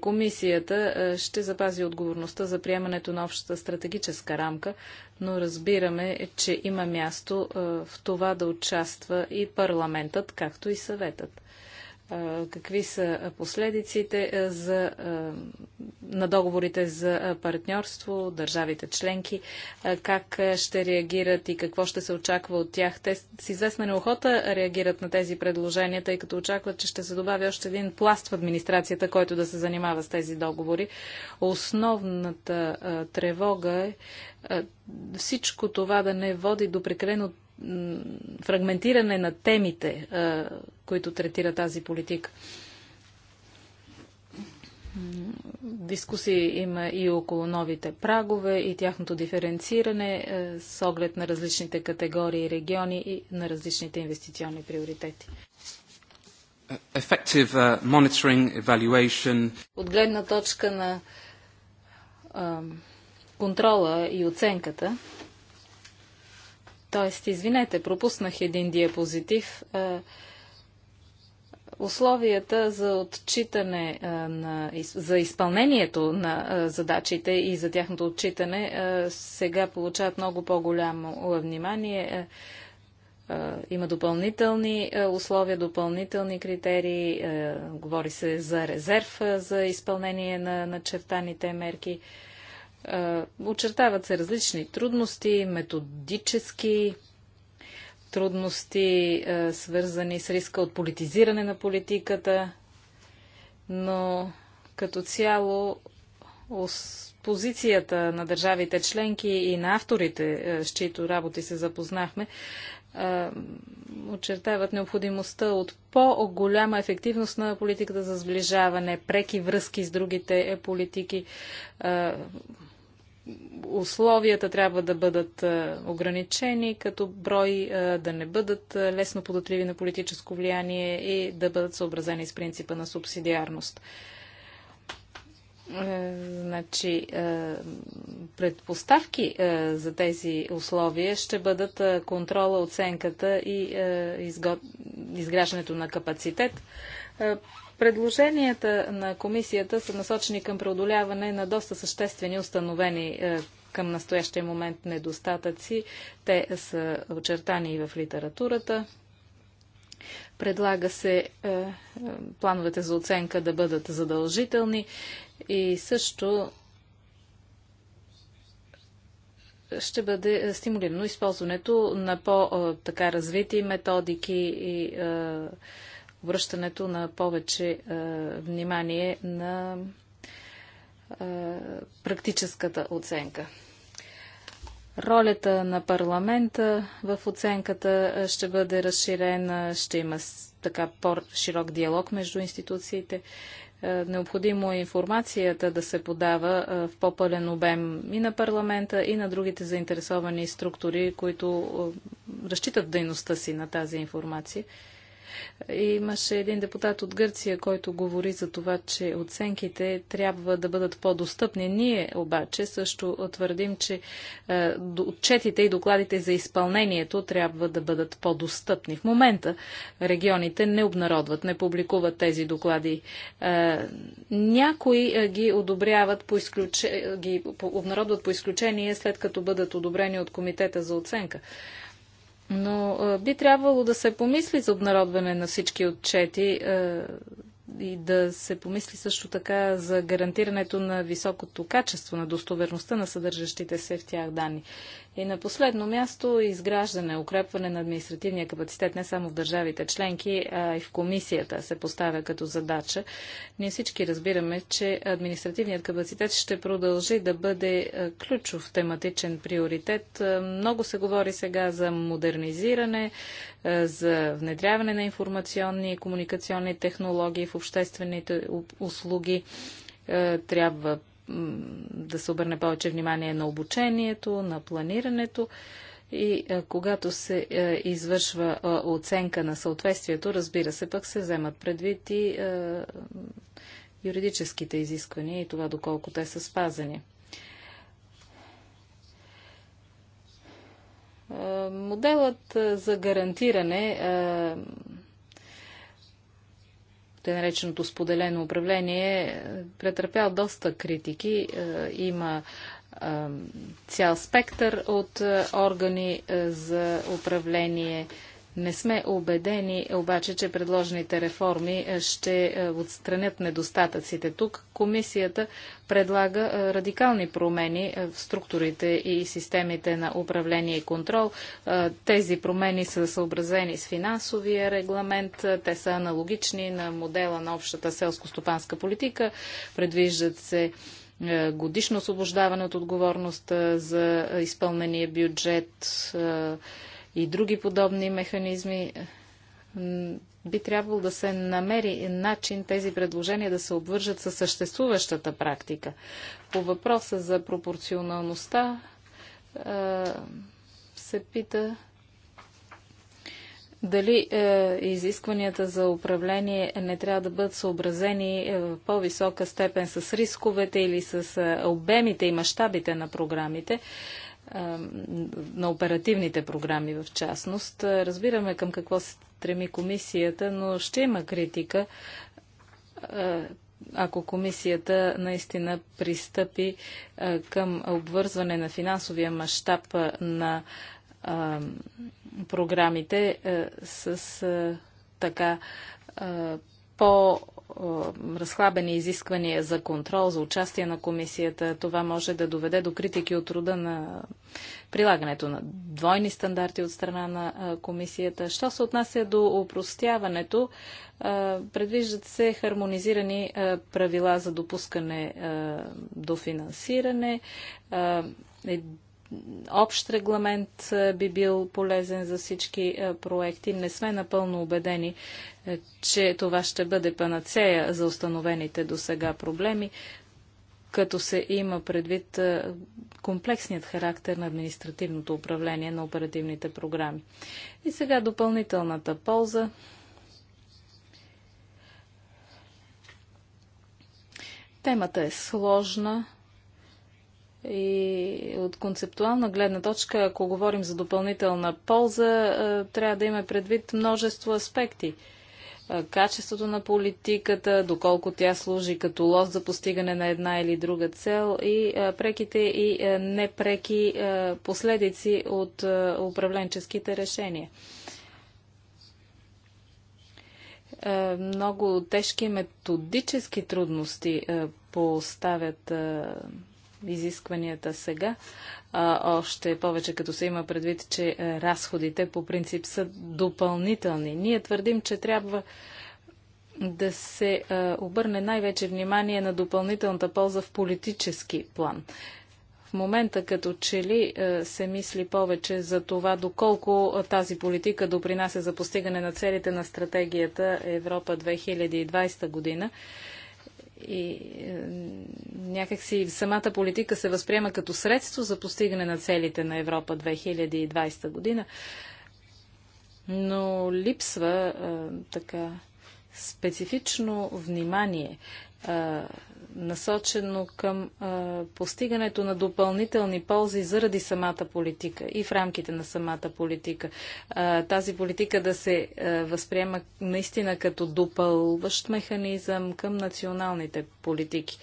Комисията ще запази отговорността за приемането на общата стратегическа рамка, но разбираме, че има място в това да участва и парламентът, както и съветът какви са последиците за, на договорите за партньорство, държавите членки, как ще реагират и какво ще се очаква от тях. Те с известна неохота реагират на тези предложения, тъй като очакват, че ще се добави още един пласт в администрацията, който да се занимава с тези договори. Основната тревога е всичко това да не води до прекалено фрагментиране на темите, които третира тази политика. Дискусии има и около новите прагове и тяхното диференциране с оглед на различните категории и региони и на различните инвестиционни приоритети. Uh, От гледна точка на контрола и оценката, Тоест, извинете, пропуснах един диапозитив. Е, условията за отчитане е, на, за изпълнението на е, задачите и за тяхното отчитане сега получават много по-голямо внимание има допълнителни условия, допълнителни критерии. Говори се за резерв за изпълнение на начертаните мерки. Е, очертават се различни трудности, методически трудности, е, свързани с риска от политизиране на политиката, но като цяло позицията на държавите членки и на авторите, е, с чието работи се запознахме, очертават необходимостта от по-голяма ефективност на политиката за сближаване, преки връзки с другите политики, условията трябва да бъдат е, ограничени като брой, е, да не бъдат е, лесно податливи на политическо влияние и да бъдат съобразени с принципа на субсидиарност. Значи, предпоставки за тези условия ще бъдат контрола, оценката и изграждането на капацитет Предложенията на комисията са насочени към преодоляване на доста съществени установени е, към настоящия момент недостатъци. Те са очертани и в литературата. Предлага се е, е, плановете за оценка да бъдат задължителни и също ще бъде стимулирано използването на по-така развити методики и методики връщането на повече а, е, внимание на а, е, практическата оценка. Ролята на парламента в оценката е, ще бъде разширена, ще има така по-широк диалог между институциите. Необходимо е информацията да се подава в по-пълен обем и на парламента, и на другите заинтересовани структури, които разчитат дейността си на тази информация. Имаше един депутат от Гърция, който говори за това, че оценките трябва да бъдат по-достъпни. Ние обаче също твърдим, че е, отчетите и докладите за изпълнението трябва да бъдат по-достъпни. В момента регионите не обнародват, не публикуват тези доклади. Е, някои е, ги одобряват по изключение, ги обнародват по изключение, след като бъдат одобрени от Комитета за оценка. Но би трябвало да се помисли за обнародване на всички отчети и да се помисли също така за гарантирането на високото качество на достоверността на съдържащите се в тях данни. И на последно място изграждане, укрепване на административния капацитет не само в държавите членки, а и в комисията се поставя като задача. Ние всички разбираме, че административният капацитет ще продължи да бъде е, ключов тематичен приоритет. Е, много се говори сега за модернизиране, е, за внедряване на информационни и комуникационни технологии в обществените услуги трябва да се обърне повече внимание на обучението, на планирането и а, когато се а, извършва а, оценка на съответствието, разбира се, пък се вземат предвид и юридическите изисквания и това доколко те са спазени. Моделът за гарантиране те нареченото споделено управление, е, претърпял доста критики. Е, има е, цял спектър от органи за управление не сме убедени обаче, че предложените реформи е, ще е, отстранят недостатъците. Тук комисията предлага е, радикални промени в структурите и системите на управление и контрол. Тези промени са съобразени с финансовия регламент. Те са аналогични на модела на общата селско-стопанска политика. Предвиждат се годишно освобождаване от отговорност за изпълнение бюджет, и други подобни механизми, би трябвало да се намери начин тези предложения да се обвържат с съществуващата практика. По въпроса за пропорционалността се пита дали е, изискванията за управление не трябва да бъдат съобразени е, в по-висока степен с рисковете или с е, обемите и мащабите на програмите на оперативните програми в частност. Разбираме към какво се стреми комисията, но ще има критика, ако комисията наистина пристъпи към обвързване на финансовия мащаб на програмите с така по-разхлабени изисквания за контрол, за участие на комисията, това може да доведе до критики от рода на прилагането на двойни стандарти от страна на комисията. Що се отнася до опростяването, предвиждат се хармонизирани правила за допускане до финансиране, общ регламент е, би бил полезен за всички е, проекти. Не сме напълно убедени, е, че това ще бъде панацея за установените до сега проблеми, като се има предвид комплексният характер на административното управление на оперативните програми. И сега допълнителната полза. Темата е сложна и от концептуална гледна точка, ако говорим за допълнителна полза, е, трябва да има предвид множество аспекти. Е, качеството на политиката, доколко тя служи като лоз за постигане на една или друга цел и е, преките и непреки последици от управленческите решения много тежки методически трудности поставят изискванията сега, а, още повече като се има предвид, че е, разходите по принцип са допълнителни. Ние твърдим, че трябва да се а, е, обърне най-вече внимание на допълнителната полза в политически план. В момента като че ли е, се мисли повече за това доколко тази политика допринася за постигане на целите на стратегията Европа 2020 година и е, някакси самата политика се възприема като средство за постигане на целите на Европа 2020 година, но липсва е, така специфично внимание е, насочено към а, постигането на допълнителни ползи заради самата политика и в рамките на самата политика. А, тази политика да се а, възприема наистина като допълващ механизъм към националните политики.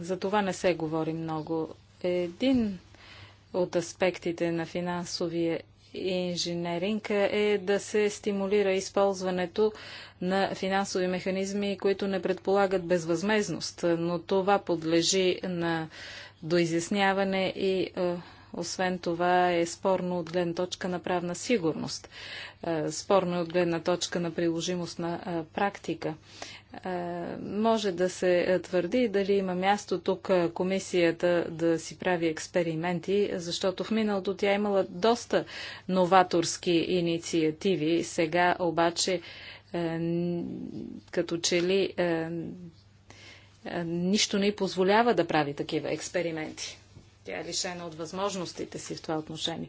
За това не се говори много. Един от аспектите на финансовия инженеринг е да се стимулира използването на финансови механизми, които не предполагат безвъзмезност, но това подлежи на доизясняване и е, освен това е спорно от гледна точка на правна сигурност, е, спорно е от гледна точка на приложимост на е, практика. Е, може да се е, твърди дали има място тук е, комисията да си прави експерименти, защото в миналото тя имала доста новаторски инициативи. Сега обаче като че ли нищо не й позволява да прави такива експерименти. Тя е лишена от възможностите си в това отношение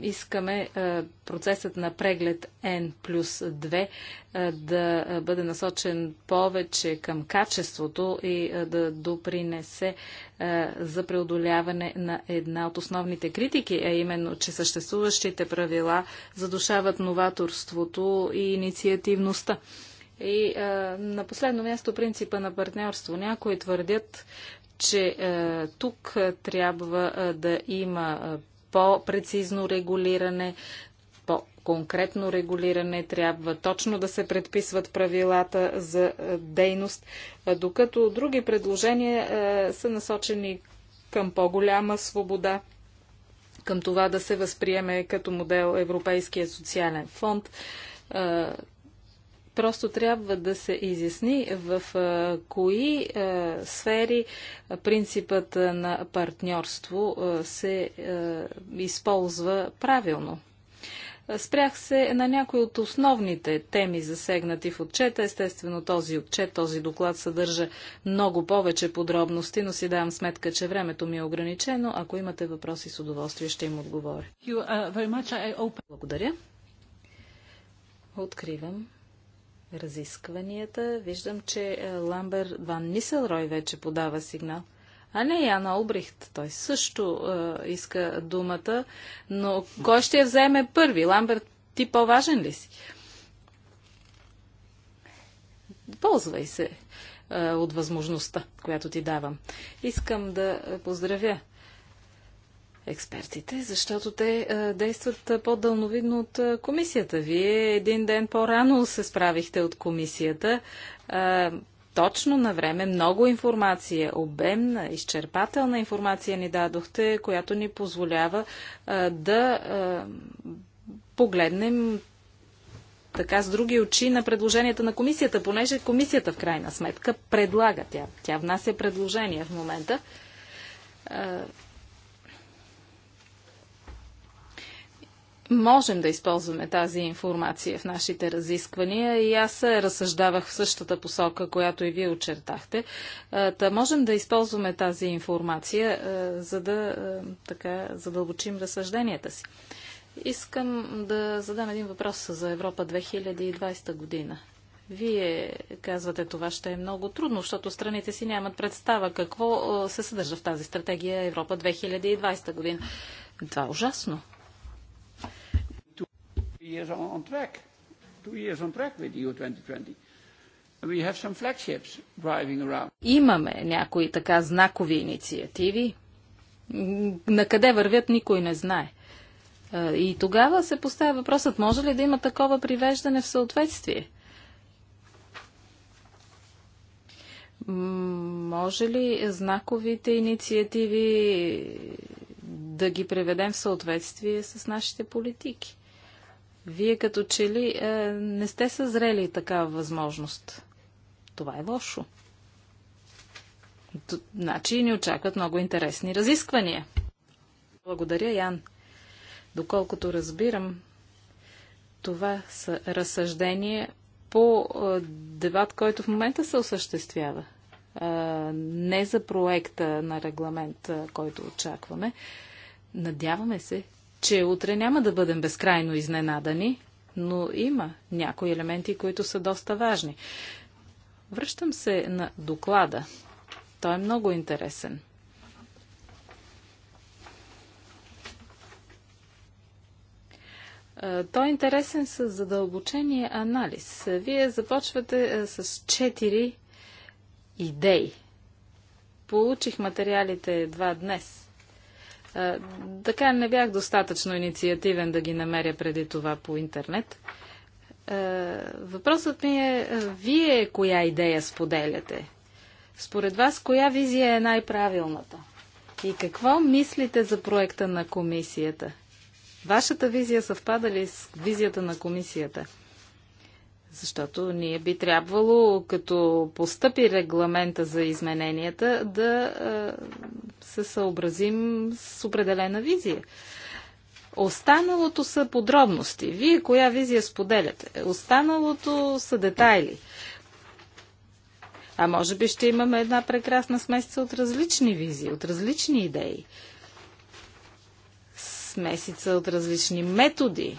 искаме е, процесът на преглед N плюс 2 е, да бъде насочен повече към качеството и е, да допринесе за преодоляване на една от основните критики, а именно, че съществуващите правила задушават новаторството и инициативността. И а, на последно място принципа на партньорство. Някои твърдят, че тук трябва да има по-прецизно регулиране, по-конкретно регулиране, трябва точно да се предписват правилата за е, дейност, е, докато други предложения е, са насочени към по-голяма свобода, към това да се възприеме като модел Европейския социален фонд, Просто трябва да се изясни в кои сфери принципът на партньорство се използва правилно. Спрях се на някои от основните теми, засегнати в отчета. Естествено, този отчет, този доклад съдържа много повече подробности, но си давам сметка, че времето ми е ограничено. Ако имате въпроси, с удоволствие ще им отговоря. Благодаря. Откривам разискванията. Виждам, че е, Ламбер Ван Нисълрой вече подава сигнал. А не, Яна Обрихт. Той също е, иска думата, но кой ще я вземе първи? Ламберт, ти по-важен ли си? Ползвай се е, от възможността, която ти давам. Искам да е, поздравя експертите, защото те а, е, действат е, по-дълновидно от е, комисията. Вие един ден по-рано се справихте от комисията. А, точно на време много информация, обемна, изчерпателна информация ни дадохте, която ни позволява а, да а, погледнем така с други очи на предложенията на комисията, понеже комисията в крайна сметка предлага тя. Тя внася предложения в момента. можем да използваме тази информация в нашите разисквания и аз се разсъждавах в същата посока, която и вие очертахте. Та можем да използваме тази информация, за да така задълбочим разсъжденията си. Искам да задам един въпрос за Европа 2020 година. Вие казвате, това ще е много трудно, защото страните си нямат представа какво се съдържа в тази стратегия Европа 2020 година. Това е ужасно years on track, two years on track with EU 2020. We have some flagships driving around. Имаме някои така знакови инициативи. На къде вървят, никой не знае. И тогава се поставя въпросът, може ли да има такова привеждане в съответствие? Може ли знаковите инициативи да ги преведем в съответствие с нашите политики? Вие като че ли е, не сте съзрели такава възможност. Това е лошо. Т значи ни очакват много интересни разисквания. Благодаря, Ян. Доколкото разбирам, това са разсъждения по е, дебат, който в момента се осъществява. Е, не за проекта на регламент, е, който очакваме. Надяваме се, че утре няма да бъдем безкрайно изненадани, но има някои елементи, които са доста важни. Връщам се на доклада. Той е много интересен. Е, той е интересен с задълбочения анализ. Вие започвате е, с четири идеи. Получих материалите едва днес. Е, така не бях достатъчно инициативен да ги намеря преди това по интернет. Е, Въпросът ми е, е, вие коя идея споделяте? Според вас, коя визия е най-правилната? И какво мислите за проекта на комисията? Вашата визия съвпада ли с визията на комисията? Защото ние би трябвало, като постъпи регламента за измененията, да се съобразим с определена визия. Останалото са подробности. Вие коя визия споделяте? Останалото са детайли. А може би ще имаме една прекрасна смесица от различни визии, от различни идеи. Смесица от различни методи,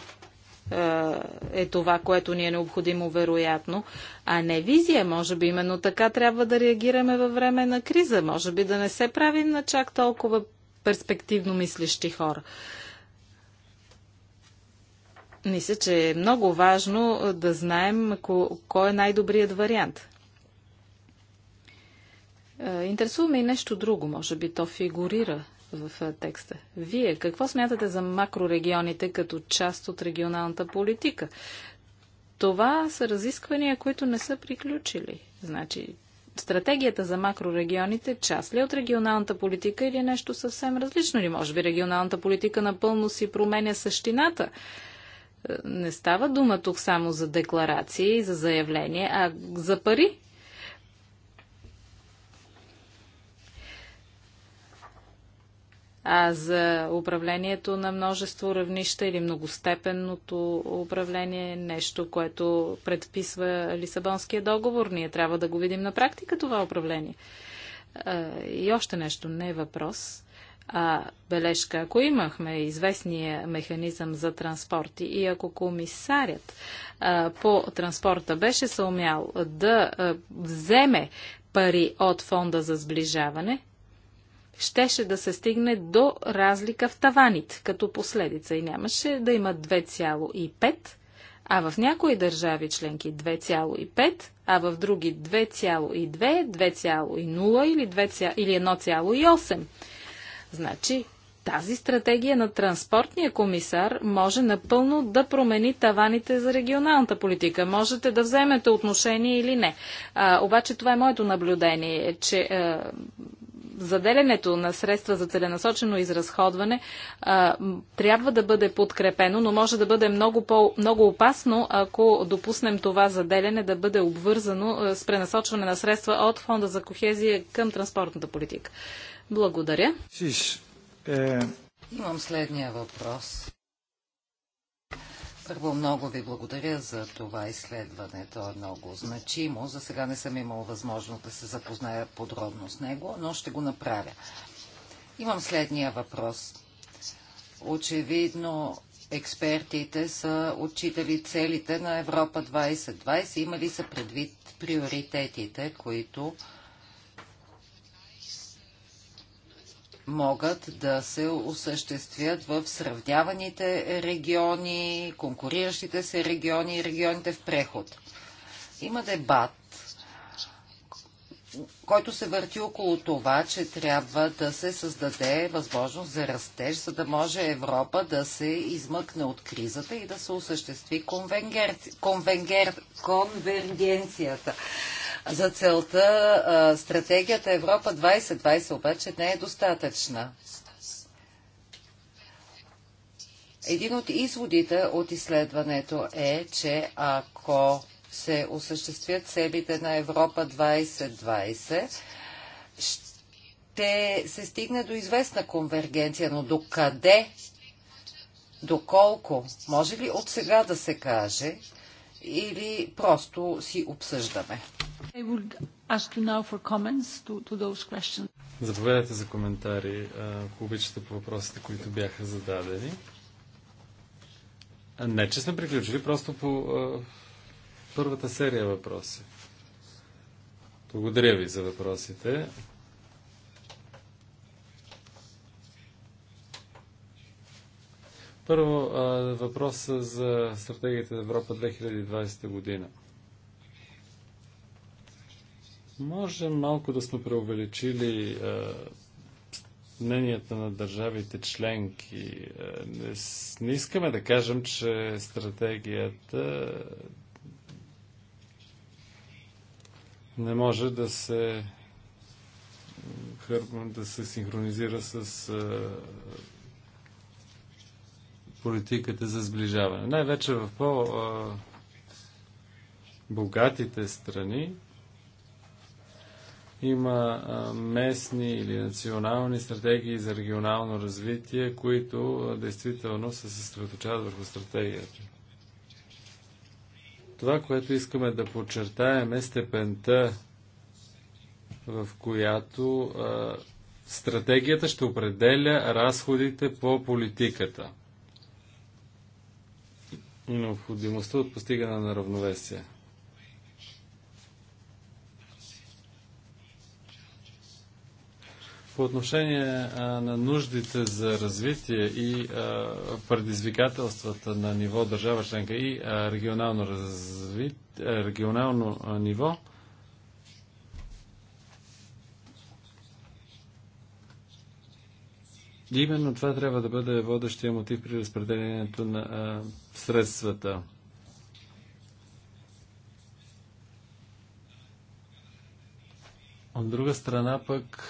е, е това, което ни е необходимо вероятно, а не визия. Може би именно така трябва да реагираме във време на криза. Може би да не се правим на чак толкова перспективно мислещи хора. Мисля, че е много важно да знаем кой е най-добрият вариант. Интересува ме и нещо друго, може би то фигурира в текста. Вие какво смятате за макрорегионите като част от регионалната политика? Това са разисквания, които не са приключили. Значи, стратегията за макрорегионите част ли е от регионалната политика или е нещо съвсем различно? Или може би регионалната политика напълно си променя същината? Е, не става дума тук само за декларации, за заявление, а за пари, а за управлението на множество равнища или многостепенното управление, нещо, което предписва Лисабонския договор. Ние трябва да го видим на практика това управление. И още нещо, не е въпрос, а бележка. Ако имахме известния механизъм за транспорти, и ако комисарят по транспорта беше съумял да вземе пари от фонда за сближаване, щеше да се стигне до разлика в таваните, като последица и нямаше да има 2,5, а в някои държави членки 2,5, а в други 2,2, 2,0 или, 2, или 1,8. Значи, тази стратегия на транспортния комисар може напълно да промени таваните за регионалната политика. Можете да вземете отношение или не. А, обаче това е моето наблюдение, че а, е, заделянето на средства за целенасочено изразходване а, трябва да бъде подкрепено, но може да бъде много, по, много опасно, ако допуснем това заделяне да бъде обвързано с пренасочване на средства от Фонда за кохезия към транспортната политика. Благодаря. Е, Имам следния въпрос. Първо много ви благодаря за това изследване. То е много значимо. За сега не съм имал възможност да се запозная подробно с него, но ще го направя. Имам следния въпрос. Очевидно експертите са отчитали целите на Европа 2020. Има ли са предвид приоритетите, които могат да се осъществят в сравняваните региони, конкуриращите се региони и регионите в преход. Има дебат който се върти около това, че трябва да се създаде възможност за растеж, за да може Европа да се измъкне от кризата и да се осъществи конвенгер... Конвенгер... конвергенцията. За целта стратегията Европа 2020 обаче не е достатъчна. Един от изводите от изследването е, че ако се осъществят целите на Европа 2020, ще се стигне до известна конвергенция, но до къде, доколко, може ли от сега да се каже или просто си обсъждаме? Заповядайте за коментари, ако обичате по въпросите, които бяха зададени. Не, че сме приключили, просто по а, първата серия въпроси. Благодаря ви за въпросите. Първо, а, въпроса за стратегията Европа 2020 година. Може малко да сме преувеличили мненията на държавите членки. Не, не искаме да кажем, че стратегията не може да се да се синхронизира с политиката за сближаване. Най-вече в по-богатите страни има местни или национални стратегии за регионално развитие, които действително се съсредоточават върху стратегията. Това, което искаме да подчертаем е степента, в която а, стратегията ще определя разходите по политиката и необходимостта от постигане на равновесие. По отношение а, на нуждите за развитие и а, предизвикателствата на ниво държава членка и а, регионално, разви... регионално а, ниво, именно това трябва да бъде водещия мотив при разпределението на а, средствата. От друга страна пък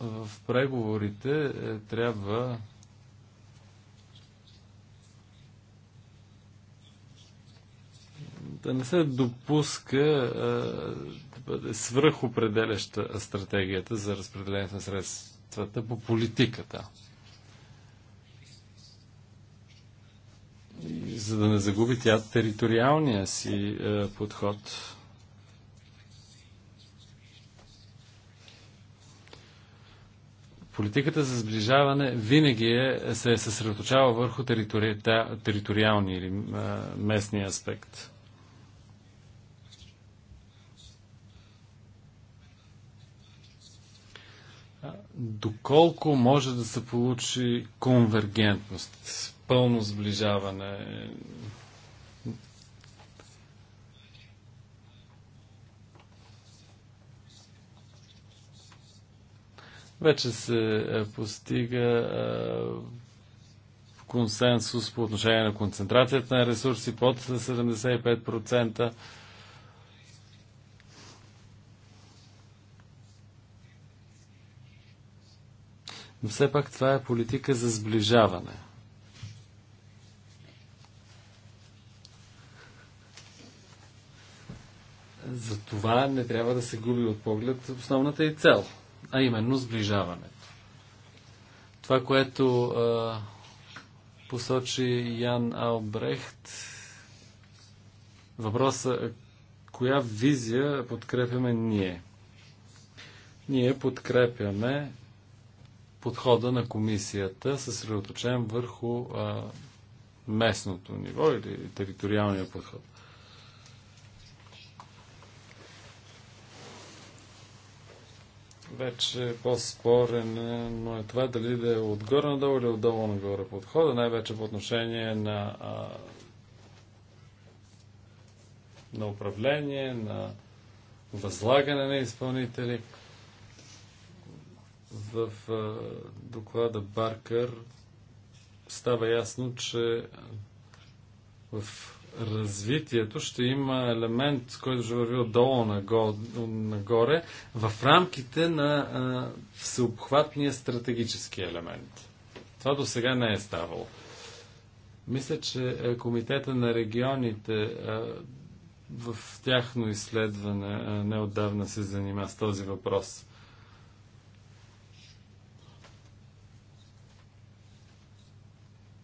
в преговорите е, трябва да не се допуска е, да бъде свръхопределяща стратегията за разпределението на средствата по политиката. И за да не загуби тя териториалния си е, подход. Политиката за сближаване винаги е, се е съсредоточава върху територи... териториални или местния аспект. Доколко може да се получи конвергентност, пълно сближаване, Вече се е, постига е, консенсус по отношение на концентрацията на ресурси под 75%. Но все пак това е политика за сближаване. За това не трябва да се губи от поглед основната и цел – а именно сближаването. Това, което а, посочи Ян Албрехт, въпроса коя визия подкрепяме ние? Ние подкрепяме подхода на комисията, съсредоточен върху а, местното ниво или териториалния подход. вече е по е, но е това дали да е отгоре надолу или отдолу нагоре подхода, най-вече по отношение на, а, на управление, на възлагане на изпълнители. В а, доклада Баркър става ясно, че в развитието ще има елемент, който ще върви отдолу нагоре, в рамките на а, всеобхватния стратегически елемент. Това до сега не е ставало. Мисля, че е, Комитета на регионите а, е, в тяхно изследване е, неотдавна се занима с този въпрос.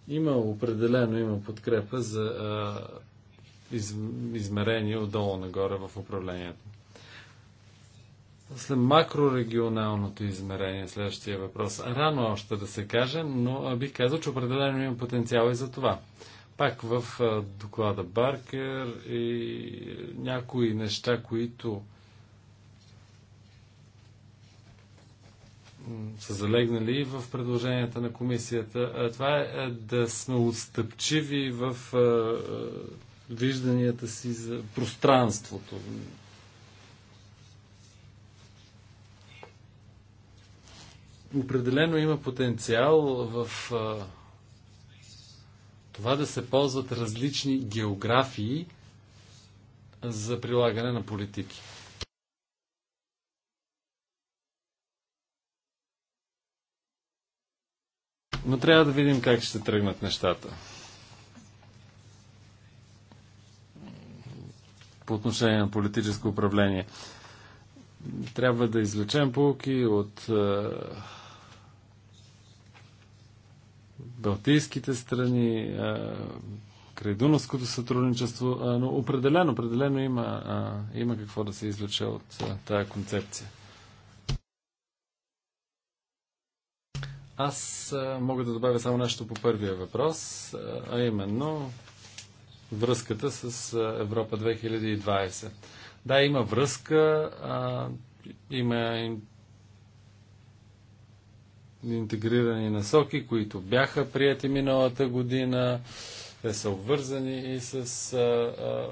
Има определено, има подкрепа за а, из, измерение отдолу нагоре в управлението. След макрорегионалното измерение, следващия въпрос. Рано още да се каже, но бих казал, че определено има потенциал и за това. Пак в доклада Баркер и някои неща, които са залегнали в предложенията на комисията. Това е, е да сме отстъпчиви в е, е, вижданията си за пространството. Определено има потенциал в това да се ползват различни географии за прилагане на политики. Но трябва да видим как ще тръгнат нещата. По отношение на политическо управление. Трябва да извлечем полки от е, Балтийските страни, е, Крайдуновското сътрудничество, е, но определено, определено има, е, има какво да се извлече от тая концепция. Аз мога да добавя само нещо по първия въпрос, а именно връзката с Европа 2020. Да, има връзка, а, има интегрирани насоки, които бяха прияти миналата година. Те са обвързани и с а, а,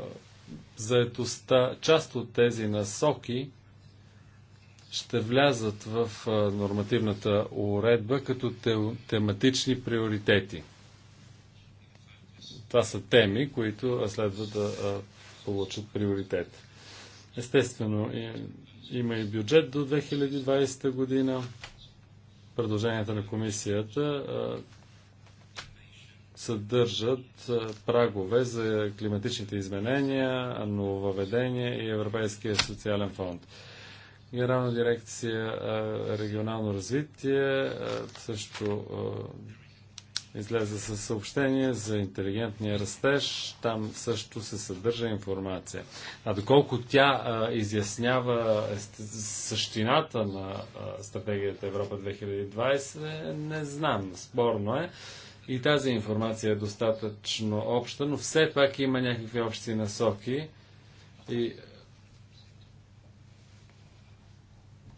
заетостта. Част от тези насоки ще влязат в нормативната уредба като тематични приоритети. Това са теми, които следва да получат приоритет. Естествено, има и бюджет до 2020 година. Предложенията на комисията съдържат прагове за климатичните изменения, нововведения и Европейския социален фонд. Генерална дирекция регионално развитие също излезе със съобщение за интелигентния растеж. Там също се съдържа информация. А доколко тя изяснява същината на стратегията Европа 2020, не знам. Спорно е. И тази информация е достатъчно обща, но все пак има някакви общи насоки. И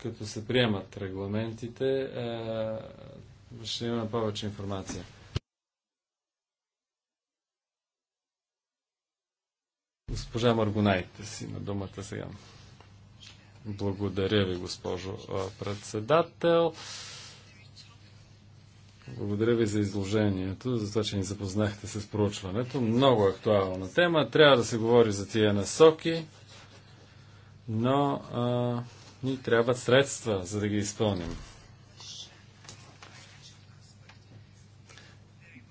като се приемат регламентите, е, ще имаме повече информация. Госпожа Маргонайте си на думата сега. Благодаря ви, госпожо е, председател. Благодаря ви за изложението, за това, че ни запознахте с проучването. Много актуална тема. Трябва да се говори за тия насоки, но а, е, ни трябват средства, за да ги изпълним.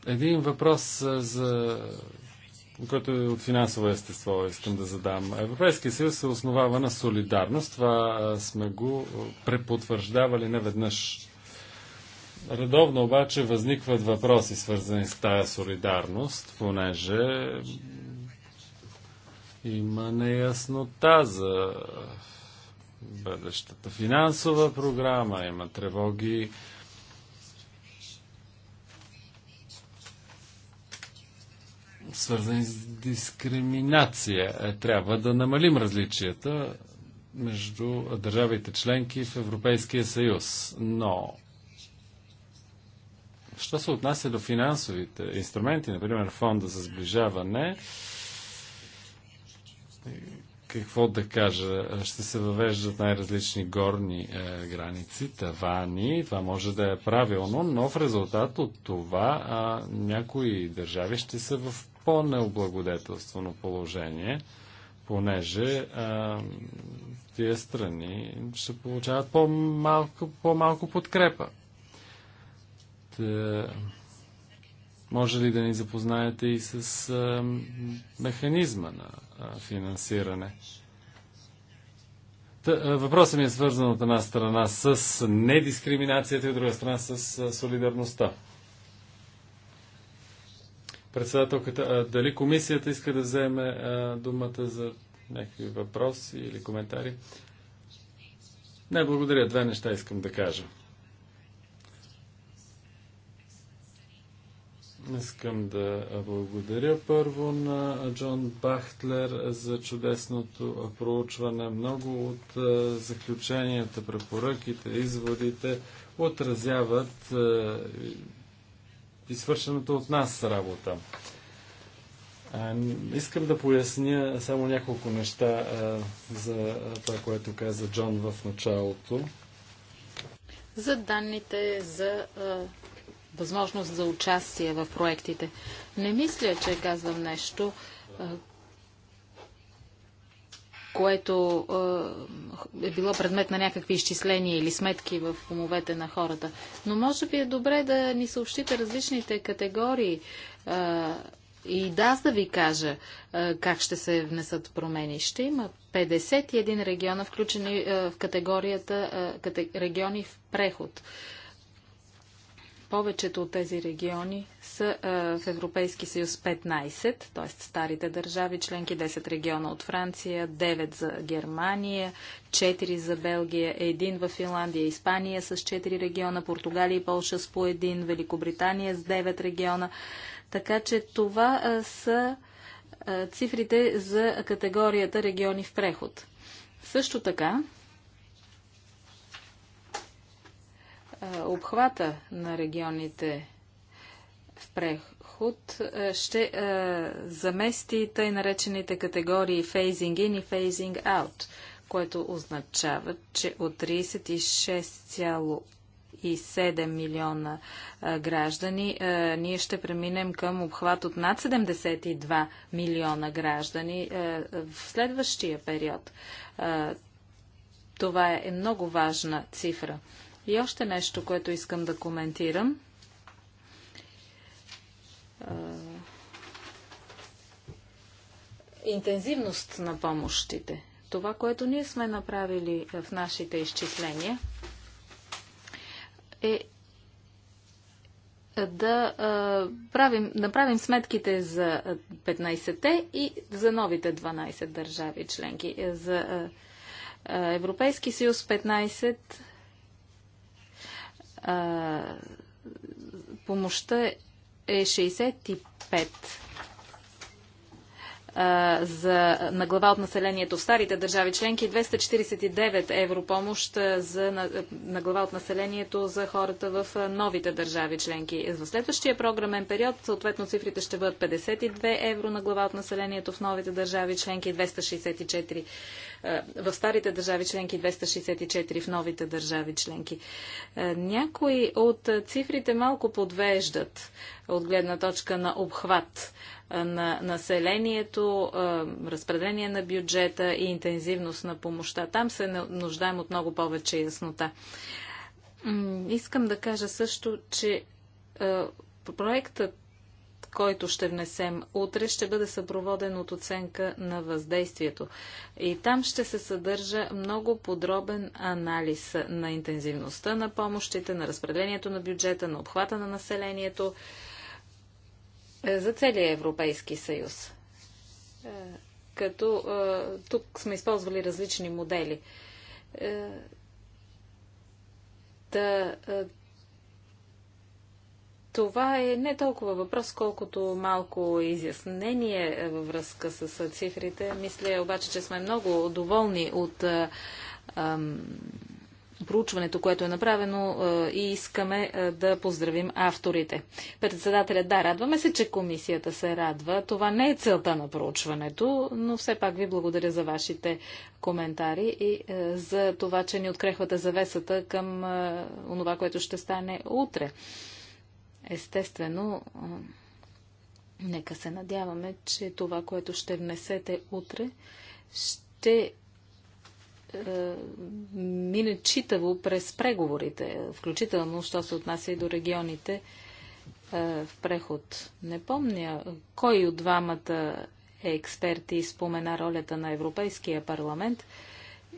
Един въпрос за който е от финансово естество, искам да задам. Европейския съюз се основава на солидарност. Това сме го препотвърждавали неведнъж. Редовно обаче възникват въпроси, свързани с тая солидарност, понеже има неяснота за бъдещата финансова програма, има тревоги. свързани с дискриминация. Е, трябва да намалим различията между държавите членки в Европейския съюз. Но, що се отнася до финансовите инструменти, например фонда за сближаване, какво да кажа, ще се въвеждат най-различни горни е, граници, тавани. Това може да е правилно, но в резултат от това а, някои държави ще са в по-необлагодетелствено положение, понеже а, тия страни ще получават по-малко, по-малко подкрепа. Та... Може ли да ни запознаете и с а, механизма на а, финансиране? Та, а, въпросът ми е свързан от една страна с недискриминацията и от друга страна с а, солидарността. Председателката, а, дали комисията иска да вземе а, думата за някакви въпроси или коментари? Не, благодаря. Две неща искам да кажа. Искам да благодаря първо на Джон Бахтлер за чудесното проучване. Много от заключенията, препоръките, изводите отразяват извършената от нас работа. Искам да поясня само няколко неща за това, което каза Джон в началото. За данните за възможност за участие в проектите. Не мисля, че казвам нещо, което е било предмет на някакви изчисления или сметки в умовете на хората. Но може би е добре да ни съобщите различните категории и да, аз да ви кажа как ще се внесат промени. Ще има 51 региона, включени в категорията региони в преход повечето от тези региони са а, е, в Европейски съюз 15, т.е. старите държави, членки 10 региона от Франция, 9 за Германия, 4 за Белгия, 1 в Финландия, Испания с 4 региона, Португалия и Полша с по 1, Великобритания с 9 региона. Така че това а, е, са а, е, цифрите за категорията региони в преход. Също така, обхвата на регионите в преход ще замести тъй наречените категории phasing in и phasing out, което означава, че от 36,7 милиона граждани ние ще преминем към обхват от над 72 милиона граждани в следващия период. Това е много важна цифра. И още нещо, което искам да коментирам. Интензивност на помощите. Това, което ние сме направили е, в нашите изчисления, е, е да а, правим, направим сметките за 15-те и за новите 12 държави членки. Е, за а, Европейски съюз 15 а, помощта е 65 за, на глава от населението в старите държави членки 249 евро помощ за, на, на глава от населението за хората в новите държави членки. В следващия програмен период съответно цифрите ще бъдат 52 евро на глава от населението в новите държави членки 264 е, в старите държави членки, 264 в новите държави членки. Е, някои от цифрите малко подвеждат от гледна точка на обхват е, на населението, разпределение на бюджета и интензивност на помощта. Там се нуждаем от много повече яснота. Искам да кажа също, че проектът който ще внесем утре, ще бъде съпроводен от оценка на въздействието. И там ще се съдържа много подробен анализ на интензивността на помощите, на разпределението на бюджета, на обхвата на населението е, за целия Европейски съюз. Е, като е, тук сме използвали различни модели. Та, това е не толкова въпрос, колкото малко изяснение е във връзка с цифрите. Мисля обаче, че сме много доволни от проучването, което е направено и искаме да поздравим авторите. Председателя, да, радваме се, че комисията се радва. Това не е целта на проучването, но все пак ви благодаря за вашите коментари и за това, че ни открехвате завесата към онова, което ще стане утре. Естествено, нека се надяваме, че това, което ще внесете утре, ще мине читаво през преговорите, включително, що се отнася и до регионите в преход. Не помня кой от двамата експерти спомена ролята на Европейския парламент –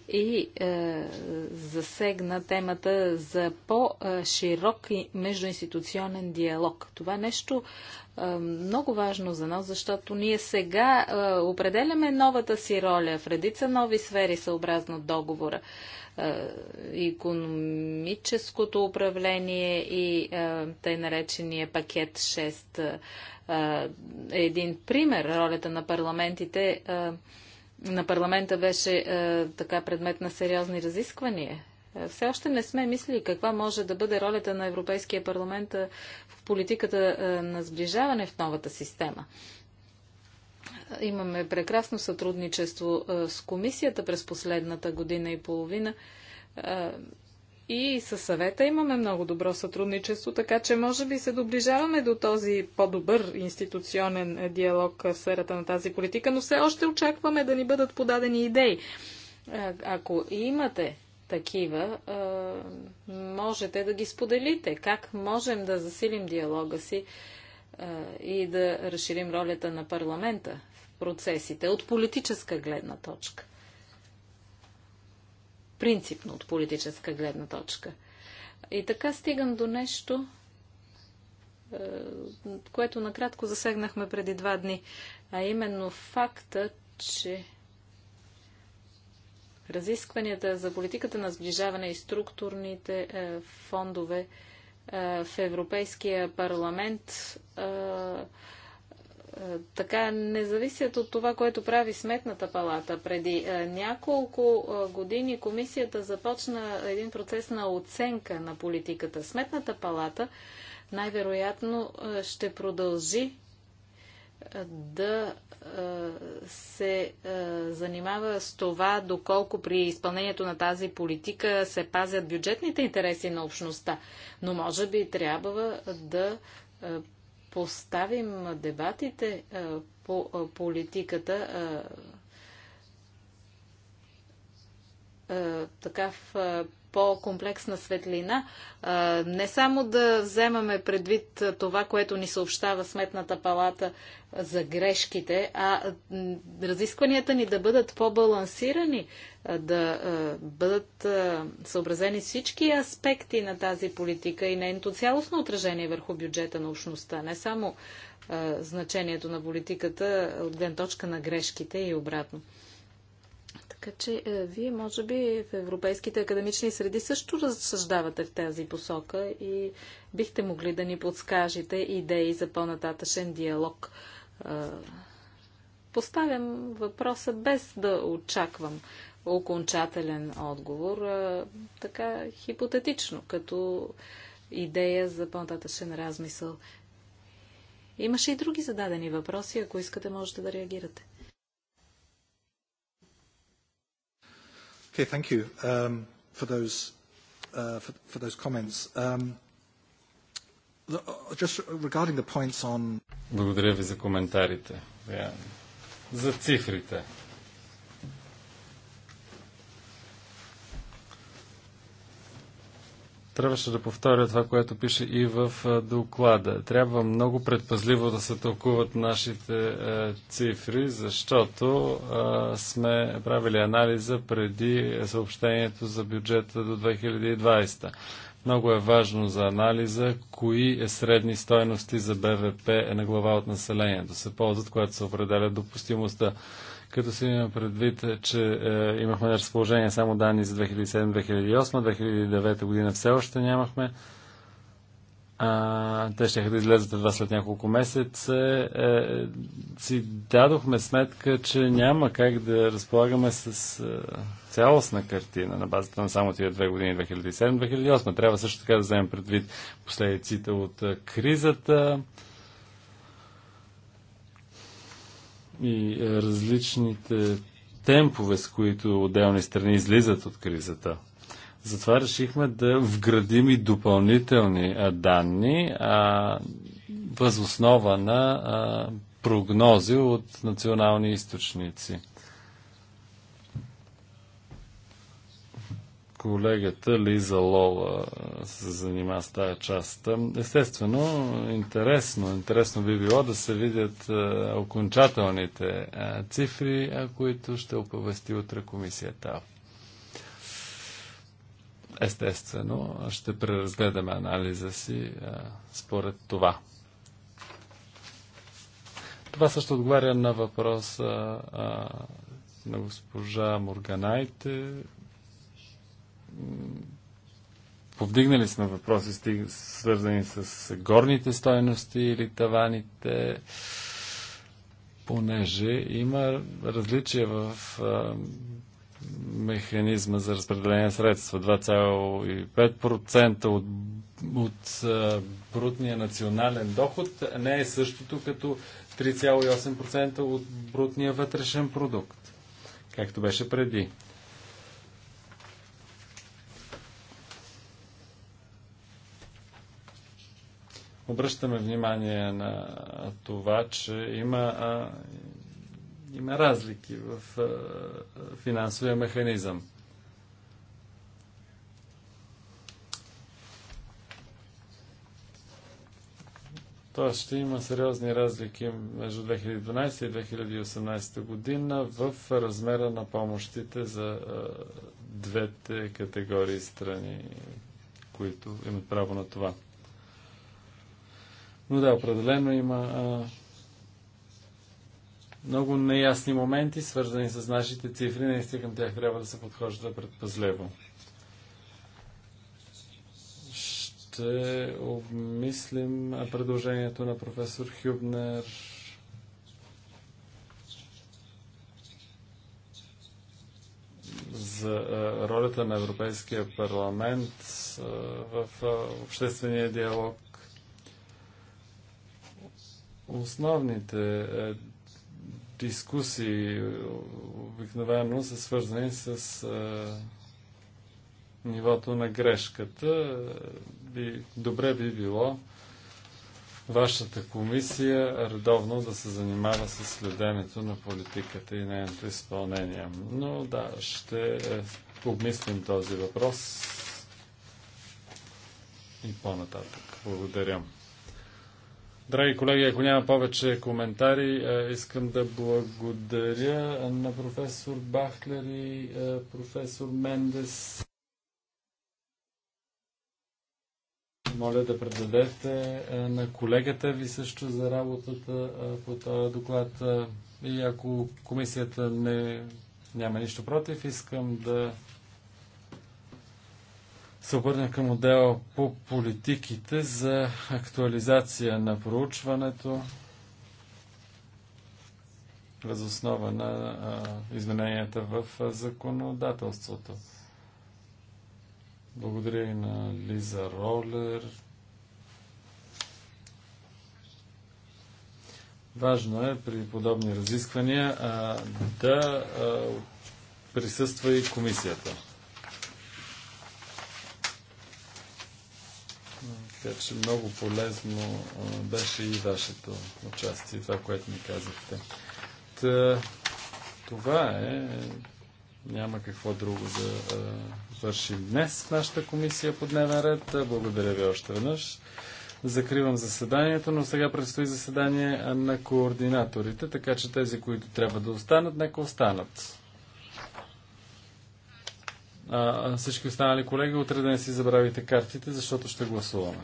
и е, засегна темата за по-широк междуинституционен диалог. Това е нещо е, много важно за нас, защото ние сега е, определяме новата си роля в редица нови сфери съобразно договора. Е, економическото управление и е, тъй наречения пакет 6 е, е един пример. Ролята на парламентите е, на парламента беше е, така предмет на сериозни разисквания. Е, все още не сме мислили каква може да бъде ролята на Европейския парламент е, в политиката е, на сближаване в новата система. Имаме прекрасно сътрудничество с комисията през последната година и половина и със съвета имаме много добро сътрудничество, така че може би се доближаваме до този по-добър институционен диалог в сферата на тази политика, но все още очакваме да ни бъдат подадени идеи. Е, ако имате такива, е, можете да ги споделите. Как можем да засилим диалога си е, и да разширим ролята на парламента в процесите от политическа гледна точка? принципно от политическа гледна точка. И така стигам до нещо, е, което накратко засегнахме преди два дни, а именно факта, че разискванията за политиката на сближаване и структурните е, фондове е, в Европейския парламент така не зависят от това, което прави Сметната палата. Преди е, няколко е, години комисията започна един процес на оценка на политиката. Сметната палата най-вероятно е, ще продължи да се занимава с това, доколко при изпълнението на тази политика се пазят бюджетните интереси на общността. Но може би трябва да поставим дебатите по политиката така в по-комплексна светлина, не само да вземаме предвид това, което ни съобщава Сметната палата за грешките, а разискванията ни да бъдат по-балансирани, да бъдат съобразени всички аспекти на тази политика и нейното цялостно отражение върху бюджета на общността, не само значението на политиката от гледна точка на грешките и обратно. Така че е, вие, може би, в европейските академични среди също разсъждавате в тази посока и бихте могли да ни подскажете идеи за по-нататъчен диалог. Е, поставям въпроса без да очаквам окончателен отговор, е, така хипотетично, като идея за по-нататъчен размисъл. Имаше и други зададени въпроси, ако искате, можете да реагирате. Okay, thank you um, for those uh, for, for those comments. Um, the, just regarding the points on. Благодаря ви за коментарите. Yeah. За цифрите. Трябваше да повторя това, което пише и в доклада. Трябва много предпазливо да се тълкуват нашите е, цифри, защото е, сме правили анализа преди съобщението за бюджета до 2020. Много е важно за анализа кои е средни стоености за БВП на глава от населението се ползват, когато се определя допустимостта като се има предвид, че е, имахме на разположение само данни за 2007-2008, 2009 година все още нямахме. А, те ще да излезат едва след няколко месеца. Е, си дадохме сметка, че няма как да разполагаме с е, цялостна картина на базата на само тия две години 2007-2008. Трябва също така да вземем предвид последиците от е, кризата. Е, и е, различните темпове, с които отделни страни излизат от кризата. Затова решихме да вградим и допълнителни е, данни а, възоснова на а, е, прогнози от национални източници. колегата Лиза Лола се занимава с тази част. Естествено, интересно, интересно би било да се видят окончателните цифри, които ще оповести утре комисията. Естествено, ще преразгледаме анализа си според това. Това също отговаря на въпроса на госпожа Морганайте повдигнали сме въпроси, свързани с горните стоености или таваните, понеже има различия в механизма за разпределение средства. 2,5% от, от а, брутния национален доход не е същото като 3,8% от брутния вътрешен продукт, както беше преди. обръщаме внимание на това, че има, а, има разлики в а, финансовия механизъм. Тоест ще има сериозни разлики между 2012 и 2018 година в размера на помощите за а, двете категории страни, които имат право на това. Но да, определено има а, много неясни моменти, свързани с нашите цифри. Наистина към тях трябва да се подхожда предпазливо. Ще обмислим предложението на професор Хюбнер. за ролята на Европейския парламент в обществения диалог Основните е, дискусии обикновено са свързани с е, нивото на грешката. Би, добре би било вашата комисия редовно да се занимава с следенето на политиката и нейното изпълнение. Но да, ще е, обмислим този въпрос и по-нататък. Благодаря. Драги колеги, ако няма повече коментари, е, искам да благодаря на професор Бахлер и е, професор Мендес. Моля да предадете е, на колегата ви също за работата по този доклад. И ако комисията не няма нищо против, искам да се обърна към отдела по политиките за актуализация на проучването основа на а, измененията в законодателството. Благодаря и на Лиза Ролер. Важно е при подобни разисквания а, да а, присъства и комисията. Така че много полезно беше и вашето участие, това, което ми казахте. Та, това е. Няма какво друго да а, вършим днес в нашата комисия по дневен ред. Благодаря ви още веднъж. Закривам заседанието, но сега предстои заседание на координаторите, така че тези, които трябва да останат, нека останат. А, всички останали колеги, утре да не си забравите картите, защото ще гласуваме.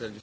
Uh,